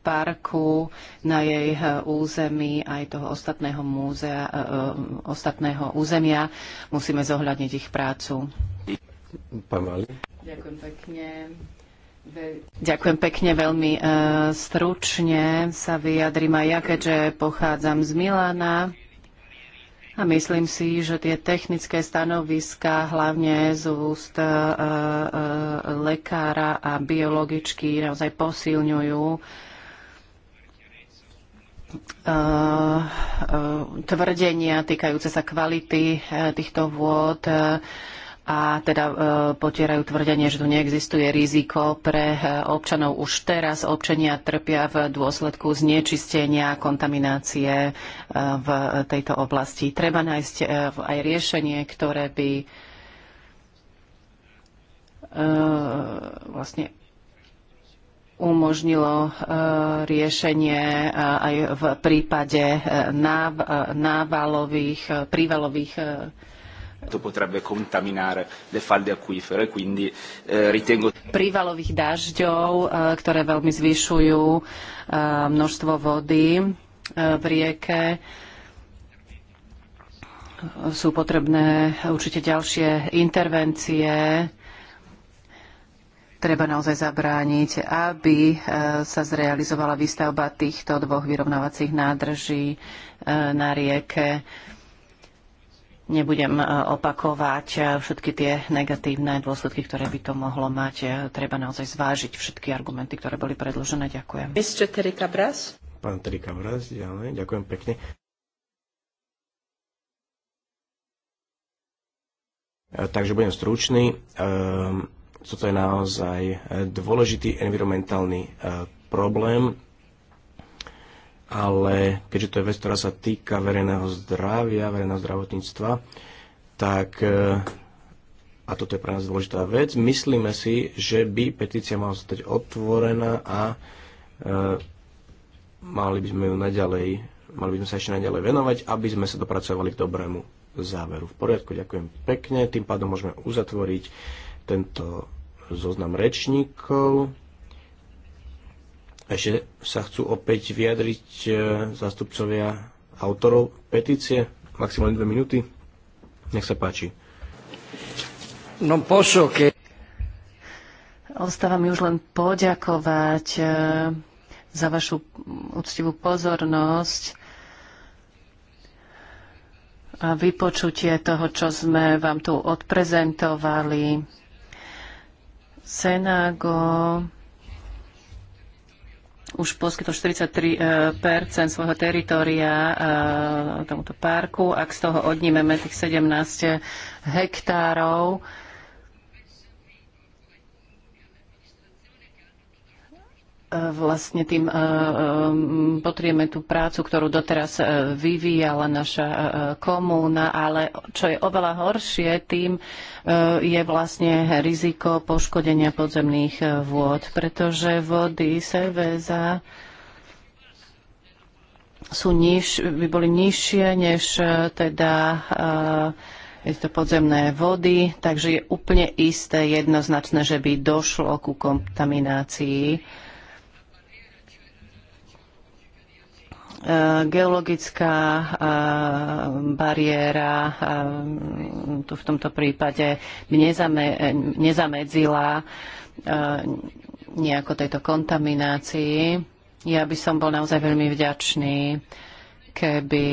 parku, na jej území, aj toho ostatného múzea, ostatného územia. Musíme zohľadniť ich prácu. Ďakujem pekne. Ďakujem pekne, veľmi e, stručne sa vyjadrím aj ja, keďže pochádzam z Milána. A myslím si, že tie technické stanoviska, hlavne z úst e, e, lekára a biologičky, naozaj posilňujú tvrdenia týkajúce sa kvality týchto vôd a teda e, potierajú tvrdenie, že tu neexistuje riziko pre e, občanov. Už teraz občania trpia v dôsledku znečistenia, kontaminácie e, v tejto oblasti. Treba nájsť aj riešenie, ktoré by vlastne umožnilo riešenie aj v prípade návalových, prívalových potrebbe contaminare le falde acquifere, quindi eh, ritengo... Privalových dažďov, eh, ktoré veľmi zvyšujú eh, množstvo vody v rieke, sú potrebné určite ďalšie intervencie. Treba naozaj zabrániť, aby sa zrealizovala výstavba týchto dvoch vyrovnávacích nádrží na rieke. Nebudem e, opakovať e, všetky tie negatívne dôsledky, ktoré by to mohlo mať. E, Treba naozaj zvážiť všetky argumenty, ktoré boli predložené. Ďakujem. Mr. Pán Terika Bras, ďalej. Ďakujem pekne. Takže budem stručný. Toto je naozaj dôležitý environmentálny problém ale keďže to je vec, ktorá sa týka verejného zdravia, verejného zdravotníctva, tak e, a toto je pre nás dôležitá vec, myslíme si, že by petícia mala zostať otvorená a e, mali by sme ju naďalej, mali by sme sa ešte naďalej venovať, aby sme sa dopracovali k dobrému záveru. V poriadku, ďakujem pekne, tým pádom môžeme uzatvoriť tento zoznam rečníkov. Ešte sa chcú opäť vyjadriť e, zástupcovia autorov petície. Maximálne dve minúty. Nech sa páči. No posso che... Ostáva mi už len poďakovať e, za vašu úctivú pozornosť a vypočutie toho, čo sme vám tu odprezentovali. Senágo už poskytol 43 eh, svojho teritoria eh, tomuto parku. Ak z toho odnímeme tých 17 eh, hektárov, vlastne tým e, e, potrieme tú prácu, ktorú doteraz e, vyvíjala naša komúna, ale čo je oveľa horšie, tým je vlastne riziko poškodenia podzemných vôd, pretože vody Seveza sú niž, by boli nižšie než teda je to podzemné vody, takže je úplne isté jednoznačné, že by došlo ku kontaminácii E, geologická e, bariéra e, tu v tomto prípade nezame, nezamedzila nejako tejto kontaminácii. Ja by som bol naozaj veľmi vďačný, keby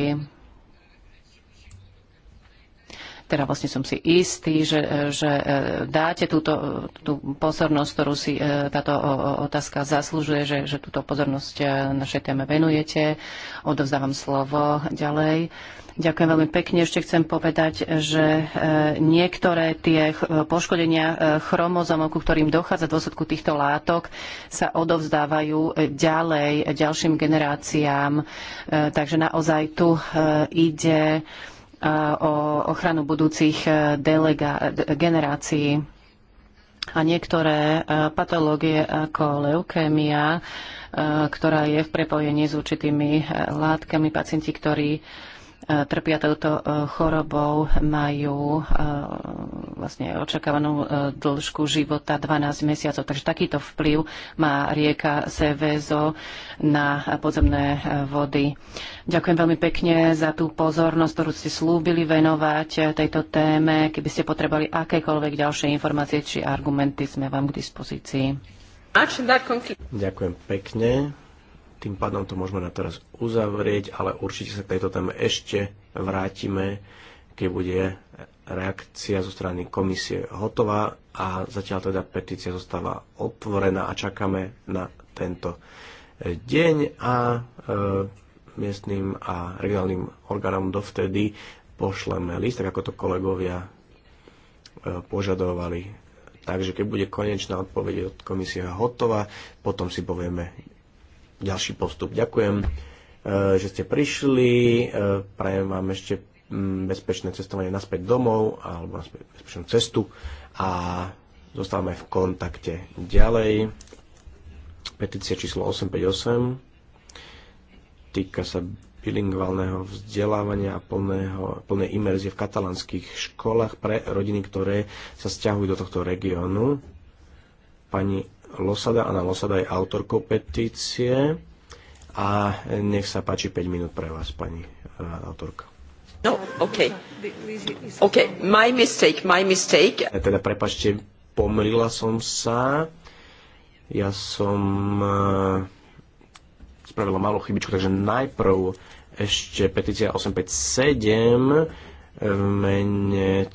teda vlastne som si istý, že, že e, dáte túto tú pozornosť, ktorú si e, táto otázka zaslúžuje, že, že túto pozornosť e, našej téme venujete. Odovzdávam slovo ďalej. Ďakujem veľmi pekne. Ešte chcem povedať, že niektoré tie poškodenia chromozomov, ku ktorým dochádza v dôsledku týchto látok, sa odovzdávajú ďalej ďalším generáciám. Takže naozaj tu ide o ochranu budúcich e, delega- generácií. A niektoré e, patológie ako leukémia, e, ktorá je v prepojení s určitými látkami, pacienti, ktorí Eh, trpia touto eh, chorobou, majú eh, vlastne očakávanú dĺžku života 12 mesiacov. Takže takýto vplyv má rieka Sevezo na podzemné vody. Ďakujem veľmi pekne za tú pozornosť, ktorú ste slúbili venovať tejto téme. Keby ste potrebovali akékoľvek ďalšie informácie či argumenty, sme vám k dispozícii. Ďakujem pekne. Tým pádom to môžeme na teraz uzavrieť, ale určite sa k tejto téme ešte vrátime, keď bude reakcia zo strany komisie hotová a zatiaľ teda petícia zostáva otvorená a čakáme na tento eh, deň a e, miestnym a regionálnym orgánom dovtedy pošleme list, tak ako to kolegovia eh, požadovali. Takže keď bude konečná odpoveď od komisie hotová, potom si povieme ďalší postup. Ďakujem, e, že ste prišli. E, prajem vám ešte bezpečné cestovanie naspäť domov alebo naspäť bezpečnú cestu a zostávame v kontakte ďalej. Petícia číslo 858 týka sa bilingválneho vzdelávania a plného, plnej imerzie v katalánskych školách pre rodiny, ktoré sa stiahujú do tohto regiónu. Pani Losada. Anna Losada je autorkou petície. A nech sa páči 5 minút pre vás, pani eh, autorka. No, OK. OK, my mistake, my mistake. E, teda prepačte, pomýlila som sa. Ja som eh, spravila malú chybičku, takže najprv ešte petícia 857 eh, v mene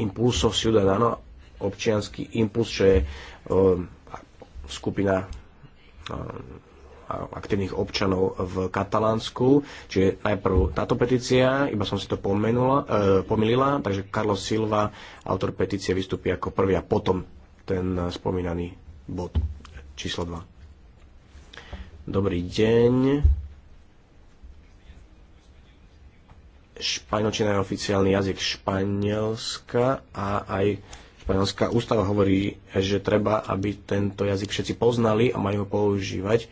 Impulso Ciudadano občianský impuls, čo je eh, skupina eh, aktívnych občanov v Katalánsku. Čiže najprv táto petícia, iba som si to pomenula, e, eh, pomilila, takže Carlos Silva, autor petície, vystúpi ako prvý a potom ten spomínaný bod číslo 2. Dobrý deň. Španielčina je oficiálny jazyk Španielska a aj Španielská ústava hovorí, že treba, aby tento jazyk všetci poznali a majú ho používať.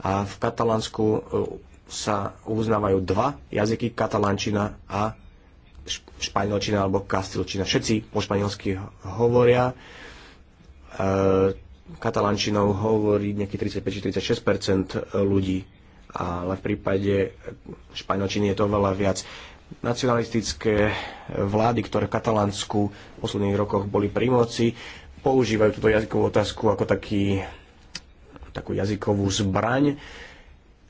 A v Katalánsku e, sa uznávajú dva jazyky, katalančina a španielčina alebo kastilčina. Všetci po španielsky hovoria. E, katalančinou hovorí nejaký 35-36% e, ľudí ale v prípade španielčiny je to veľa viac nacionalistické vlády, ktoré v Katalánsku v posledných rokoch boli pri moci, používajú túto jazykovú otázku ako taký, takú jazykovú zbraň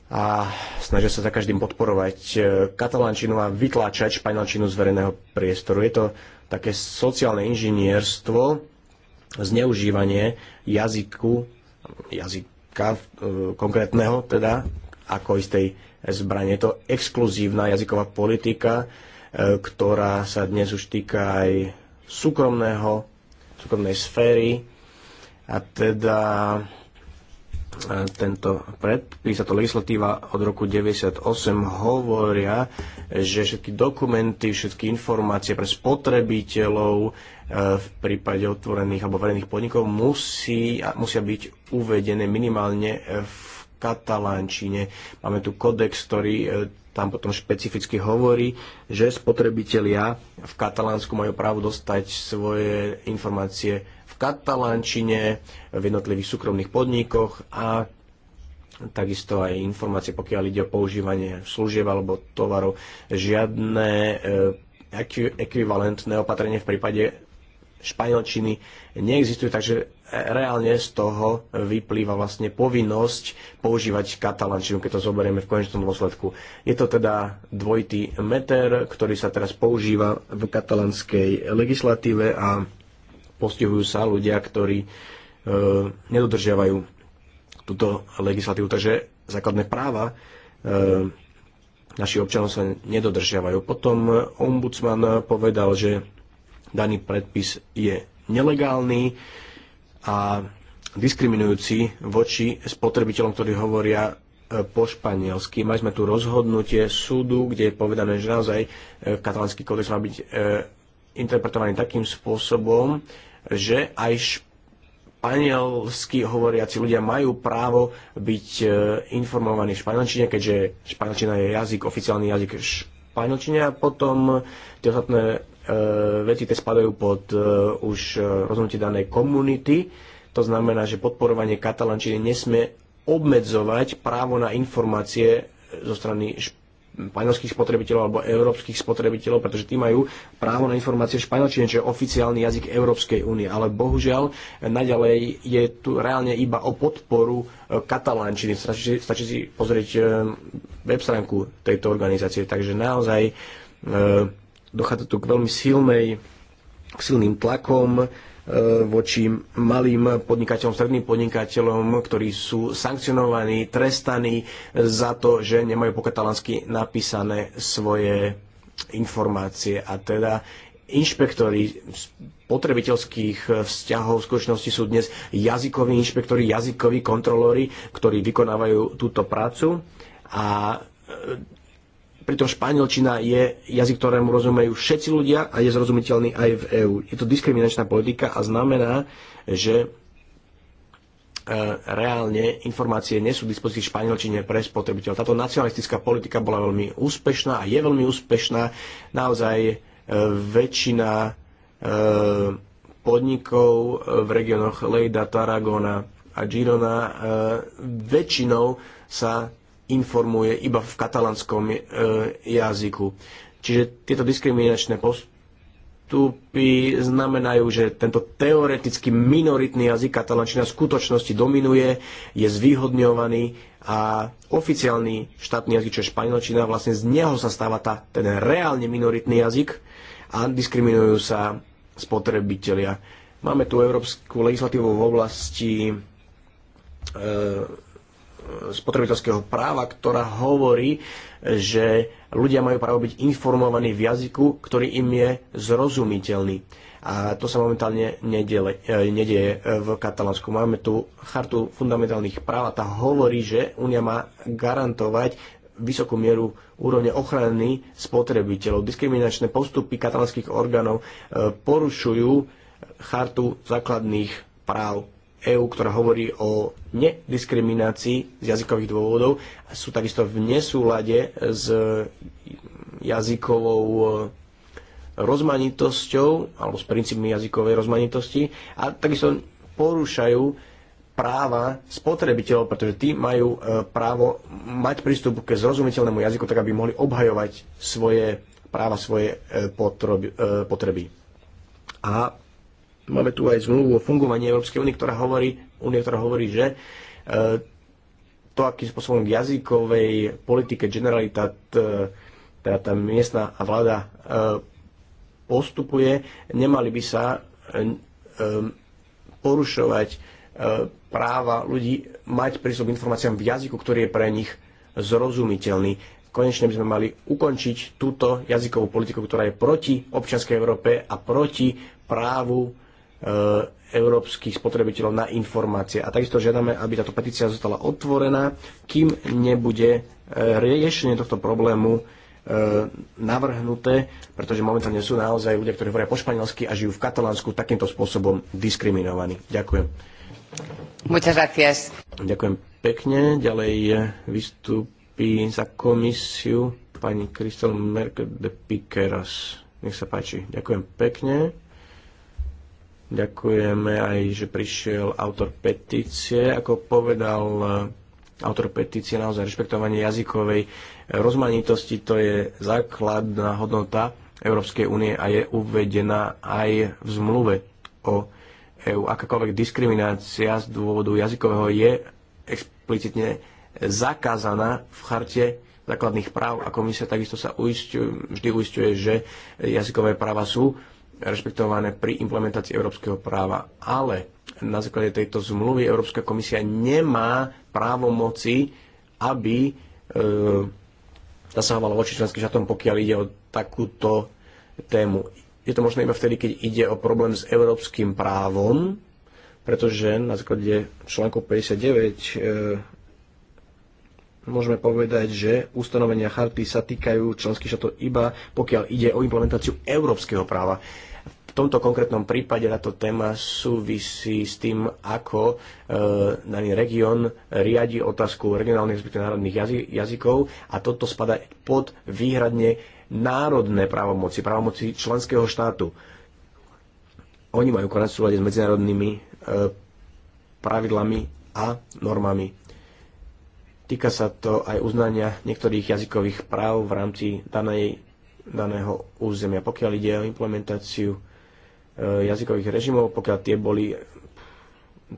a snažia sa za každým podporovať eh, katalánčinu a vytláčať španielčinu z verejného priestoru. Je to také sociálne inžinierstvo, zneužívanie jazyku, jazyka eh, konkrétneho teda, ako istej zbraň. Je to exkluzívna jazyková politika, e, ktorá sa dnes už týka aj súkromného, súkromnej sféry a teda e, tento predpis, táto legislatíva od roku 98 hovoria, že všetky dokumenty, všetky informácie pre spotrebiteľov e, v prípade otvorených alebo verejných podnikov musí, musia byť uvedené minimálne v katalánčine. Máme tu kodex, ktorý e, tam potom špecificky hovorí, že spotrebitelia v Katalánsku majú právo dostať svoje informácie v katalánčine, v jednotlivých súkromných podnikoch a takisto aj informácie, pokiaľ ide o používanie služieb alebo tovarov. Žiadne e, ekvivalentné opatrenie v prípade španielčiny neexistujú, takže reálne z toho vyplýva vlastne povinnosť používať katalančinu, keď to zoberieme v konečnom dôsledku. Je to teda dvojitý meter, ktorý sa teraz používa v katalanskej legislatíve a postihujú sa ľudia, ktorí e, nedodržiavajú túto legislatívu. Takže základné práva e, našich občanov sa nedodržiavajú. Potom ombudsman povedal, že daný predpis je nelegálny, a diskriminujúci voči spotrebiteľom, ktorí hovoria e, po španielsky. Mali sme tu rozhodnutie súdu, kde je povedané, že naozaj e, katalánsky kódex má byť e, interpretovaný takým spôsobom, že aj španielsky hovoriaci ľudia majú právo byť informovaní v španielčine, keďže španielčina je jazyk, oficiálny jazyk španielčine a potom tie ostatné E, veci, ktoré spadajú pod e, už e, rozhodnutie danej komunity. To znamená, že podporovanie katalančiny nesmie obmedzovať právo na informácie zo strany španielských spotrebiteľov alebo európskych spotrebiteľov, pretože tí majú právo na informácie v španielčine, čo je oficiálny jazyk Európskej únie. Ale bohužiaľ, naďalej je tu reálne iba o podporu katalánčiny. Stačí, stačí si pozrieť web stránku tejto organizácie. Takže naozaj e, Dochádza tu k veľmi silnej, k silným tlakom e, voči malým podnikateľom, stredným podnikateľom, ktorí sú sankcionovaní, trestaní za to, že nemajú po katalánsky napísané svoje informácie. A teda inšpektori potrebiteľských vzťahov v skutočnosti sú dnes jazykoví inšpektori, jazykoví kontrolóri, ktorí vykonávajú túto prácu a e, Pritom španielčina je jazyk, ktorému rozumejú všetci ľudia a je zrozumiteľný aj v EÚ. Je to diskriminačná politika a znamená, že e, reálne informácie nie sú v dispozícii španielčine pre spotrebiteľ. Táto nacionalistická politika bola veľmi úspešná a je veľmi úspešná. Naozaj e, väčšina e, podnikov v regiónoch Lejda, Tarragona a Girona väčšinou sa informuje iba v katalánskom e, jazyku. Čiže tieto diskriminačné postupy znamenajú, že tento teoreticky minoritný jazyk katalančina v skutočnosti dominuje, je zvýhodňovaný a oficiálny štátny jazyk, čo je španielčina, vlastne z neho sa stáva tá, ten reálne minoritný jazyk a diskriminujú sa spotrebitelia. Máme tu európsku legislatívu v oblasti e, spotrebiteľského práva, ktorá hovorí, že ľudia majú právo byť informovaní v jazyku, ktorý im je zrozumiteľný. A to sa momentálne nedele, e, nedieje e, v Katalánsku. Máme tu chartu fundamentálnych práv a tá hovorí, že Únia má garantovať vysokú mieru úrovne ochrany spotrebiteľov. Diskriminačné postupy katalánskych orgánov e, porušujú chartu základných práv EÚ, ktorá hovorí o nediskriminácii z jazykových dôvodov, sú takisto v nesúlade s jazykovou e, rozmanitosťou alebo s princípmi jazykovej rozmanitosti a takisto porúšajú práva spotrebiteľov, pretože tí majú e, právo mať prístup ke zrozumiteľnému jazyku, tak aby mohli obhajovať svoje práva, svoje e, potreby. A Máme tu aj zmluvu o fungovaní Európskej únie, ktorá hovorí, únie, ktorá hovorí, že e, to, akým spôsobom k jazykovej politike generalita, teda tá miestna vláda e, postupuje, nemali by sa e, porušovať práva ľudí mať prístup k informáciám v jazyku, ktorý je pre nich zrozumiteľný. Konečne by sme mali ukončiť túto jazykovú politiku, ktorá je proti občianskej Európe a proti právu E, európskych spotrebiteľov na informácie. A takisto žiadame, aby táto petícia zostala otvorená, kým nebude e, riešenie tohto problému e, navrhnuté, pretože momentálne sú naozaj ľudia, ktorí hovoria po španielsky a žijú v Katalánsku takýmto spôsobom diskriminovaní. Ďakujem. Muchas gracias. Ďakujem pekne. Ďalej vystúpi za komisiu pani Kristel Merkel de Piqueras. Nech sa páči. Ďakujem pekne. Ďakujeme aj, že prišiel autor petície. Ako povedal eh, autor petície, naozaj rešpektovanie jazykovej rozmanitosti, to je základná hodnota Európskej únie a je uvedená aj v zmluve o EU. Akákoľvek diskriminácia z dôvodu jazykového je explicitne zakázaná v charte základných práv a komisia takisto sa uistiu, vždy uistuje, že jazykové práva sú rešpektované pri implementácii európskeho práva. Ale na základe tejto zmluvy Európska komisia nemá právo moci, aby e, zasahovala voči členským štátom, pokiaľ ide o takúto tému. Je to možné iba vtedy, keď ide o problém s európskym právom, pretože na základe článku 59 e, môžeme povedať, že ustanovenia charty sa týkajú členských štátov iba pokiaľ ide o implementáciu európskeho práva tomto konkrétnom prípade táto téma súvisí s tým, ako e, daný región riadi otázku regionálnych, respektíve národných jazy, jazykov a toto spada pod výhradne národné právomoci, právomoci členského štátu. Oni majú konať v súlade s medzinárodnými e, pravidlami a normami. Týka sa to aj uznania niektorých jazykových práv v rámci danej, daného územia. Pokiaľ ide o implementáciu Eh, jazykových režimov, pokiaľ tie boli,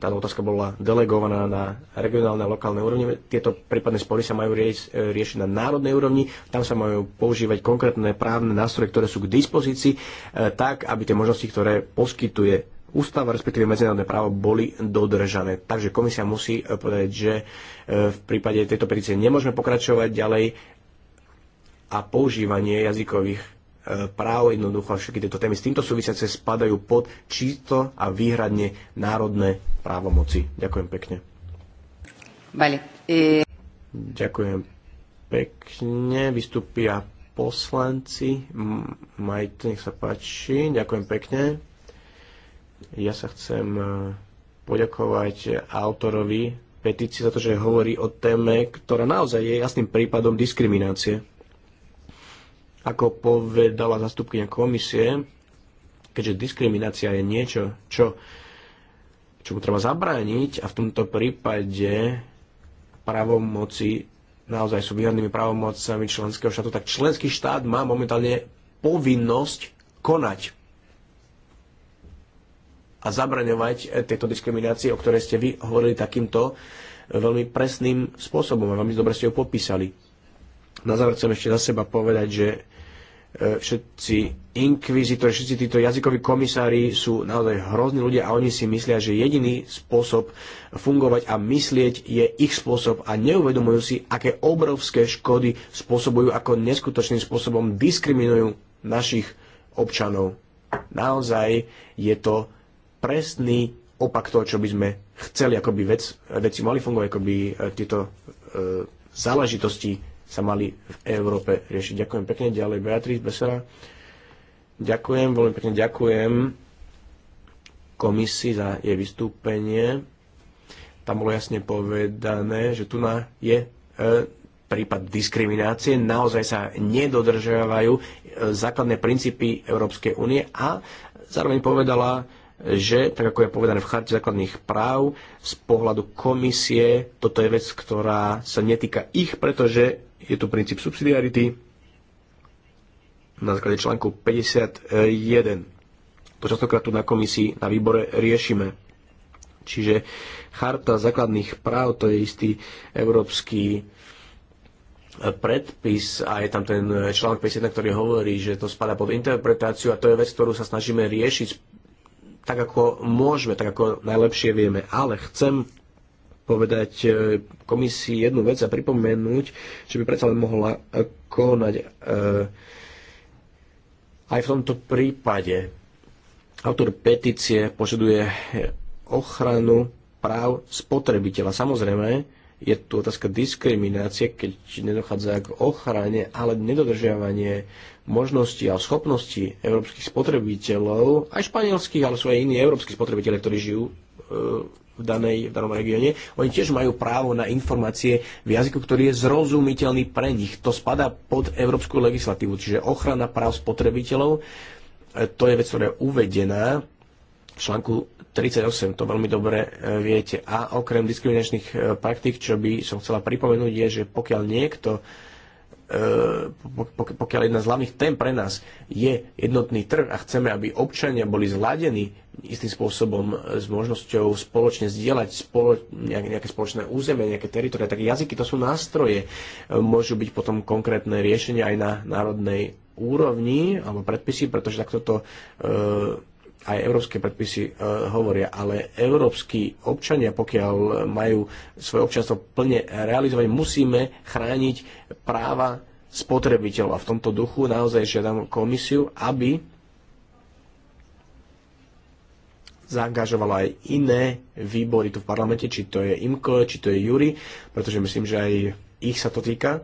tá otázka bola delegovaná na regionálne a lokálne úrovne. Tieto prípadné spory sa majú rieš, eh, riešiť na národnej úrovni, tam sa majú používať konkrétne právne nástroje, ktoré sú k dispozícii, eh, tak, aby tie možnosti, ktoré poskytuje ústava, respektíve medzinárodné právo boli dodržané. Takže komisia musí povedať, že v prípade tejto petície nemôžeme pokračovať ďalej a používanie jazykových práv, jednoducho všetky tieto témy s týmto súvisiace spadajú pod čisto a výhradne národné právomoci. Ďakujem pekne. Vale. E... Ďakujem pekne. Vystúpia poslanci. Majte, nech sa páči. Ďakujem pekne. Ja sa chcem e, poďakovať autorovi petície za to, že hovorí o téme, ktorá naozaj je jasným prípadom diskriminácie ako povedala zastupkynia komisie, keďže diskriminácia je niečo, čo, čo mu treba zabrániť a v tomto prípade právomoci naozaj sú výhodnými právomocami členského štátu, tak členský štát má momentálne povinnosť konať a zabraňovať tieto diskriminácie, o ktorej ste vy hovorili takýmto veľmi presným spôsobom a veľmi dobre ste ju popísali. Na záver chcem ešte za seba povedať, že E, všetci inkvizitori, všetci títo jazykoví komisári sú naozaj hrozní ľudia a oni si myslia, že jediný spôsob fungovať a myslieť je ich spôsob a neuvedomujú si, aké obrovské škody spôsobujú, ako neskutočným spôsobom diskriminujú našich občanov. Naozaj je to presný opak toho, čo by sme chceli, ako by vec, veci mali fungovať, ako by e, tieto e, záležitosti sa mali v Európe riešiť. Ďakujem pekne. Ďalej Beatrice Besera. Ďakujem, veľmi pekne ďakujem komisii za jej vystúpenie. Tam bolo jasne povedané, že tu na je e, prípad diskriminácie, naozaj sa nedodržiavajú e, základné princípy Európskej únie a zároveň povedala, že, tak ako je povedané v charte základných práv, z pohľadu komisie toto je vec, ktorá sa netýka ich, pretože je tu princíp subsidiarity na základe článku 51. To častokrát tu na komisii, na výbore riešime. Čiže charta základných práv, to je istý európsky predpis a je tam ten článok 51, ktorý hovorí, že to spada pod interpretáciu a to je vec, ktorú sa snažíme riešiť tak, ako môžeme, tak, ako najlepšie vieme. Ale chcem povedať e, komisii jednu vec a pripomenúť, že by predsa len mohla e, konať e, aj v tomto prípade. Autor petície požaduje ochranu práv spotrebiteľa. Samozrejme, je tu otázka diskriminácie, keď nedochádza k ochrane, ale nedodržiavanie možností a schopností európskych spotrebiteľov, aj španielských, ale sú aj iní európsky spotrebiteľe, ktorí žijú v, danej, v danom regióne, oni tiež majú právo na informácie v jazyku, ktorý je zrozumiteľný pre nich. To spada pod európsku legislatívu, čiže ochrana práv spotrebiteľov, e, to je vec, ktorá je uvedená v článku 38, to veľmi dobre e, viete. A okrem diskriminačných e, praktik, čo by som chcela pripomenúť, je, že pokiaľ niekto E, pokiaľ jedna z hlavných tém pre nás je jednotný trh a chceme, aby občania boli zladení istým spôsobom e, s možnosťou spoločne zdieľať spolo, nejaké spoločné územie, nejaké teritorie, tak jazyky to sú nástroje. E, môžu byť potom konkrétne riešenia aj na národnej úrovni alebo predpisy, pretože takto to e, aj európske predpisy e, hovoria, ale európsky občania, pokiaľ majú svoje občanstvo plne realizovať, musíme chrániť práva spotrebiteľov. A v tomto duchu naozaj žiadam komisiu, aby zaangažovala aj iné výbory tu v parlamente, či to je IMKO, či to je JURI, pretože myslím, že aj ich sa to týka.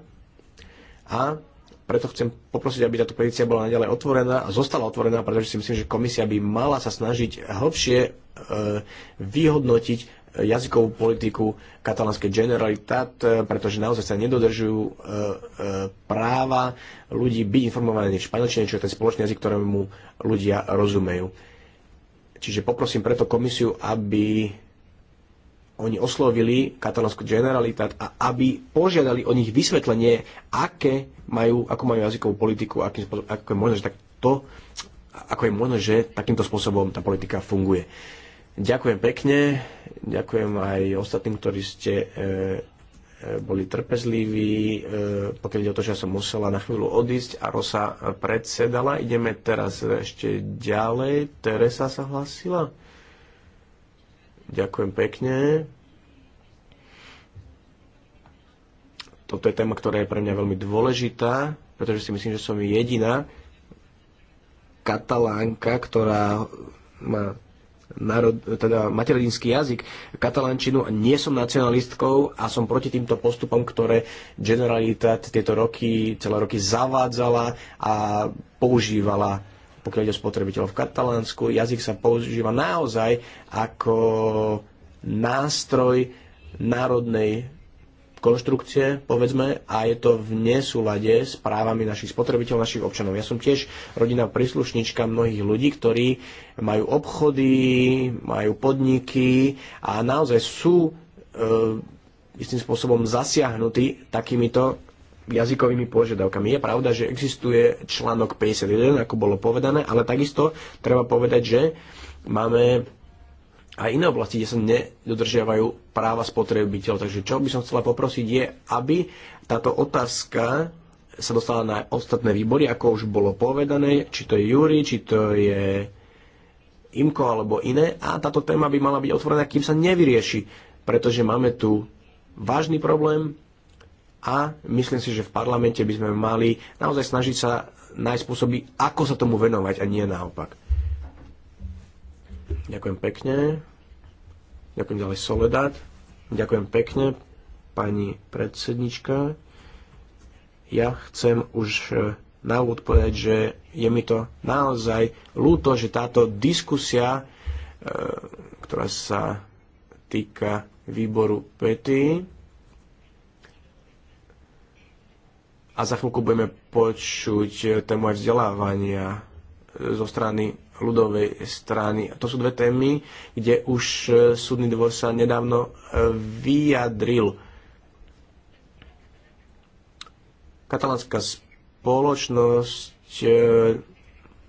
A preto chcem poprosiť, aby táto petícia bola naďalej otvorená a zostala otvorená, pretože si myslím, že komisia by mala sa snažiť hĺbšie e, vyhodnotiť e, jazykovú politiku katalánskej generalitat, pretože naozaj sa nedodržujú e, e, práva ľudí byť informovaní v španielčine, čo je ten spoločný jazyk, ktorému ľudia rozumejú. Čiže poprosím preto komisiu, aby oni oslovili katalánsku generalitát a aby požiadali o nich vysvetlenie, aké majú, akú majú jazykovú politiku, akým, ako je možné, že to, ako je možné, že takýmto spôsobom tá politika funguje. Ďakujem pekne, ďakujem aj ostatným, ktorí ste e, e, boli trpezliví, e, pokiaľ ide o to, že ja som musela na chvíľu odísť a Rosa predsedala. Ideme teraz ešte ďalej. Teresa sa hlasila. Ďakujem pekne. Toto je téma, ktorá je pre mňa veľmi dôležitá, pretože si myslím, že som jediná katalánka, ktorá má národ, teda materinský jazyk, katalánčinu. a Nie som nacionalistkou a som proti týmto postupom, ktoré generalita tieto roky, celé roky zavádzala a používala pokiaľ ide o spotrebiteľov. V Katalánsku jazyk sa používa naozaj ako nástroj národnej konštrukcie, povedzme, a je to v nesúlade s právami našich spotrebiteľov, našich občanov. Ja som tiež rodina príslušnička mnohých ľudí, ktorí majú obchody, majú podniky a naozaj sú e, istým spôsobom zasiahnutí takýmito jazykovými požiadavkami. Je pravda, že existuje článok 51, ako bolo povedané, ale takisto treba povedať, že máme aj iné oblasti, kde sa nedodržiavajú práva spotrebiteľov. Takže čo by som chcela poprosiť je, aby táto otázka sa dostala na ostatné výbory, ako už bolo povedané, či to je Júri, či to je IMKO alebo iné. A táto téma by mala byť otvorená, kým sa nevyrieši, pretože máme tu vážny problém, a myslím si, že v parlamente by sme mali naozaj snažiť sa nájsť spôsoby, ako sa tomu venovať a nie naopak. Ďakujem pekne. Ďakujem ďalej Soledad. Ďakujem pekne, pani predsednička. Ja chcem už eh, na úvod povedať, že je mi to naozaj ľúto, že táto diskusia, eh, ktorá sa týka výboru pety. a za chvíľku budeme počuť tému aj vzdelávania zo strany ľudovej strany. To sú dve témy, kde už súdny dvor sa nedávno vyjadril. Katalánska spoločnosť, e,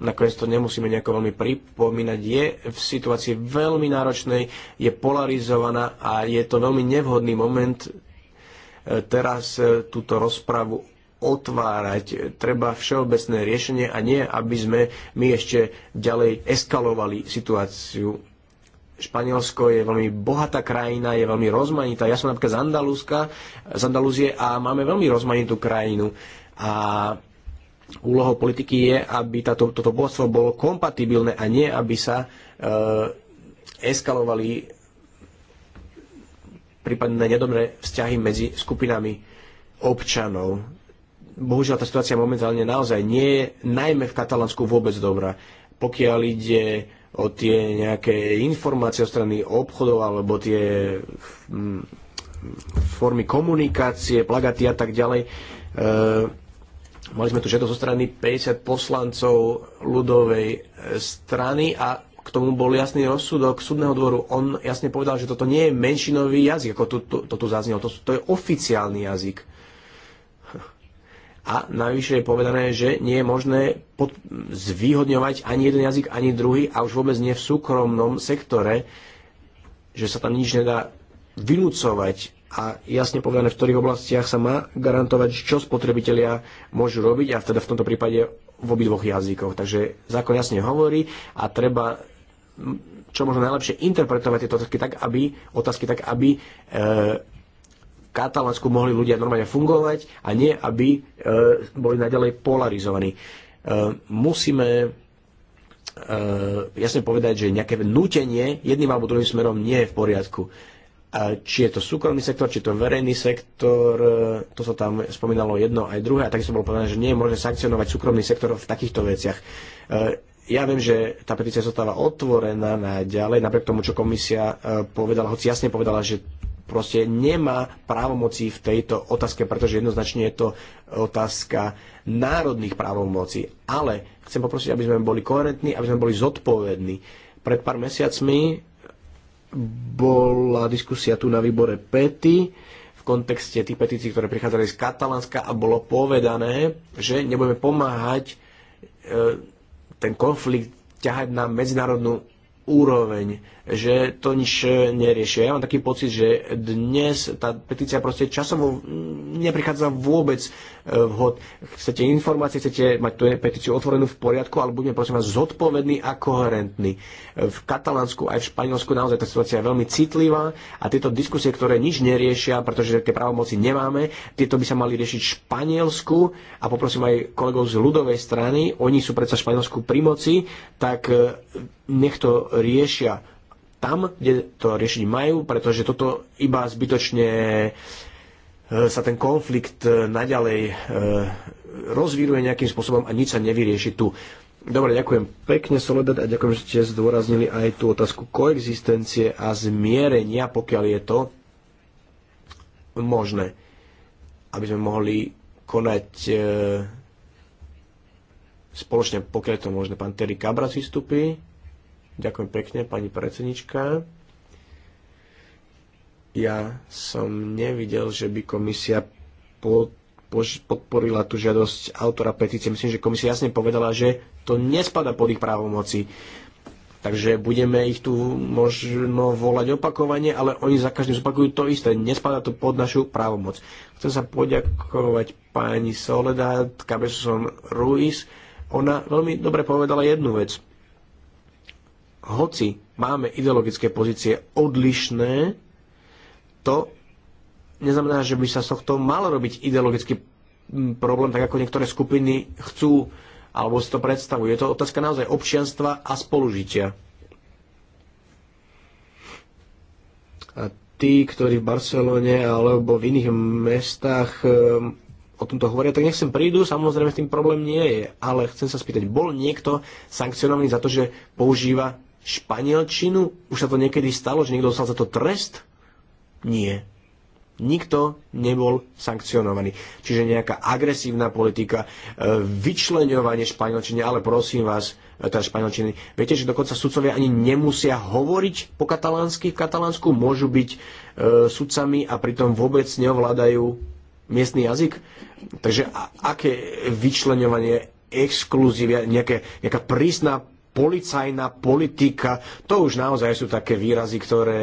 nakoniec to nemusíme nejako veľmi pripomínať, je v situácii veľmi náročnej, je polarizovaná a je to veľmi nevhodný moment e, teraz e, túto rozpravu otvárať. Treba všeobecné riešenie a nie, aby sme my ešte ďalej eskalovali situáciu. Španielsko je veľmi bohatá krajina, je veľmi rozmanitá. Ja som napríklad z Andalúska, z Andalúzie a máme veľmi rozmanitú krajinu. A úlohou politiky je, aby táto, toto bohatstvo bolo kompatibilné a nie, aby sa e, eskalovali prípadne nedobré vzťahy medzi skupinami občanov bohužiaľ tá situácia momentálne naozaj nie je, najmä v Katalánsku vôbec dobrá. Pokiaľ ide o tie nejaké informácie o strany obchodov alebo tie mm, formy komunikácie, plagaty a tak ďalej. E, mali sme tu všetko zo strany 50 poslancov ľudovej e, strany a k tomu bol jasný rozsudok súdneho dvoru. On jasne povedal, že toto nie je menšinový jazyk, ako to tu zaznelo. To, to je oficiálny jazyk. A navyše je povedané, že nie je možné pod, zvýhodňovať ani jeden jazyk, ani druhý a už vôbec nie v súkromnom sektore, že sa tam nič nedá vynúcovať a jasne povedané, v ktorých oblastiach sa má garantovať, čo spotrebitelia môžu robiť a teda v tomto prípade v obidvoch jazykoch. Takže zákon jasne hovorí a treba čo možno najlepšie interpretovať tieto otázky tak, aby, otázky tak, aby e, Katalánsku mohli ľudia normálne fungovať a nie, aby e, boli naďalej polarizovaní. E, musíme e, jasne povedať, že nejaké nútenie jedným alebo druhým smerom nie je v poriadku. A či je to súkromný sektor, či je to verejný sektor, to sa tam spomínalo jedno aj druhé, a takisto bolo povedané, že nie je možné sankcionovať súkromný sektor v takýchto veciach. Ja viem, že tá petícia zostáva otvorená na ďalej, napriek tomu, čo komisia povedala, hoci jasne povedala, že proste nemá právomoci v tejto otázke, pretože jednoznačne je to otázka národných právomocí. Ale chcem poprosiť, aby sme boli koherentní, aby sme boli zodpovední. Pred pár mesiacmi bola diskusia tu na výbore Pety v kontexte tých petícií, ktoré prichádzali z Katalánska a bolo povedané, že nebudeme pomáhať e, ten konflikt ťahať na medzinárodnú úroveň že to nič e, neriešia. Ja mám taký pocit, že dnes tá petícia proste časovo neprichádza vôbec e, vhod. Chcete informácie, chcete mať tú petíciu otvorenú v poriadku, ale budeme prosím vás zodpovední a koherentní. V Katalánsku aj v Španielsku naozaj tá situácia je veľmi citlivá a tieto diskusie, ktoré nič neriešia, pretože tie právomoci nemáme, tieto by sa mali riešiť v Španielsku a poprosím aj kolegov z ľudovej strany, oni sú predsa v Španielsku pri moci, tak e, nech to riešia tam, kde to riešiť majú, pretože toto iba zbytočne e, sa ten konflikt e, naďalej e, rozvíruje nejakým spôsobom a nič sa nevyrieši tu. Dobre, ďakujem pekne, Soledad, a ďakujem, že ste zdôraznili aj tú otázku koexistencie a zmierenia, pokiaľ je to možné, aby sme mohli konať e, spoločne, pokiaľ je to možné. Pán Terry Cabras vystupí. Ďakujem pekne, pani predsednička. Ja som nevidel, že by komisia pod, pož, podporila tú žiadosť autora petície. Myslím, že komisia jasne povedala, že to nespada pod ich právomoci. Takže budeme ich tu možno volať opakovane, ale oni za každým zopakujú to isté. Nespada to pod našu právomoc. Chcem sa poďakovať pani Soledad Cabeson Ruiz. Ona veľmi dobre povedala jednu vec hoci máme ideologické pozície odlišné, to neznamená, že by sa z tohto mal robiť ideologický mm, problém, tak ako niektoré skupiny chcú alebo si to predstavujú. Je to otázka naozaj občianstva a spolužitia. A tí, ktorí v Barcelone alebo v iných mestách ehm, o tomto hovoria, tak nech sem prídu, samozrejme s tým problém nie je. Ale chcem sa spýtať, bol niekto sankcionovaný za to, že používa španielčinu? Už sa to niekedy stalo, že niekto dostal za to trest? Nie. Nikto nebol sankcionovaný. Čiže nejaká agresívna politika, e, vyčlenovanie španielčiny, ale prosím vás, e, teda španielčiny, viete, že dokonca sudcovia ani nemusia hovoriť po katalánsky v Katalánsku, môžu byť e, sudcami a pritom vôbec neovládajú miestny jazyk. Takže a, aké vyčlenovanie, exkluzívia, nejaké, nejaká prísna policajná politika, to už naozaj sú také výrazy, ktoré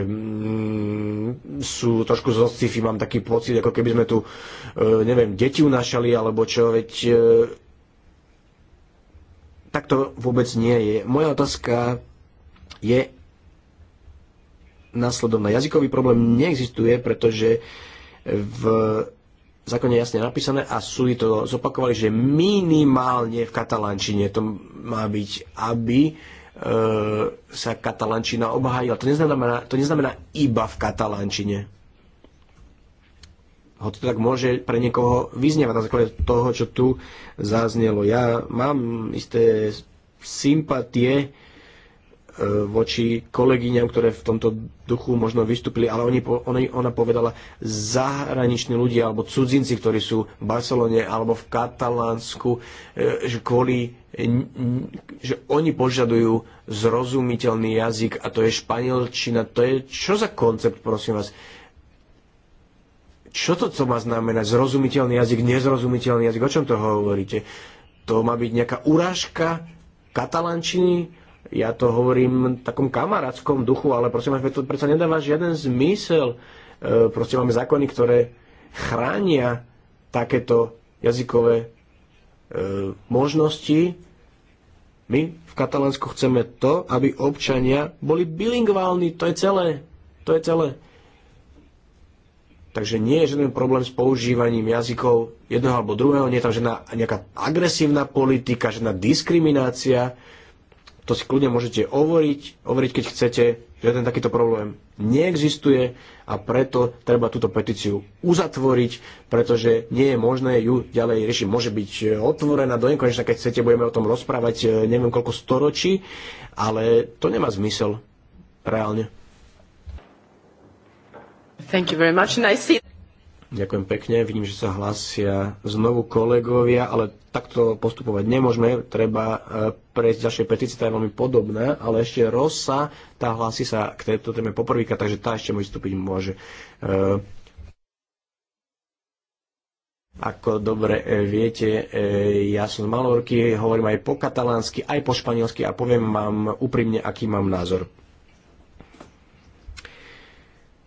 mm, sú trošku zo sci-fi, mám taký pocit, ako keby sme tu, e, neviem, deti unášali, alebo čo, veď e, tak to vôbec nie je. Moja otázka je následovná. Jazykový problém neexistuje, pretože v v zákone jasne napísané a súdy to zopakovali, že minimálne v katalančine to má byť, aby e, sa katalančina obhájila. To neznamená, to neznamená iba v katalančine. Ho to tak môže pre niekoho vyznievať na základe toho, čo tu zaznelo. Ja mám isté sympatie E, voči kolegyňam, ktoré v tomto duchu možno vystúpili, ale oni, ona povedala zahraniční ľudia alebo cudzinci, ktorí sú v Barcelone alebo v Katalánsku, e, že kvôli e, že oni požadujú zrozumiteľný jazyk a to je španielčina. To je čo za koncept, prosím vás? Čo to, co má znamenať? Zrozumiteľný jazyk, nezrozumiteľný jazyk? O čom to hovoríte? To má byť nejaká urážka katalančiny? Ja to hovorím v takom kamarátskom duchu, ale prosím vás, to predsa nedáva žiaden zmysel. E, proste máme zákony, ktoré chránia takéto jazykové e, možnosti. My v Katalánsku chceme to, aby občania boli bilingválni. To je celé. To je celé. Takže nie je žiadny problém s používaním jazykov jedného alebo druhého, nie je tam žiadna nejaká agresívna politika, žiadna diskriminácia, to si kľudne môžete overiť, overiť keď chcete. Žiaden takýto problém neexistuje a preto treba túto petíciu uzatvoriť, pretože nie je možné ju ďalej riešiť. Môže byť e, otvorená do nekonečna, keď chcete, budeme o tom rozprávať e, neviem koľko storočí, ale to nemá zmysel reálne. Thank you very much. And I see... Ďakujem pekne. Vidím, že sa hlásia znovu kolegovia, ale takto postupovať nemôžeme. Treba e, prejsť ďalšie petície, tá je veľmi podobná, ale ešte Rosa, tá hlási sa k tejto téme poprvýka, takže tá ešte môže vstúpiť môže. E, ako dobre e, viete, ja som z Malorky, hovorím aj po katalánsky, aj po španielsky a poviem vám úprimne, aký mám názor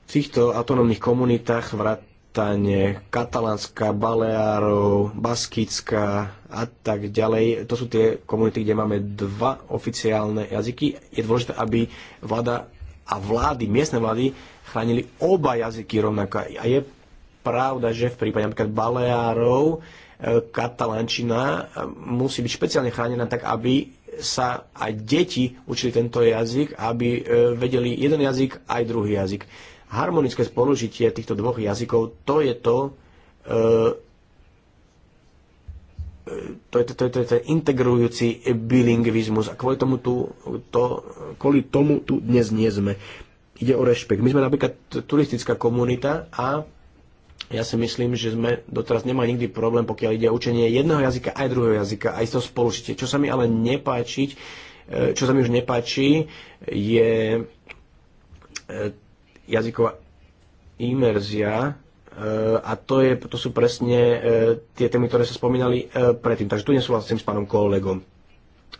v týchto autonómnych komunitách vrat, Bretagne, Katalánska, Baleárov, Baskická a tak ďalej. To sú tie komunity, kde máme dva oficiálne jazyky. Je dôležité, aby vláda a vlády, miestne vlády chránili oba jazyky rovnako. A je pravda, že v prípade napríklad Baleárov e, katalančina e, musí byť špeciálne chránená tak, aby sa aj deti učili tento jazyk, aby e, vedeli jeden jazyk aj druhý jazyk harmonické spolužitie týchto dvoch jazykov, to je to, e, e, to je, to, je, to je ten integrujúci bilingvizmus a kvôli tomu, tu, to, kvôli tomu tu dnes nie sme. Ide o rešpekt. My sme napríklad turistická komunita a ja si myslím, že sme doteraz nemali nikdy problém, pokiaľ ide o učenie jedného jazyka aj druhého jazyka, aj to spolužitie. Čo sa mi ale nepáčiť, e, čo sa mi už nepáči, je jazyková imerzia e, a to, je, to sú presne e, tie témy, ktoré sa spomínali e, predtým. Takže tu nesúhlasím s pánom kolegom.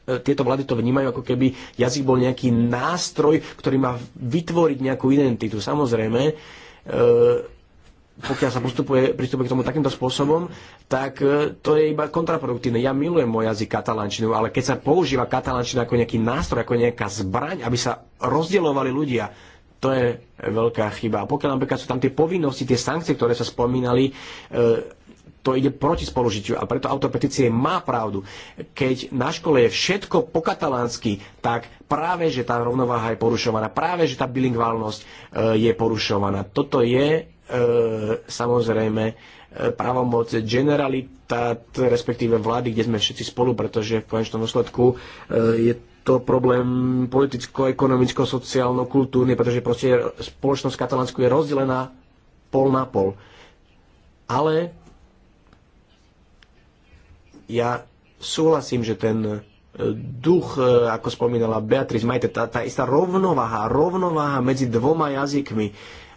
Tieto vlády to vnímajú, ako keby jazyk bol nejaký nástroj, ktorý má vytvoriť nejakú identitu. Samozrejme, pokiaľ sa postupuje, pristupuje k tomu takýmto spôsobom, tak to je iba kontraproduktívne. Ja milujem môj jazyk katalančinu, ale keď sa používa katalančina ako nejaký nástroj, ako nejaká zbraň, aby sa rozdielovali ľudia, to je veľká chyba. A pokiaľ napríklad sú tam tie povinnosti, tie sankcie, ktoré sa spomínali, e, to ide proti spolužitiu a preto autor petície má pravdu. Keď na škole je všetko po katalánsky, tak práve, že tá rovnováha je porušovaná, práve, že tá bilingválnosť e, je porušovaná. Toto je e, samozrejme právomoc generalita, respektíve vlády, kde sme všetci spolu, pretože v konečnom dôsledku je to problém politicko, ekonomicko, sociálno, kultúrny, pretože proste spoločnosť katalánsku je rozdelená pol na pol. Ale ja súhlasím, že ten e, duch, e, ako spomínala Beatrice, Majte, tá, tá istá rovnováha, rovnováha medzi dvoma jazykmi,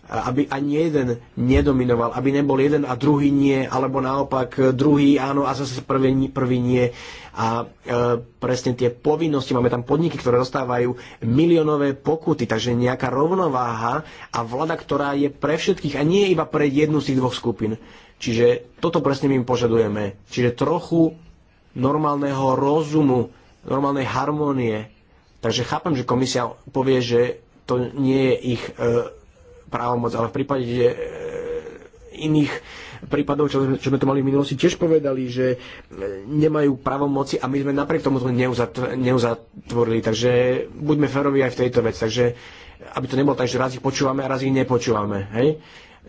aby ani jeden nedominoval, aby nebol jeden a druhý nie, alebo naopak e, druhý áno a zase prvý, prvý nie. A e, presne tie povinnosti, máme tam podniky, ktoré dostávajú miliónové pokuty, takže nejaká rovnováha a vláda, ktorá je pre všetkých a nie iba pre jednu z tých dvoch skupín. Čiže toto presne my požadujeme. Čiže trochu normálneho rozumu, normálnej harmonie. Takže chápem, že komisia povie, že to nie je ich e, právomoc, ale v prípade že e, iných prípadov, čo, čo sme to mali v minulosti, tiež povedali, že e, nemajú právomoci a my sme napriek tomu to neuzatvorili. Takže buďme ferovi aj v tejto veci. Takže aby to nebolo tak, že raz ich počúvame a raz ich nepočúvame. Hej?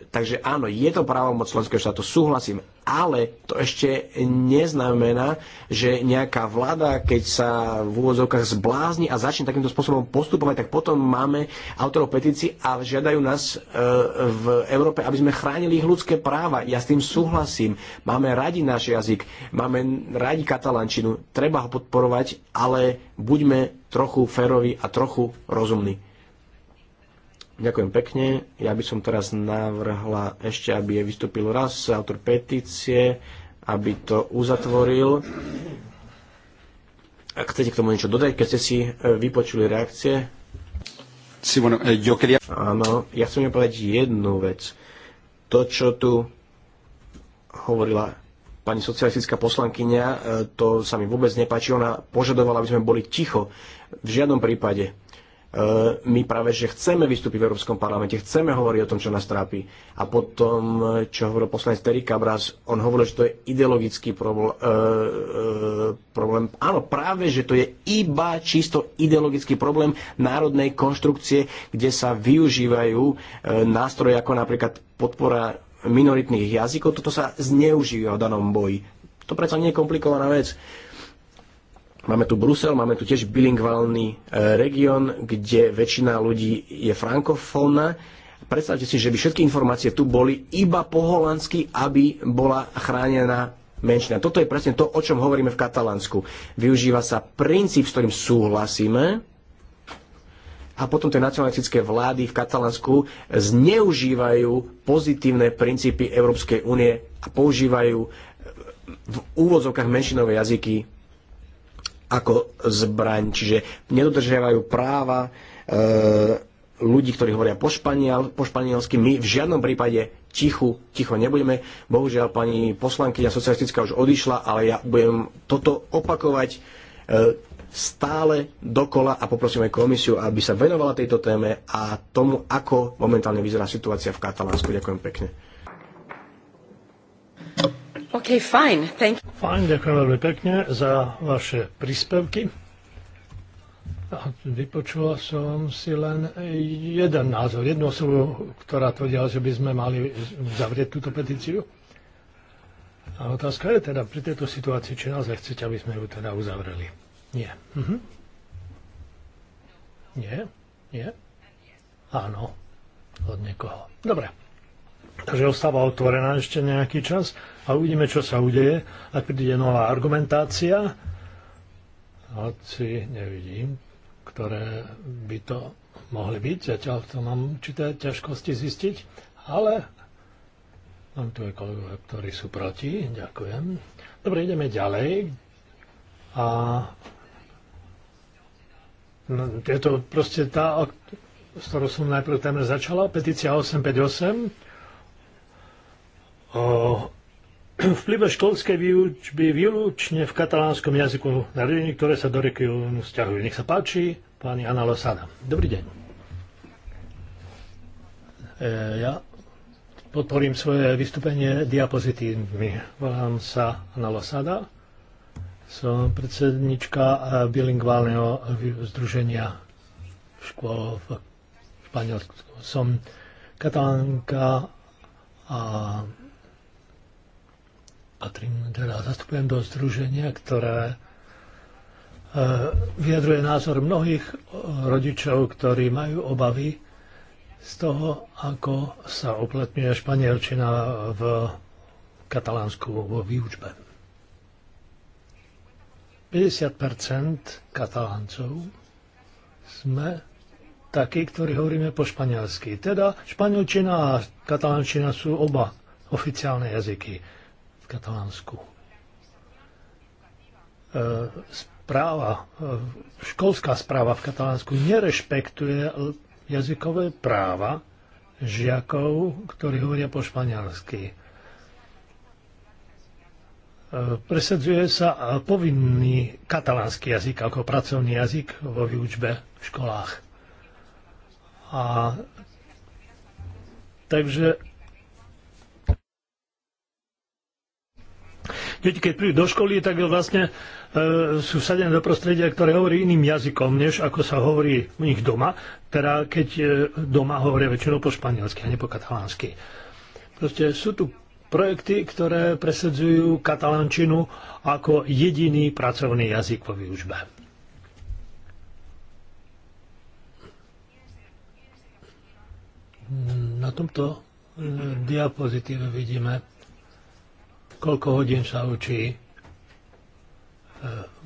Takže áno, je to právomoc členského štátu, súhlasím, ale to ešte neznamená, že nejaká vláda, keď sa v úvodzovkách zblázni a začne takýmto spôsobom postupovať, tak potom máme autorov petícií a žiadajú nás e, v Európe, aby sme chránili ich ľudské práva. Ja s tým súhlasím. Máme radi náš jazyk, máme radi katalančinu, treba ho podporovať, ale buďme trochu férovi a trochu rozumní. Ďakujem pekne. Ja by som teraz navrhla ešte, aby je vystúpil raz autor petície, aby to uzatvoril. Ak chcete k tomu niečo dodať, keď ste si e, vypočuli reakcie. Sí, bueno, eh, yo quería... Áno, ja chcem povedať jednu vec. To, čo tu hovorila pani socialistická poslankyňa, e, to sa mi vôbec nepáči. Ona požadovala, aby sme boli ticho. V žiadnom prípade E, my práve, že chceme vystúpiť v Európskom parlamente, chceme hovoriť o tom, čo nás trápi. A potom, čo hovoril poslanec Terry Cabras, on hovoril, že to je ideologický problém. uh, e, uh, e, problém. Áno, práve, že to je iba čisto ideologický problém národnej konštrukcie, kde sa využívajú uh, nástroje ako napríklad podpora minoritných jazykov. Toto sa zneužíva v danom boji. To predsa nie je komplikovaná vec. Uh, Máme tu Brusel, máme tu tiež bilingválny e, región, kde väčšina ľudí je frankofónna. Predstavte si, že by všetky informácie tu boli iba po holandsky, aby bola chránená menšina. Toto je presne to, o čom hovoríme v Katalánsku. Využíva sa princíp, s ktorým súhlasíme, a potom tie nacionalistické vlády v Katalánsku zneužívajú pozitívne princípy Európskej únie a používajú v úvodzovkách menšinové jazyky ako zbraň. Čiže nedodržiavajú práva e, ľudí, ktorí hovoria po, španiel, po španielsky. My v žiadnom prípade tichu, ticho nebudeme. Bohužiaľ, pani poslankyňa socialistická už odišla, ale ja budem toto opakovať e, stále dokola a poprosíme komisiu, aby sa venovala tejto téme a tomu, ako momentálne vyzerá situácia v Katalánsku. Ďakujem pekne. OK, fine. Thank you. Fine, ďakujem veľmi pekne za vaše príspevky. A vypočula som si len jeden názor, jednu osobu, ktorá tvrdila, že by sme mali zavrieť túto petíciu. A otázka je teda pri tejto situácii, či naozaj chcete, aby sme ju teda uzavreli. Nie. Mhm. Nie? Nie? Áno. Od niekoho. Dobre. Takže ostáva otvorená ešte nejaký čas a uvidíme, čo sa udeje. Ak príde nová argumentácia, hoci nevidím, ktoré by to mohli byť. Zatiaľ to mám určité ťažkosti zistiť, ale mám tu aj kolegové, ktorí sú proti. Ďakujem. Dobre, ideme ďalej. A no, je to proste tá, s ktorou som najprv téme začala, petícia 858, o vplyve školskej výučby výlučne v katalánskom jazyku na rodiny, ktoré sa do regiónu vzťahujú. Nech sa páči, pani Ana Losada. Dobrý deň. E, ja podporím svoje vystúpenie diapozitívmi. Volám sa Ana Losada. Som predsednička e, bilingválneho združenia škôl v Španielsku. Som katalánka a patrím, teda zastupujem do združenia, ktoré e, vyjadruje názor mnohých e, rodičov, ktorí majú obavy z toho, ako sa opletňuje španielčina v katalánsku vo výučbe. 50 kataláncov sme takí, ktorí hovoríme po španielsky. Teda španielčina a katalánčina sú oba oficiálne jazyky. Katalánsku. E, správa, e, školská správa v Katalánsku nerešpektuje jazykové práva žiakov, ktorí hovoria po španielsky. E, presadzuje sa povinný katalánsky jazyk ako pracovný jazyk vo výučbe v školách. A takže deti, keď prídu do školy, tak vlastne e, sú sadené do prostredia, ktoré hovorí iným jazykom, než ako sa hovorí u nich doma, teda keď e, doma hovoria väčšinou po španielsky a nie po katalánsky. Proste sú tu projekty, ktoré presedzujú katalánčinu ako jediný pracovný jazyk po výužbe. na tomto e, diapozitíve vidíme koľko hodín sa učí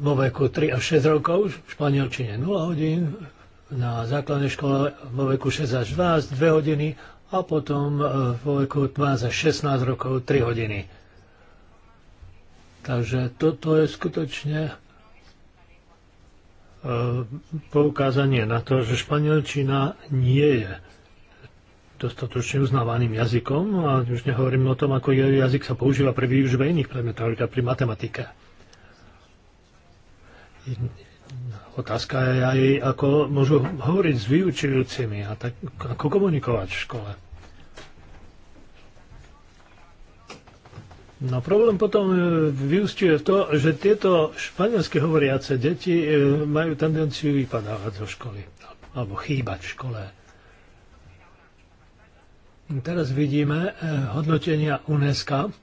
vo veku 3 až 6 rokov, v španielčine 0 hodín, na základnej škole vo veku 6 až 12, 2 hodiny a potom vo veku 12 až 16 rokov 3 hodiny. Takže toto je skutočne e, poukázanie na to, že španielčina nie je dostatočne uznávaným jazykom a už nehovorím o tom, ako jazyk sa používa pre výužbe iných predmetov, napríklad pri matematike. Otázka je aj, ako môžu hovoriť s vyučujúcimi a tak, ako komunikovať v škole. No problém potom e, vyústiuje v to, že tieto španielsky hovoriace deti e, majú tendenciu vypadávať zo školy alebo chýbať v škole. Teraz vidíme eh, hodnotenia UNESCO,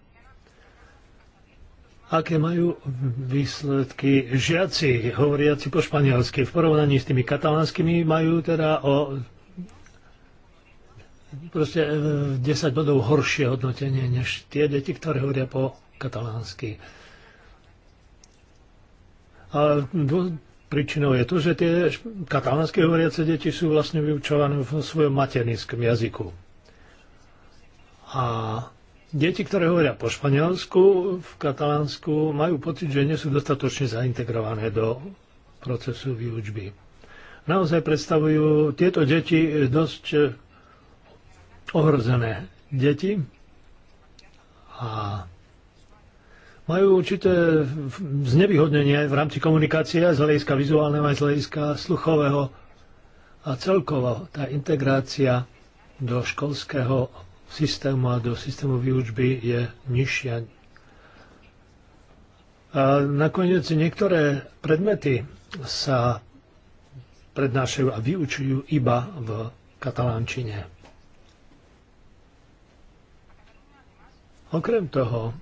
aké majú výsledky žiaci, hovoriaci po španielsky. V porovnaní s tými katalánskymi majú teda o proste 10 eh, bodov horšie hodnotenie než tie deti, ktoré hovoria po katalánsky. A príčinou je to, že tie katalánske hovoriace deti sú vlastne vyučované v svojom materinskom jazyku. A deti, ktoré hovoria po španielsku, v katalánsku, majú pocit, že nie sú dostatočne zaintegrované do procesu výučby. Naozaj predstavujú tieto deti dosť eh, ohrozené deti a majú určité znevýhodnenie aj v rámci komunikácie, aj z hľadiska vizuálneho, aj z hľadiska sluchového. A celkovo tá integrácia do školského systému a do systému výučby je nižšia. A nakoniec niektoré predmety sa prednášajú a vyučujú iba v katalánčine. Okrem toho,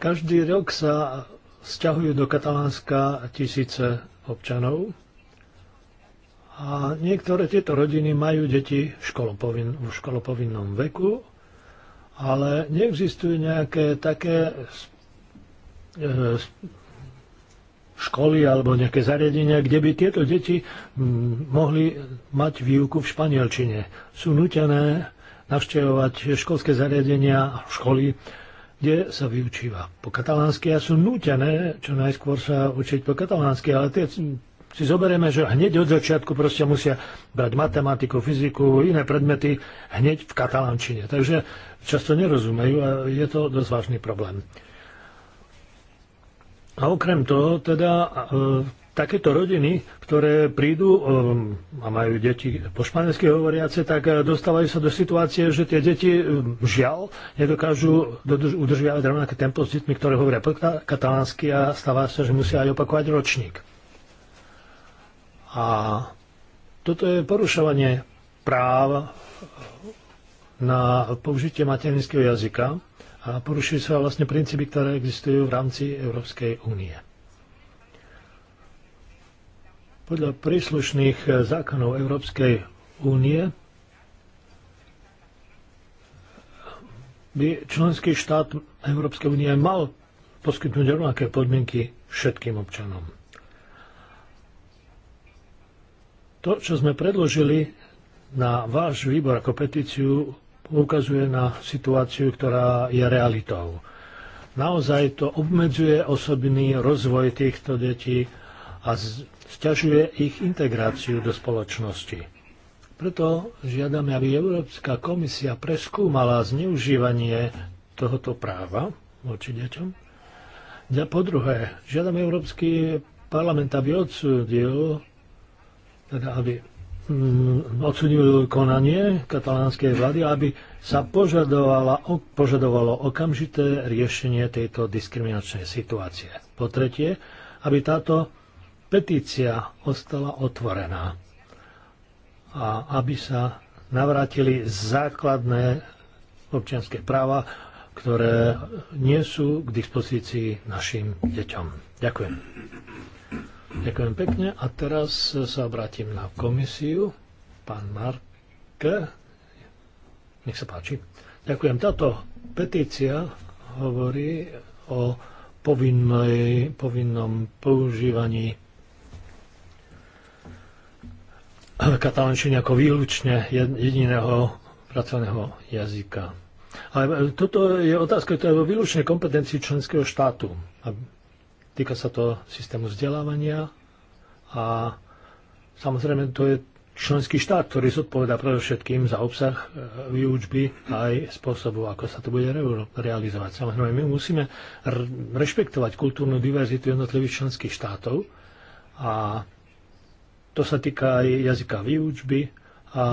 každý rok sa sťahujú do Katalánska tisíce občanov a niektoré tieto rodiny majú deti v, školopovinnom veku, ale neexistujú nejaké také e, školy alebo nejaké zariadenia, kde by tieto deti mohli mať výuku v španielčine. Sú nutené navštevovať školské zariadenia, a školy, kde sa vyučíva po katalánsky a sú nútené čo najskôr sa učiť po katalánsky, ale tie si zoberieme, že hneď od začiatku proste musia brať matematiku, fyziku, iné predmety hneď v katalánčine. Takže často nerozumejú a je to dosť vážny problém. A okrem toho, teda e, takéto rodiny, ktoré prídu e, a majú deti po španielsky hovoriace, tak e, dostávajú sa do situácie, že tie deti e, žiaľ nedokážu dodrž- udržiavať rovnaké tempo s deťmi, ktoré hovoria po katalánsky a stáva sa, že musia aj opakovať ročník. A toto je porušovanie práv na použitie materinského jazyka a porušujú sa vlastne princípy, ktoré existujú v rámci Európskej únie. Podľa príslušných zákonov Európskej únie by členský štát Európskej únie mal poskytnúť rovnaké podmienky všetkým občanom. To, čo sme predložili na váš výbor ako petíciu, ukazuje na situáciu, ktorá je realitou. Naozaj to obmedzuje osobný rozvoj týchto detí a sťažuje ich integráciu do spoločnosti. Preto žiadame, aby Európska komisia preskúmala zneužívanie tohoto práva voči deťom. A po druhé, žiadame Európsky parlament, aby odsúdil teda aby mm, odsudili konanie katalánskej vlády, aby sa požadovalo okamžité riešenie tejto diskriminačnej situácie. Po tretie, aby táto petícia ostala otvorená a aby sa navrátili základné občianské práva, ktoré nie sú k dispozícii našim deťom. Ďakujem. Ďakujem pekne a teraz sa obrátim na komisiu. Pán Marke, nech sa páči. Ďakujem. Táto petícia hovorí o povinnej, povinnom používaní katalánčiny ako výlučne jediného pracovného jazyka. Ale toto je otázka, ktorá je vo výlučnej kompetencii členského štátu. Týka sa to systému vzdelávania a samozrejme to je členský štát, ktorý zodpovedá predovšetkým za obsah e, výučby aj spôsobu, ako sa to bude realizovať. Samozrejme, my musíme rešpektovať kultúrnu diverzitu jednotlivých členských štátov a to sa týka aj jazyka výučby a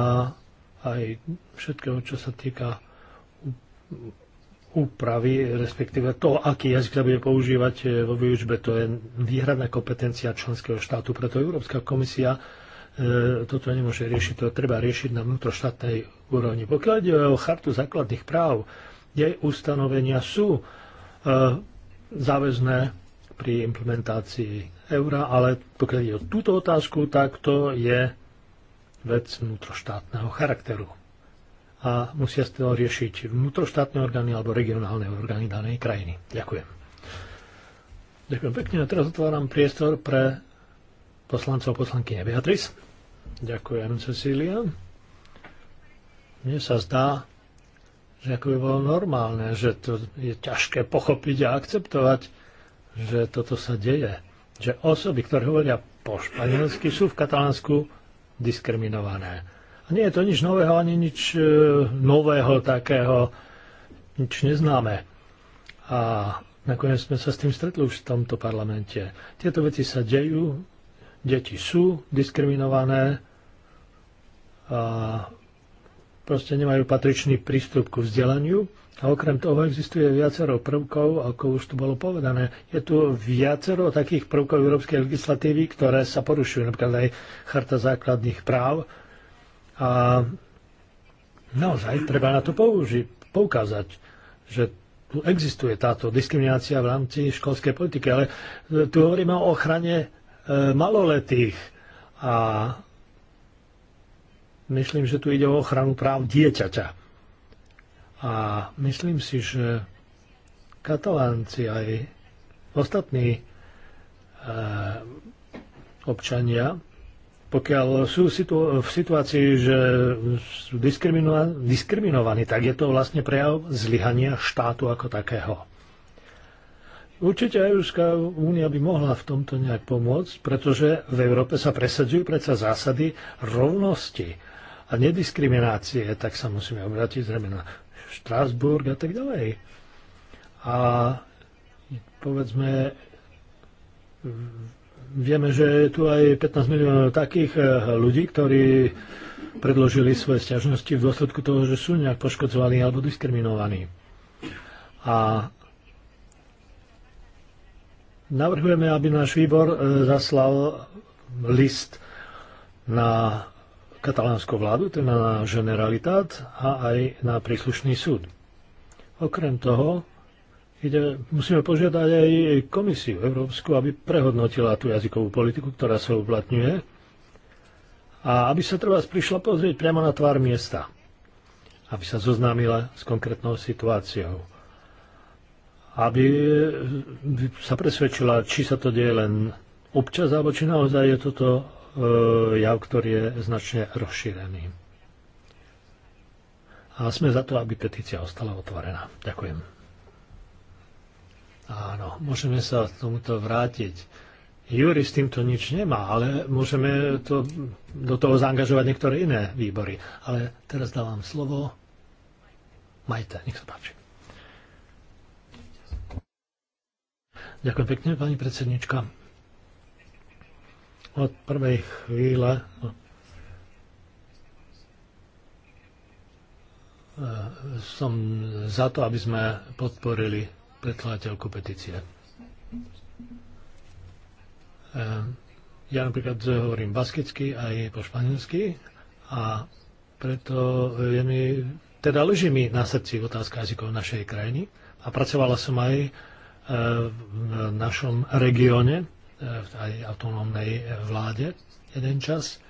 aj všetkého, čo sa týka úpravy, respektíve to, aký jazyk sa bude používať e, vo výučbe, to je výhradná kompetencia členského štátu. Preto Európska komisia e, toto nemôže riešiť, to treba riešiť na vnútroštátnej úrovni. Pokiaľ ide o chartu základných práv, jej ustanovenia sú e, záväzné pri implementácii eura, ale pokiaľ ide o túto otázku, tak to je vec vnútroštátneho charakteru a musia z toho riešiť vnútroštátne orgány alebo regionálne orgány danej krajiny. Ďakujem. Ďakujem pekne a teraz otváram priestor pre poslancov poslankyne Beatriz. Ďakujem, Cecília. Mne sa zdá, že ako by bolo normálne, že to je ťažké pochopiť a akceptovať, že toto sa deje. Že osoby, ktoré hovoria po španielsky, sú v Katalánsku diskriminované. A nie je to nič nového, ani nič e, nového takého, nič neznáme. A nakoniec sme sa s tým stretli už v tomto parlamente. Tieto veci sa dejú, deti sú diskriminované a proste nemajú patričný prístup ku vzdelaniu. A okrem toho existuje viacero prvkov, ako už tu bolo povedané. Je tu viacero takých prvkov európskej legislatívy, ktoré sa porušujú, napríklad aj Charta základných práv, a naozaj treba na to použiť, poukázať, že tu existuje táto diskriminácia v rámci školskej politiky, ale e, tu hovoríme o ochrane e, maloletých a myslím, že tu ide o ochranu práv dieťaťa. A myslím si, že katalánci aj ostatní e, občania pokiaľ sú situ- v situácii, že sú diskrimino- diskriminovaní, tak je to vlastne prejav zlyhania štátu ako takého. Určite Európska únia by mohla v tomto nejak pomôcť, pretože v Európe sa presadzujú predsa zásady rovnosti a nediskriminácie, tak sa musíme obrátiť zrejme na Štrásburg a tak ďalej. A povedzme, Vieme, že je tu aj 15 miliónov takých eh, ľudí, ktorí predložili svoje stiažnosti v dôsledku toho, že sú nejak poškodzovaní alebo diskriminovaní. A navrhujeme, aby náš výbor eh, zaslal list na katalánsku vládu, teda na generalitát a aj na príslušný súd. Okrem toho ide, musíme požiadať aj komisiu Európsku, aby prehodnotila tú jazykovú politiku, ktorá sa uplatňuje a aby sa treba prišla pozrieť priamo na tvár miesta, aby sa zoznámila s konkrétnou situáciou, aby sa presvedčila, či sa to deje len občas, alebo či naozaj je toto e, jav, ktorý je značne rozšírený. A sme za to, aby petícia ostala otvorená. Ďakujem. Áno, môžeme sa tomuto vrátiť. Júri s týmto nič nemá, ale môžeme to, do toho zaangažovať niektoré iné výbory. Ale teraz dávam slovo Majte, nech sa páči. Ďakujem pekne, pani predsednička. Od prvej chvíle no, e, som za to, aby sme podporili predkladateľku petície. Ehm, ja napríklad hovorím baskicky aj po španielsky a preto e, je mi, teda leží mi na srdci otázka jazykov našej krajiny a pracovala som aj e, v našom regióne, aj e, v autonómnej vláde jeden čas.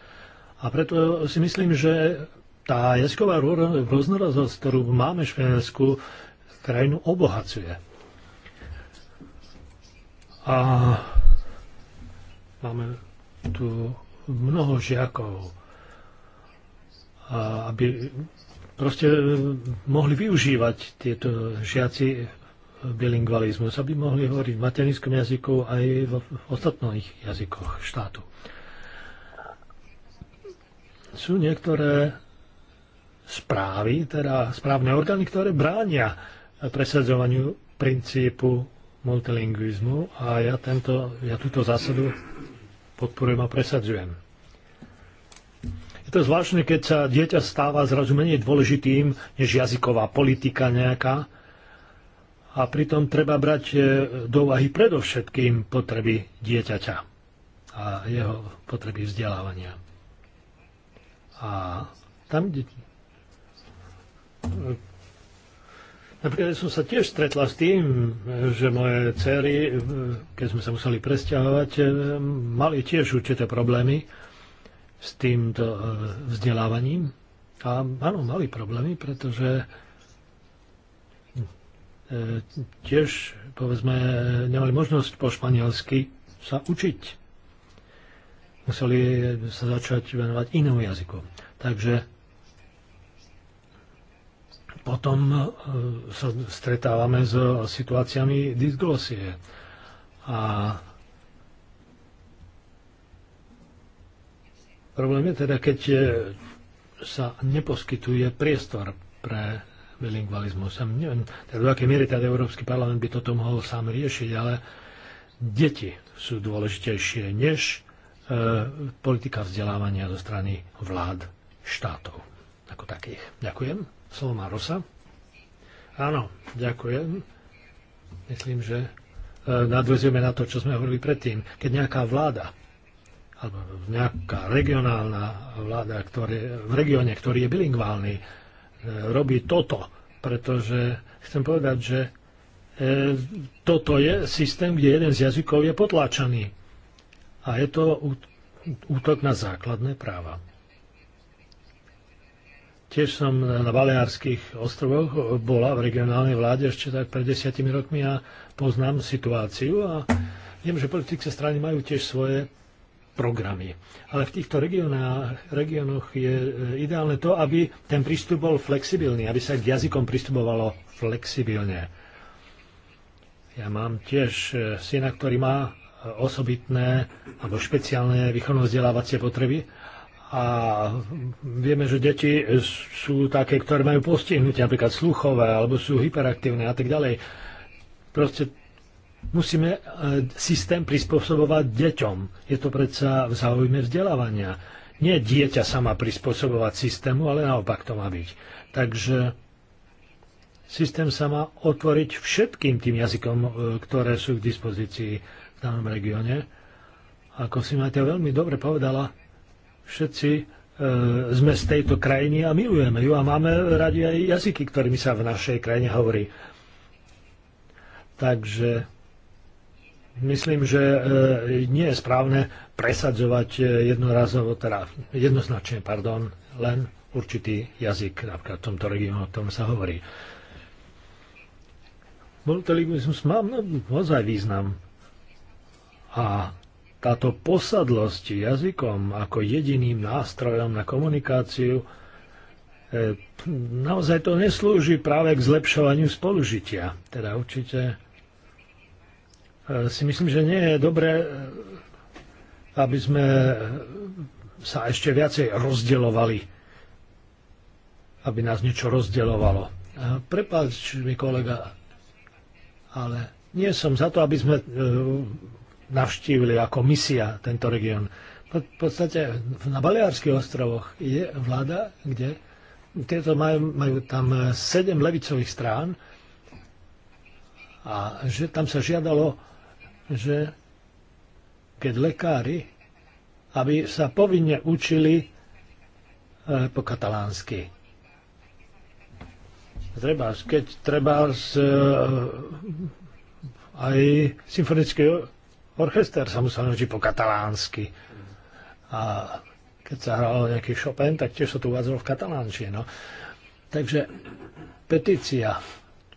A preto si myslím, že tá jazyková rôznorodosť, ktorú máme v Španielsku, krajinu obohacuje. A máme tu mnoho žiakov, a aby proste mohli využívať tieto žiaci bilingualizmus, aby mohli hovoriť v materinskom jazyku aj v ostatných jazykoch štátu. Sú niektoré správy, teda správne orgány, ktoré bránia presadzovaniu princípu multilingvizmu a ja, tento, ja túto zásadu podporujem a presadzujem. Je to zvláštne, keď sa dieťa stáva zrazu menej dôležitým než jazyková politika nejaká a pritom treba brať e, do úvahy predovšetkým potreby dieťaťa a jeho potreby vzdelávania. A tam, kde Napríklad som sa tiež stretla s tým, že moje cery, keď sme sa museli presťahovať, mali tiež určité problémy s týmto e, vzdelávaním. A áno, mali problémy, pretože e, tiež, povedzme, nemali možnosť po španielsky sa učiť. Museli sa začať venovať inému jazyku. Takže potom e, sa stretávame s e, situáciami dysglosie. A problém je teda, keď e, sa neposkytuje priestor pre bilingualizmus. Ja neviem, teda do akej miery teda Európsky parlament by toto mohol sám riešiť, ale deti sú dôležitejšie než e, politika vzdelávania zo strany vlád štátov ako takých. Ďakujem. Solma Rosa. Áno, ďakujem. Myslím, že e, nadvezujeme na to, čo sme hovorili predtým. Keď nejaká vláda alebo nejaká regionálna vláda ktoré, v regióne, ktorý je bilingválny, e, robí toto, pretože chcem povedať, že e, toto je systém, kde jeden z jazykov je potláčaný. A je to útok na základné práva. Tiež som na Baleárskych ostrovoch bola v regionálnej vláde ešte tak pred desiatimi rokmi a poznám situáciu a viem, že politické strany majú tiež svoje programy. Ale v týchto regiónoch je e, ideálne to, aby ten prístup bol flexibilný, aby sa k jazykom pristupovalo flexibilne. Ja mám tiež e, syna, ktorý má e, osobitné alebo špeciálne výchovno-vzdelávacie potreby a vieme, že deti sú také, ktoré majú postihnutie, napríklad sluchové, alebo sú hyperaktívne a tak ďalej. Proste musíme e, systém prispôsobovať deťom. Je to predsa v záujme vzdelávania. Nie dieťa sa má prispôsobovať systému, ale naopak to má byť. Takže systém sa má otvoriť všetkým tým jazykom, e, ktoré sú k dispozícii v danom regióne. Ako si Matia veľmi dobre povedala, všetci e, sme z tejto krajiny a milujeme ju a máme radi aj jazyky, ktorými sa v našej krajine hovorí. Takže myslím, že e, nie je správne presadzovať e, jednorazovo, teda jednoznačne, pardon, len určitý jazyk, napríklad v tomto regióne, o tom sa hovorí. Multilingvizmus má no, naozaj význam. A táto posadlosť jazykom ako jediným nástrojom na komunikáciu e, naozaj to neslúži práve k zlepšovaniu spolužitia. Teda určite e, si myslím, že nie je dobré, e, aby sme sa ešte viacej rozdeľovali, aby nás niečo rozdeľovalo. Prepáč mi kolega, ale nie som za to, aby sme navštívili ako misia tento región. V podstate na Baliárskych ostrovoch je vláda, kde tieto majú, majú tam sedem levicových strán a že tam sa žiadalo, že keď lekári, aby sa povinne učili e, po katalánsky. Treba, keď treba z, e, aj symfonického orchester sa musel naučiť po katalánsky. A keď sa hral nejaký Chopin, tak tiež sa to uvádzalo v katalánčine. No. Takže petícia,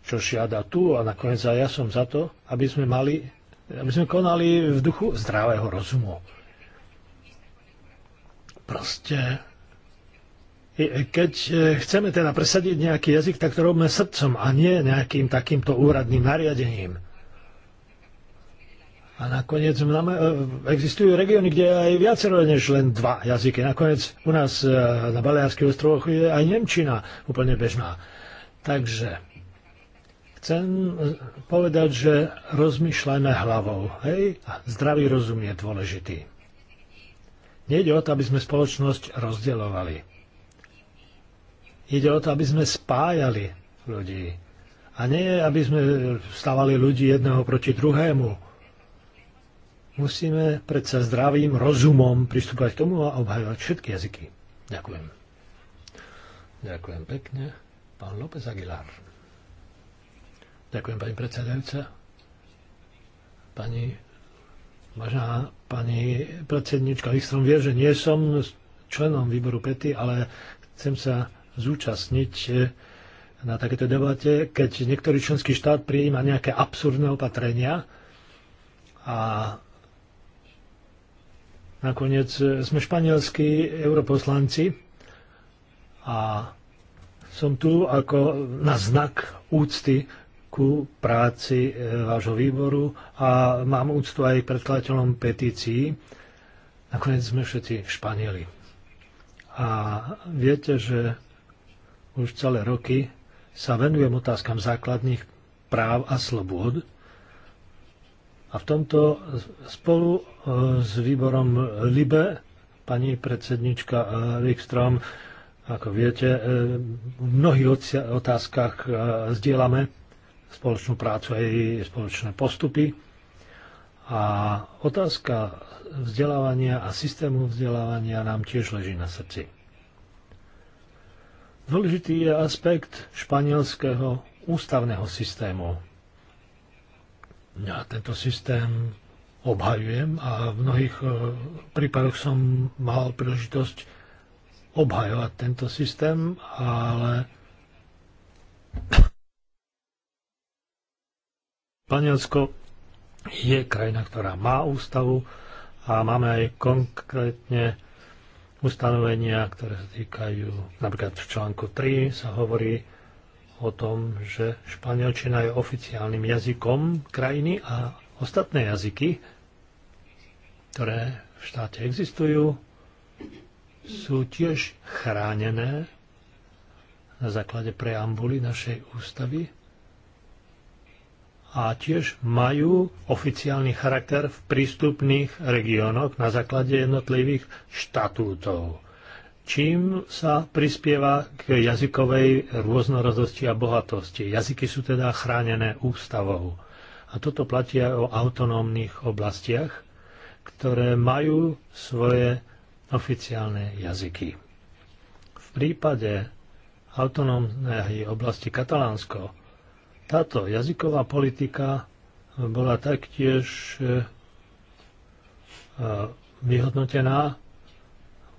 čo žiada tu a nakoniec aj ja som za to, aby sme mali, aby sme konali v duchu zdravého rozumu. Proste keď e, chceme teda presadiť nejaký jazyk, tak to robíme srdcom a nie nejakým takýmto úradným nariadením. A nakoniec e, existujú regióny, kde je aj viacero než len dva jazyky. Nakoniec u nás e, na Baleárských ostrovoch je aj Nemčina úplne bežná. Takže chcem e, povedať, že rozmýšľajme hlavou. Hej? Zdravý rozum je dôležitý. Nejde o to, aby sme spoločnosť rozdeľovali. Ide o to, aby sme spájali ľudí. A nie, aby sme stávali ľudí jedného proti druhému, Musíme predsa zdravým rozumom pristúpať k tomu a obhajovať všetky jazyky. Ďakujem. Ďakujem pekne. Pán López Aguilar. Ďakujem, pani predsedajúca. Pani, vážená pani predsednička Wikström vie, že nie som členom výboru PETY, ale chcem sa zúčastniť e, na takéto debate, keď niektorý členský štát prijíma nejaké absurdné opatrenia a Nakoniec e, sme španielskí europoslanci a som tu ako na znak úcty ku práci e, vášho výboru a mám úctu aj predkladateľom petícií. Nakoniec sme všetci Španieli. A viete, že už celé roky sa venujem otázkam základných práv a slobôd a v tomto spolu e, s výborom LIBE pani predsednička e, Wikström, ako viete, e, v mnohých otázkach zdieľame spoločnú prácu aj spoločné postupy. A otázka vzdelávania a systému vzdelávania nám tiež leží na srdci. Dôležitý je aspekt španielského ústavného systému, ja tento systém obhajujem a v mnohých e, prípadoch som mal príležitosť obhajovať tento systém, ale Španielsko je krajina, ktorá má ústavu a máme aj konkrétne ustanovenia, ktoré sa týkajú, napríklad v článku 3 sa hovorí o tom, že španielčina je oficiálnym jazykom krajiny a ostatné jazyky, ktoré v štáte existujú, sú tiež chránené na základe preambuly našej ústavy a tiež majú oficiálny charakter v prístupných regiónoch na základe jednotlivých štatútov čím sa prispieva k jazykovej rôznorodosti a bohatosti. Jazyky sú teda chránené ústavou. A toto platí aj o autonómnych oblastiach, ktoré majú svoje oficiálne jazyky. V prípade autonómnej oblasti Katalánsko táto jazyková politika bola taktiež e, e, vyhodnotená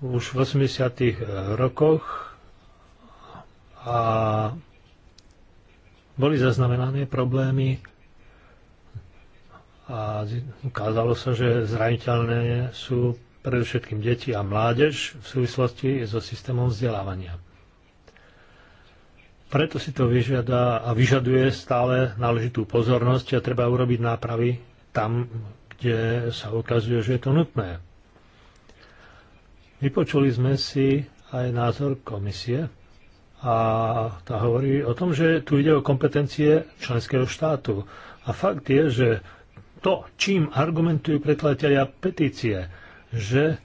už v 80. rokoch a boli zaznamenané problémy a ukázalo sa, že zraniteľné sú predovšetkým deti a mládež v súvislosti so systémom vzdelávania. Preto si to vyžiada a vyžaduje stále náležitú pozornosť a treba urobiť nápravy tam, kde sa ukazuje, že je to nutné. Vypočuli sme si aj názor komisie a tá hovorí o tom, že tu ide o kompetencie členského štátu. A fakt je, že to, čím argumentujú predkladateľia petície, že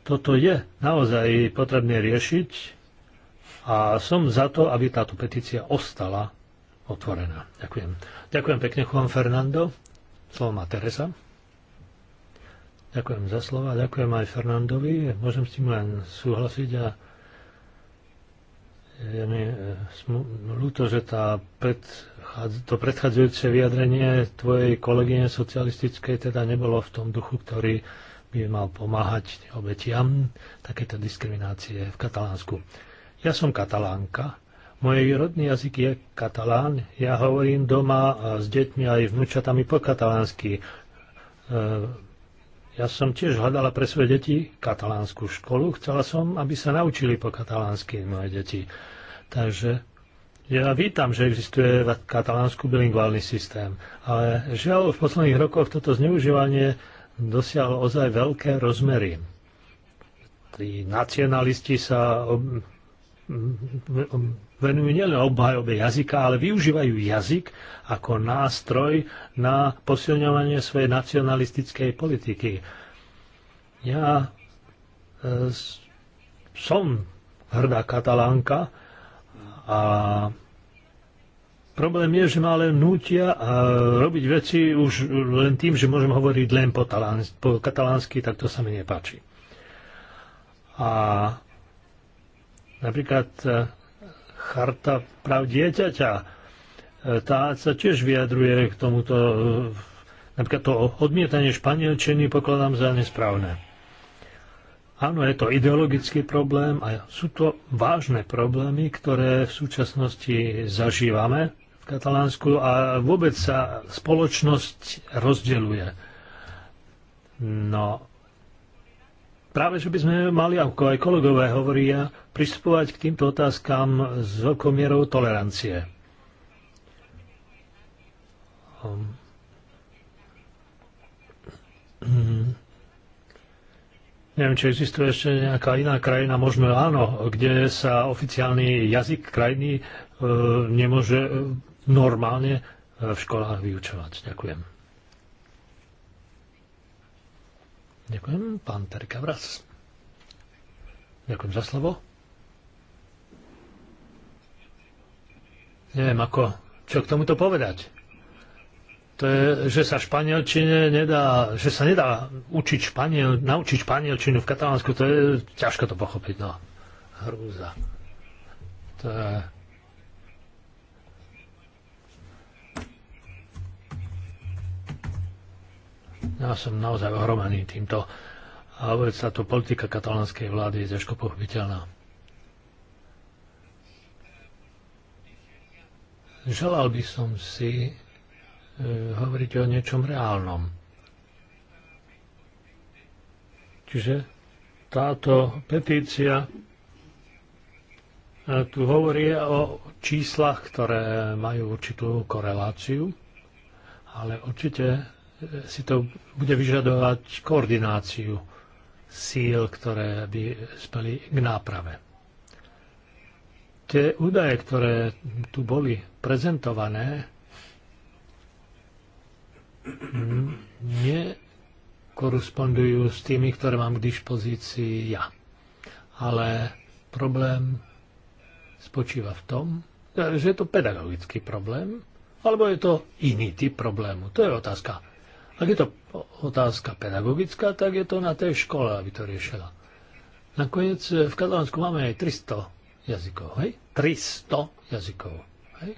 toto je naozaj potrebné riešiť a som za to, aby táto petícia ostala otvorená. Ďakujem. Ďakujem pekne, Juan Fernando. Slovo má Teresa. Ďakujem za slova, ďakujem aj Fernandovi. Môžem s tým len súhlasiť a je mi e, ľúto, že tá predchádz- to predchádzajúce vyjadrenie tvojej kolegyne socialistickej teda nebolo v tom duchu, ktorý by mal pomáhať obetiam takéto diskriminácie v Katalánsku. Ja som katalánka, môj rodný jazyk je katalán, ja hovorím doma s deťmi aj vnúčatami po katalánsky. E ja som tiež hľadala pre svoje deti katalánsku školu. Chcela som, aby sa naučili po katalánsky moje deti. Takže ja vítam, že existuje v katalánsku bilingválny systém, ale žiaľ v posledných rokoch toto zneužívanie dosiahlo ozaj veľké rozmery. Tí nacionalisti sa venujú nielen obhajobe jazyka, ale využívajú jazyk ako nástroj na posilňovanie svojej nacionalistickej politiky. Ja e, som hrdá katalánka a problém je, že ma ale nutia a e, robiť veci už len tým, že môžem hovoriť len po, talán, po katalánsky, tak to sa mi nepáči. A Napríklad e, charta práv dieťaťa, e, tá sa tiež vyjadruje k tomuto, e, napríklad to odmietanie španielčiny pokladám za nesprávne. Áno, je to ideologický problém a sú to vážne problémy, ktoré v súčasnosti zažívame v Katalánsku a vôbec sa spoločnosť rozdeluje. No, práve, že by sme mali, ako aj kolegové hovoria, pristupovať k týmto otázkám s veľkou mierou tolerancie. Um, Neviem, či existuje ešte nejaká iná krajina, možno áno, kde sa oficiálny jazyk krajiny e, nemôže e, normálne e, v školách vyučovať. Ďakujem. Ďakujem. Pán Terka Vras. Ďakujem za slovo. Neviem, ako, čo k tomuto povedať. To je, že sa španielčine nedá, že sa nedá učiť španiel, naučiť španielčinu v Katalánsku, to je ťažko to pochopiť, no. Hrúza. To je Ja som naozaj ohromený týmto. A vôbec táto politika katalánskej vlády je ťažko pochopiteľná. Želal by som si e, hovoriť o niečom reálnom. Čiže táto petícia e, tu hovorí o číslach, ktoré majú určitú koreláciu, ale určite si to bude vyžadovať koordináciu síl, ktoré by speli k náprave. Tie údaje, ktoré tu boli prezentované, nekorespondujú s tými, ktoré mám k dispozícii ja. Ale problém spočíva v tom, že je to pedagogický problém, alebo je to iný typ problému. To je otázka ak je to otázka pedagogická, tak je to na tej škole, aby to riešila. Nakoniec eh, v Katalánsku máme aj 300 jazykov, hej? 300 jazykov, hej?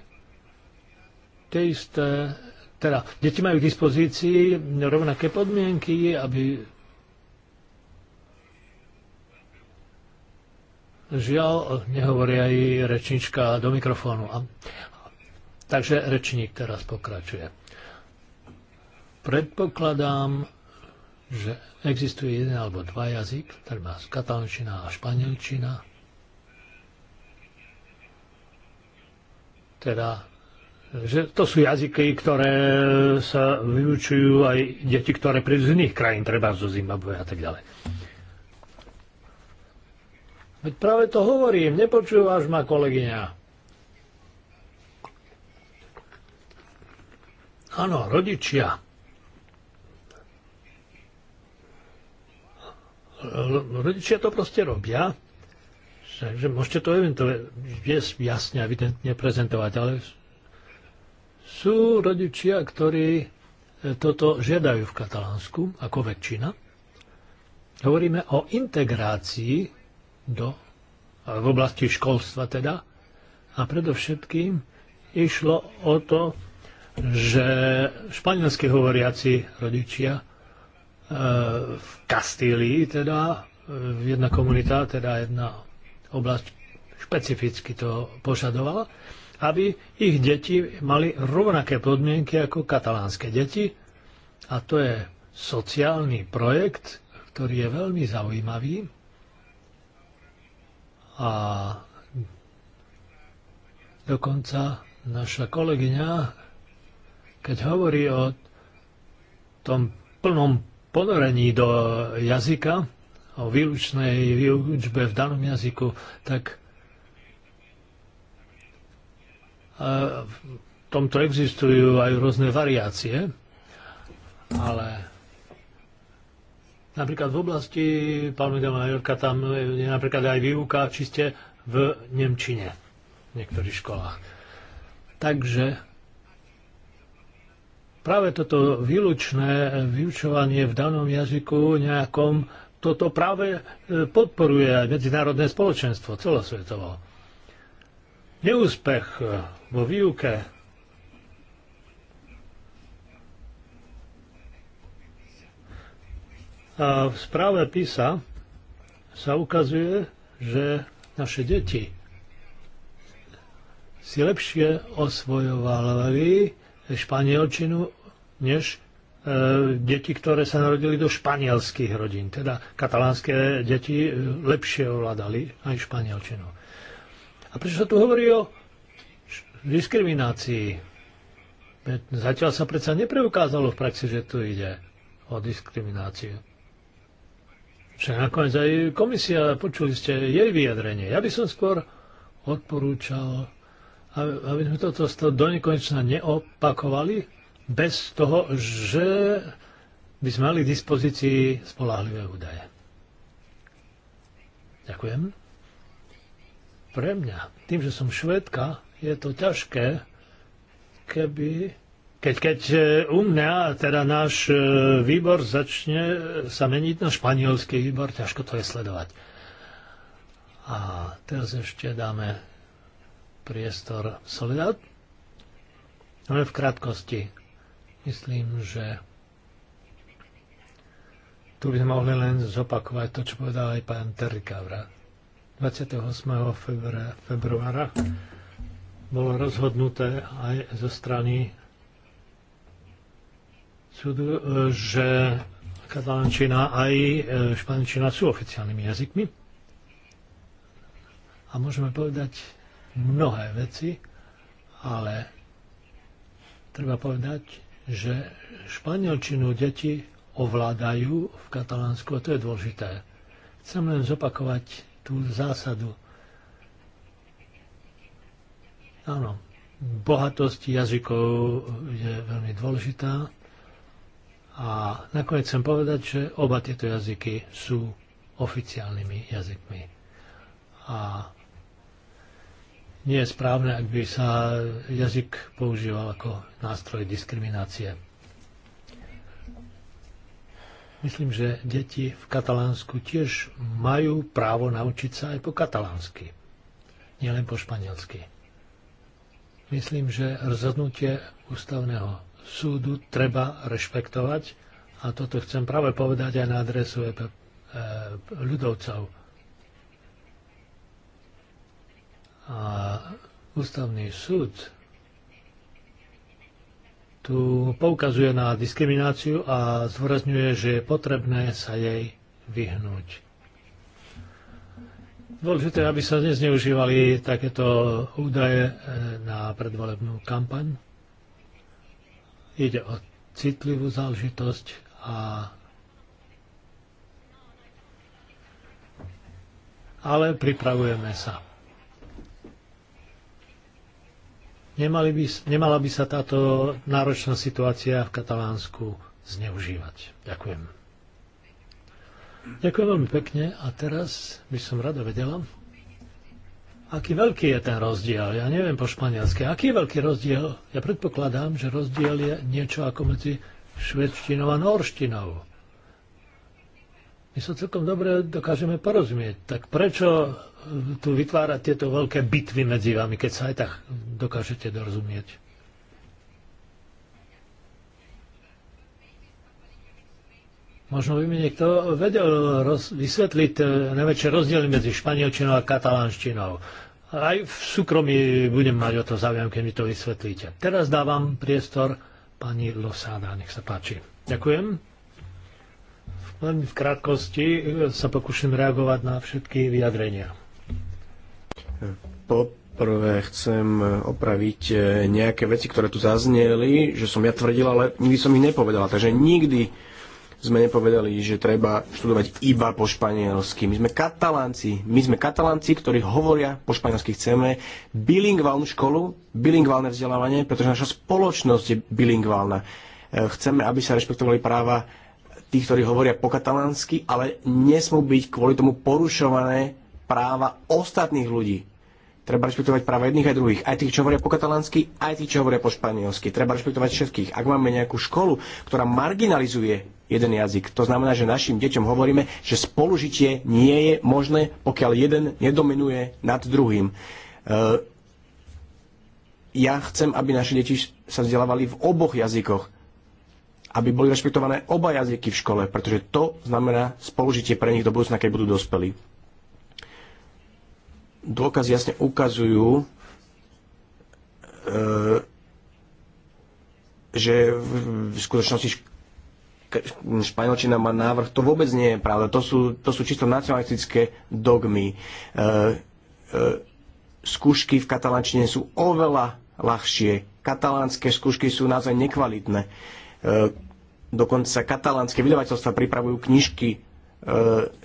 Tie isté, teda deti majú k dispozícii rovnaké podmienky, aby Žiaľ, nehovorí aj rečnička do mikrofónu. Takže rečník teraz pokračuje. Predpokladám, že existuje jeden alebo dva jazyk, treba katalčina a španielčina. Teda, že to sú jazyky, ktoré sa vyučujú aj deti, ktoré prídu z iných krajín, treba zo Zimbabwe a tak ďalej. Veď práve to hovorím, nepočúvaš ma, kolegyňa. Áno, rodičia rodičia to proste robia, takže môžete to eventuálne jasne a evidentne prezentovať, ale sú rodičia, ktorí e, toto žiadajú v Katalánsku ako väčšina. Hovoríme o integrácii do, v oblasti školstva teda a predovšetkým išlo o to, že španielsky hovoriaci rodičia v Kastílii, teda jedna komunita, teda jedna oblasť špecificky to požadovala, aby ich deti mali rovnaké podmienky ako katalánske deti. A to je sociálny projekt, ktorý je veľmi zaujímavý. A dokonca naša kolegyňa, keď hovorí o tom plnom ponorení do jazyka, o výlučnej výučbe v danom jazyku, tak e, v tomto existujú aj rôzne variácie, ale napríklad v oblasti Palmy de tam je napríklad aj výuka čiste v Nemčine v niektorých školách. Takže práve toto výlučné eh, vyučovanie v danom jazyku nejakom, toto práve eh, podporuje aj medzinárodné spoločenstvo celosvetovo. Neúspech eh, vo výuke A v správe PISA sa ukazuje, že naše deti si lepšie osvojovali španielčinu než e, deti, ktoré sa narodili do španielských rodín. Teda katalánske deti e, lepšie ovládali aj španielčinu. A prečo sa tu hovorí o diskriminácii? Zatiaľ sa predsa nepreukázalo v praxi, že tu ide o diskrimináciu. Však nakoniec aj komisia, počuli ste jej vyjadrenie. Ja by som skôr odporúčal aby sme toto do nekonečna neopakovali bez toho, že by sme mali k dispozícii spolahlivé údaje. Ďakujem. Pre mňa, tým, že som švedka, je to ťažké, keby... Keď, keď e, u mňa, teda náš e, výbor začne sa meniť na španielský výbor, ťažko to je sledovať. A teraz ešte dáme priestor Soledad. Ale v krátkosti myslím, že tu by sme mohli len zopakovať to, čo povedal aj pán Terikavra. 28. Februára, februára bolo rozhodnuté aj zo strany súdu, e, že katalančina aj e, španielčina sú oficiálnymi jazykmi. A môžeme povedať, mnohé veci, ale treba povedať, že španielčinu deti ovládajú v Katalánsku a to je dôležité. Chcem len zopakovať tú zásadu. Áno, bohatosť jazykov je veľmi dôležitá a nakoniec chcem povedať, že oba tieto jazyky sú oficiálnymi jazykmi. A nie je správne, ak by sa jazyk používal ako nástroj diskriminácie. Myslím, že deti v Katalánsku tiež majú právo naučiť sa aj po katalánsky, nielen po španielsky. Myslím, že rozhodnutie ústavného súdu treba rešpektovať a toto chcem práve povedať aj na adresu e e ľudovcov A ústavný súd tu poukazuje na diskrimináciu a zdôrazňuje, že je potrebné sa jej vyhnúť. Dôležité, aby sa nezneužívali takéto údaje e, na predvolebnú kampaň. Ide o citlivú záležitosť a ale pripravujeme sa. Nemali by, nemala by sa táto náročná situácia v Katalánsku zneužívať. Ďakujem. Ďakujem veľmi pekne a teraz by som rada vedela, aký veľký je ten rozdiel. Ja neviem po španielsky. Aký je veľký rozdiel? Ja predpokladám, že rozdiel je niečo ako medzi švedštinou a norštinou. My sa celkom dobre dokážeme porozumieť. Tak prečo tu vytvárať tieto veľké bitvy medzi vami, keď sa aj tak dokážete dorozumieť. Možno by mi niekto vedel roz, vysvetliť e, najväčšie rozdiely medzi španielčinou a katalánštinou. Aj v súkromí budem mať o to záujem, keď mi to vysvetlíte. Teraz dávam priestor pani Losáda, nech sa páči. Ďakujem. Len v krátkosti e, sa pokúšam reagovať na všetky vyjadrenia. Poprvé chcem opraviť e, nejaké veci, ktoré tu zazneli, že som ja tvrdila, ale nikdy som ich nepovedala. Takže nikdy sme nepovedali, že treba študovať iba po španielsky. My sme katalánci, my sme katalánci, ktorí hovoria po španielsky. Chceme bilingválnu školu, bilingválne vzdelávanie, pretože naša spoločnosť je bilingválna. E, chceme, aby sa rešpektovali práva tých, ktorí hovoria po katalánsky, ale nesmú byť kvôli tomu porušované práva ostatných ľudí. Treba rešpektovať práva jedných aj druhých, aj tých, čo hovoria po katalánsky, aj tých, čo hovoria po španielsky. Treba rešpektovať všetkých. Ak máme nejakú školu, ktorá marginalizuje jeden jazyk, to znamená, že našim deťom hovoríme, že spolužitie nie je možné, pokiaľ jeden nedominuje nad druhým. E, ja chcem, aby naše deti sa vzdelávali v oboch jazykoch, aby boli rešpektované oba jazyky v škole, pretože to znamená spolužitie pre nich do budúcna, keď budú dospelí dôkazy jasne ukazujú, e, že v skutočnosti španielčina má návrh. To vôbec nie je pravda. To sú, to sú čisto nacionalistické dogmy. E, e, skúšky v katalančine sú oveľa ľahšie. Katalánske skúšky sú naozaj nekvalitné. dokonca katalánske vydavateľstva pripravujú knižky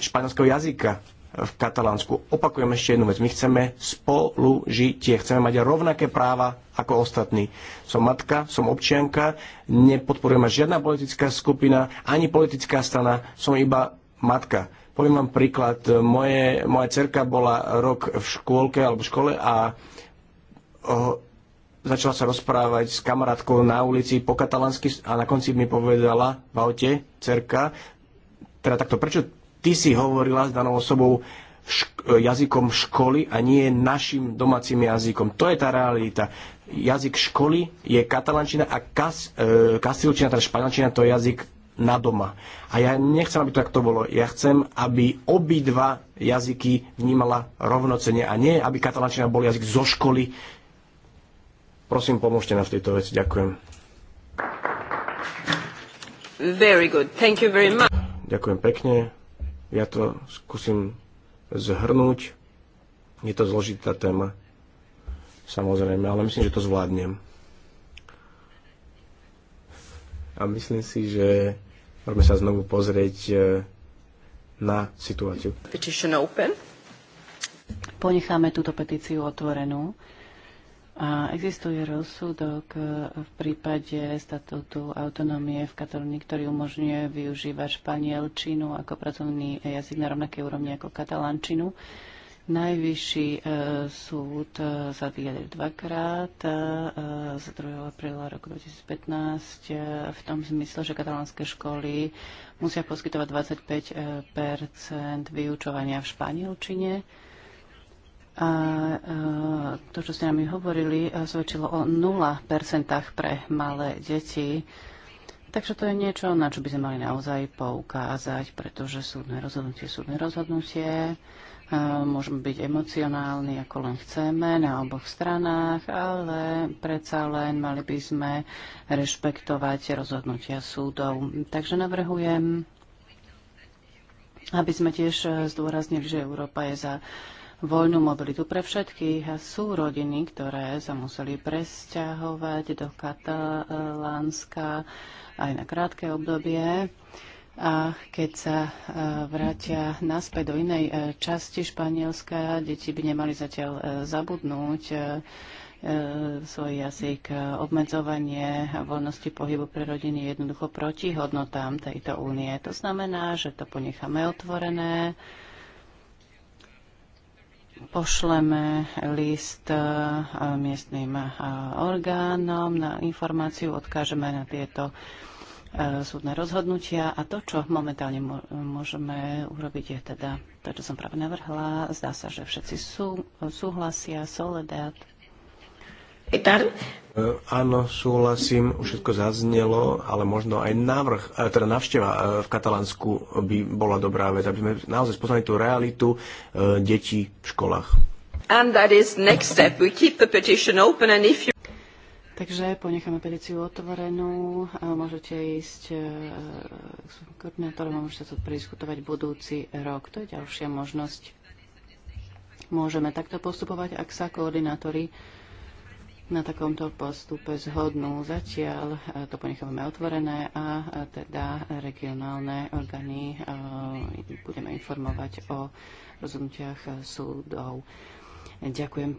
španielského jazyka v Katalánsku. Opakujem ešte jednu vec. My chceme spolužitie. Chceme mať rovnaké práva ako ostatní. Som matka, som občianka, nepodporujem ma žiadna politická skupina, ani politická strana. Som iba matka. Poviem vám príklad. Moje, moja cerka bola rok v škôlke alebo v škole a oh, začala sa rozprávať s kamarátkou na ulici po katalánsky a na konci mi povedala v aute cerka, teda takto, prečo ty si hovorila s danou osobou šk- jazykom školy a nie našim domácim jazykom. To je tá realita. Jazyk školy je katalančina a kas, e, kastilčina, teda španielčina, to je jazyk na doma. A ja nechcem, aby to takto bolo. Ja chcem, aby obidva jazyky vnímala rovnocene a nie, aby katalančina bol jazyk zo školy. Prosím, pomôžte nám v tejto veci. Ďakujem. Very good. Thank you very much. Ďakujem pekne. Ja to skúsim zhrnúť. Je to zložitá téma, samozrejme, ale myslím, že to zvládnem. A myslím si, že môžeme sa znovu pozrieť e, na situáciu. Ponecháme túto petíciu otvorenú. A existuje rozsudok v prípade statútu autonómie v Katalónii, ktorý umožňuje využívať španielčinu ako pracovný jazyk na rovnakej úrovni ako katalánčinu. Najvyšší e, súd e, sa vyjadril dvakrát e, e z 2. apríla roku 2015 e, v tom zmysle, že katalánske školy musia poskytovať 25 e, vyučovania v španielčine a e, to, čo ste nám hovorili, e, svedčilo o 0% pre malé deti. Takže to je niečo, na čo by sme mali naozaj poukázať, pretože súdne rozhodnutie, súdne rozhodnutie, e, môžeme byť emocionálni, ako len chceme, na oboch stranách, ale predsa len mali by sme rešpektovať rozhodnutia súdov. Takže navrhujem, aby sme tiež zdôraznili, že Európa je za voľnú mobilitu pre všetkých. A sú rodiny, ktoré sa museli presťahovať do Katalánska aj na krátke obdobie a keď sa e, vrátia naspäť do inej e, časti Španielska, deti by nemali zatiaľ e, zabudnúť svoj jazyk. Obmedzovanie voľnosti pohybu pre rodiny jednoducho proti hodnotám tejto únie. To znamená, že to ponecháme otvorené, pošleme list e, miestnym e, orgánom na informáciu, odkážeme na tieto e, súdne rozhodnutia a to, čo momentálne môžeme urobiť, je teda to, čo som práve navrhla. Zdá sa, že všetci sú, súhlasia, Soledad, E, áno, súhlasím, už všetko zaznelo, ale možno aj návrh, e, teda navšteva e, v Katalánsku by bola dobrá vec, aby sme naozaj spoznali tú realitu detí v školách. You... Takže ponecháme petíciu otvorenú, môžete ísť k koordinátorom a môžete to prediskutovať budúci rok. To je ďalšia možnosť. Môžeme takto postupovať, ak sa koordinátori na takomto postupe zhodnú. Zatiaľ e, to ponechávame otvorené a teda regionálne orgány e, budeme informovať o rozhodnutiach súdov. Ďakujem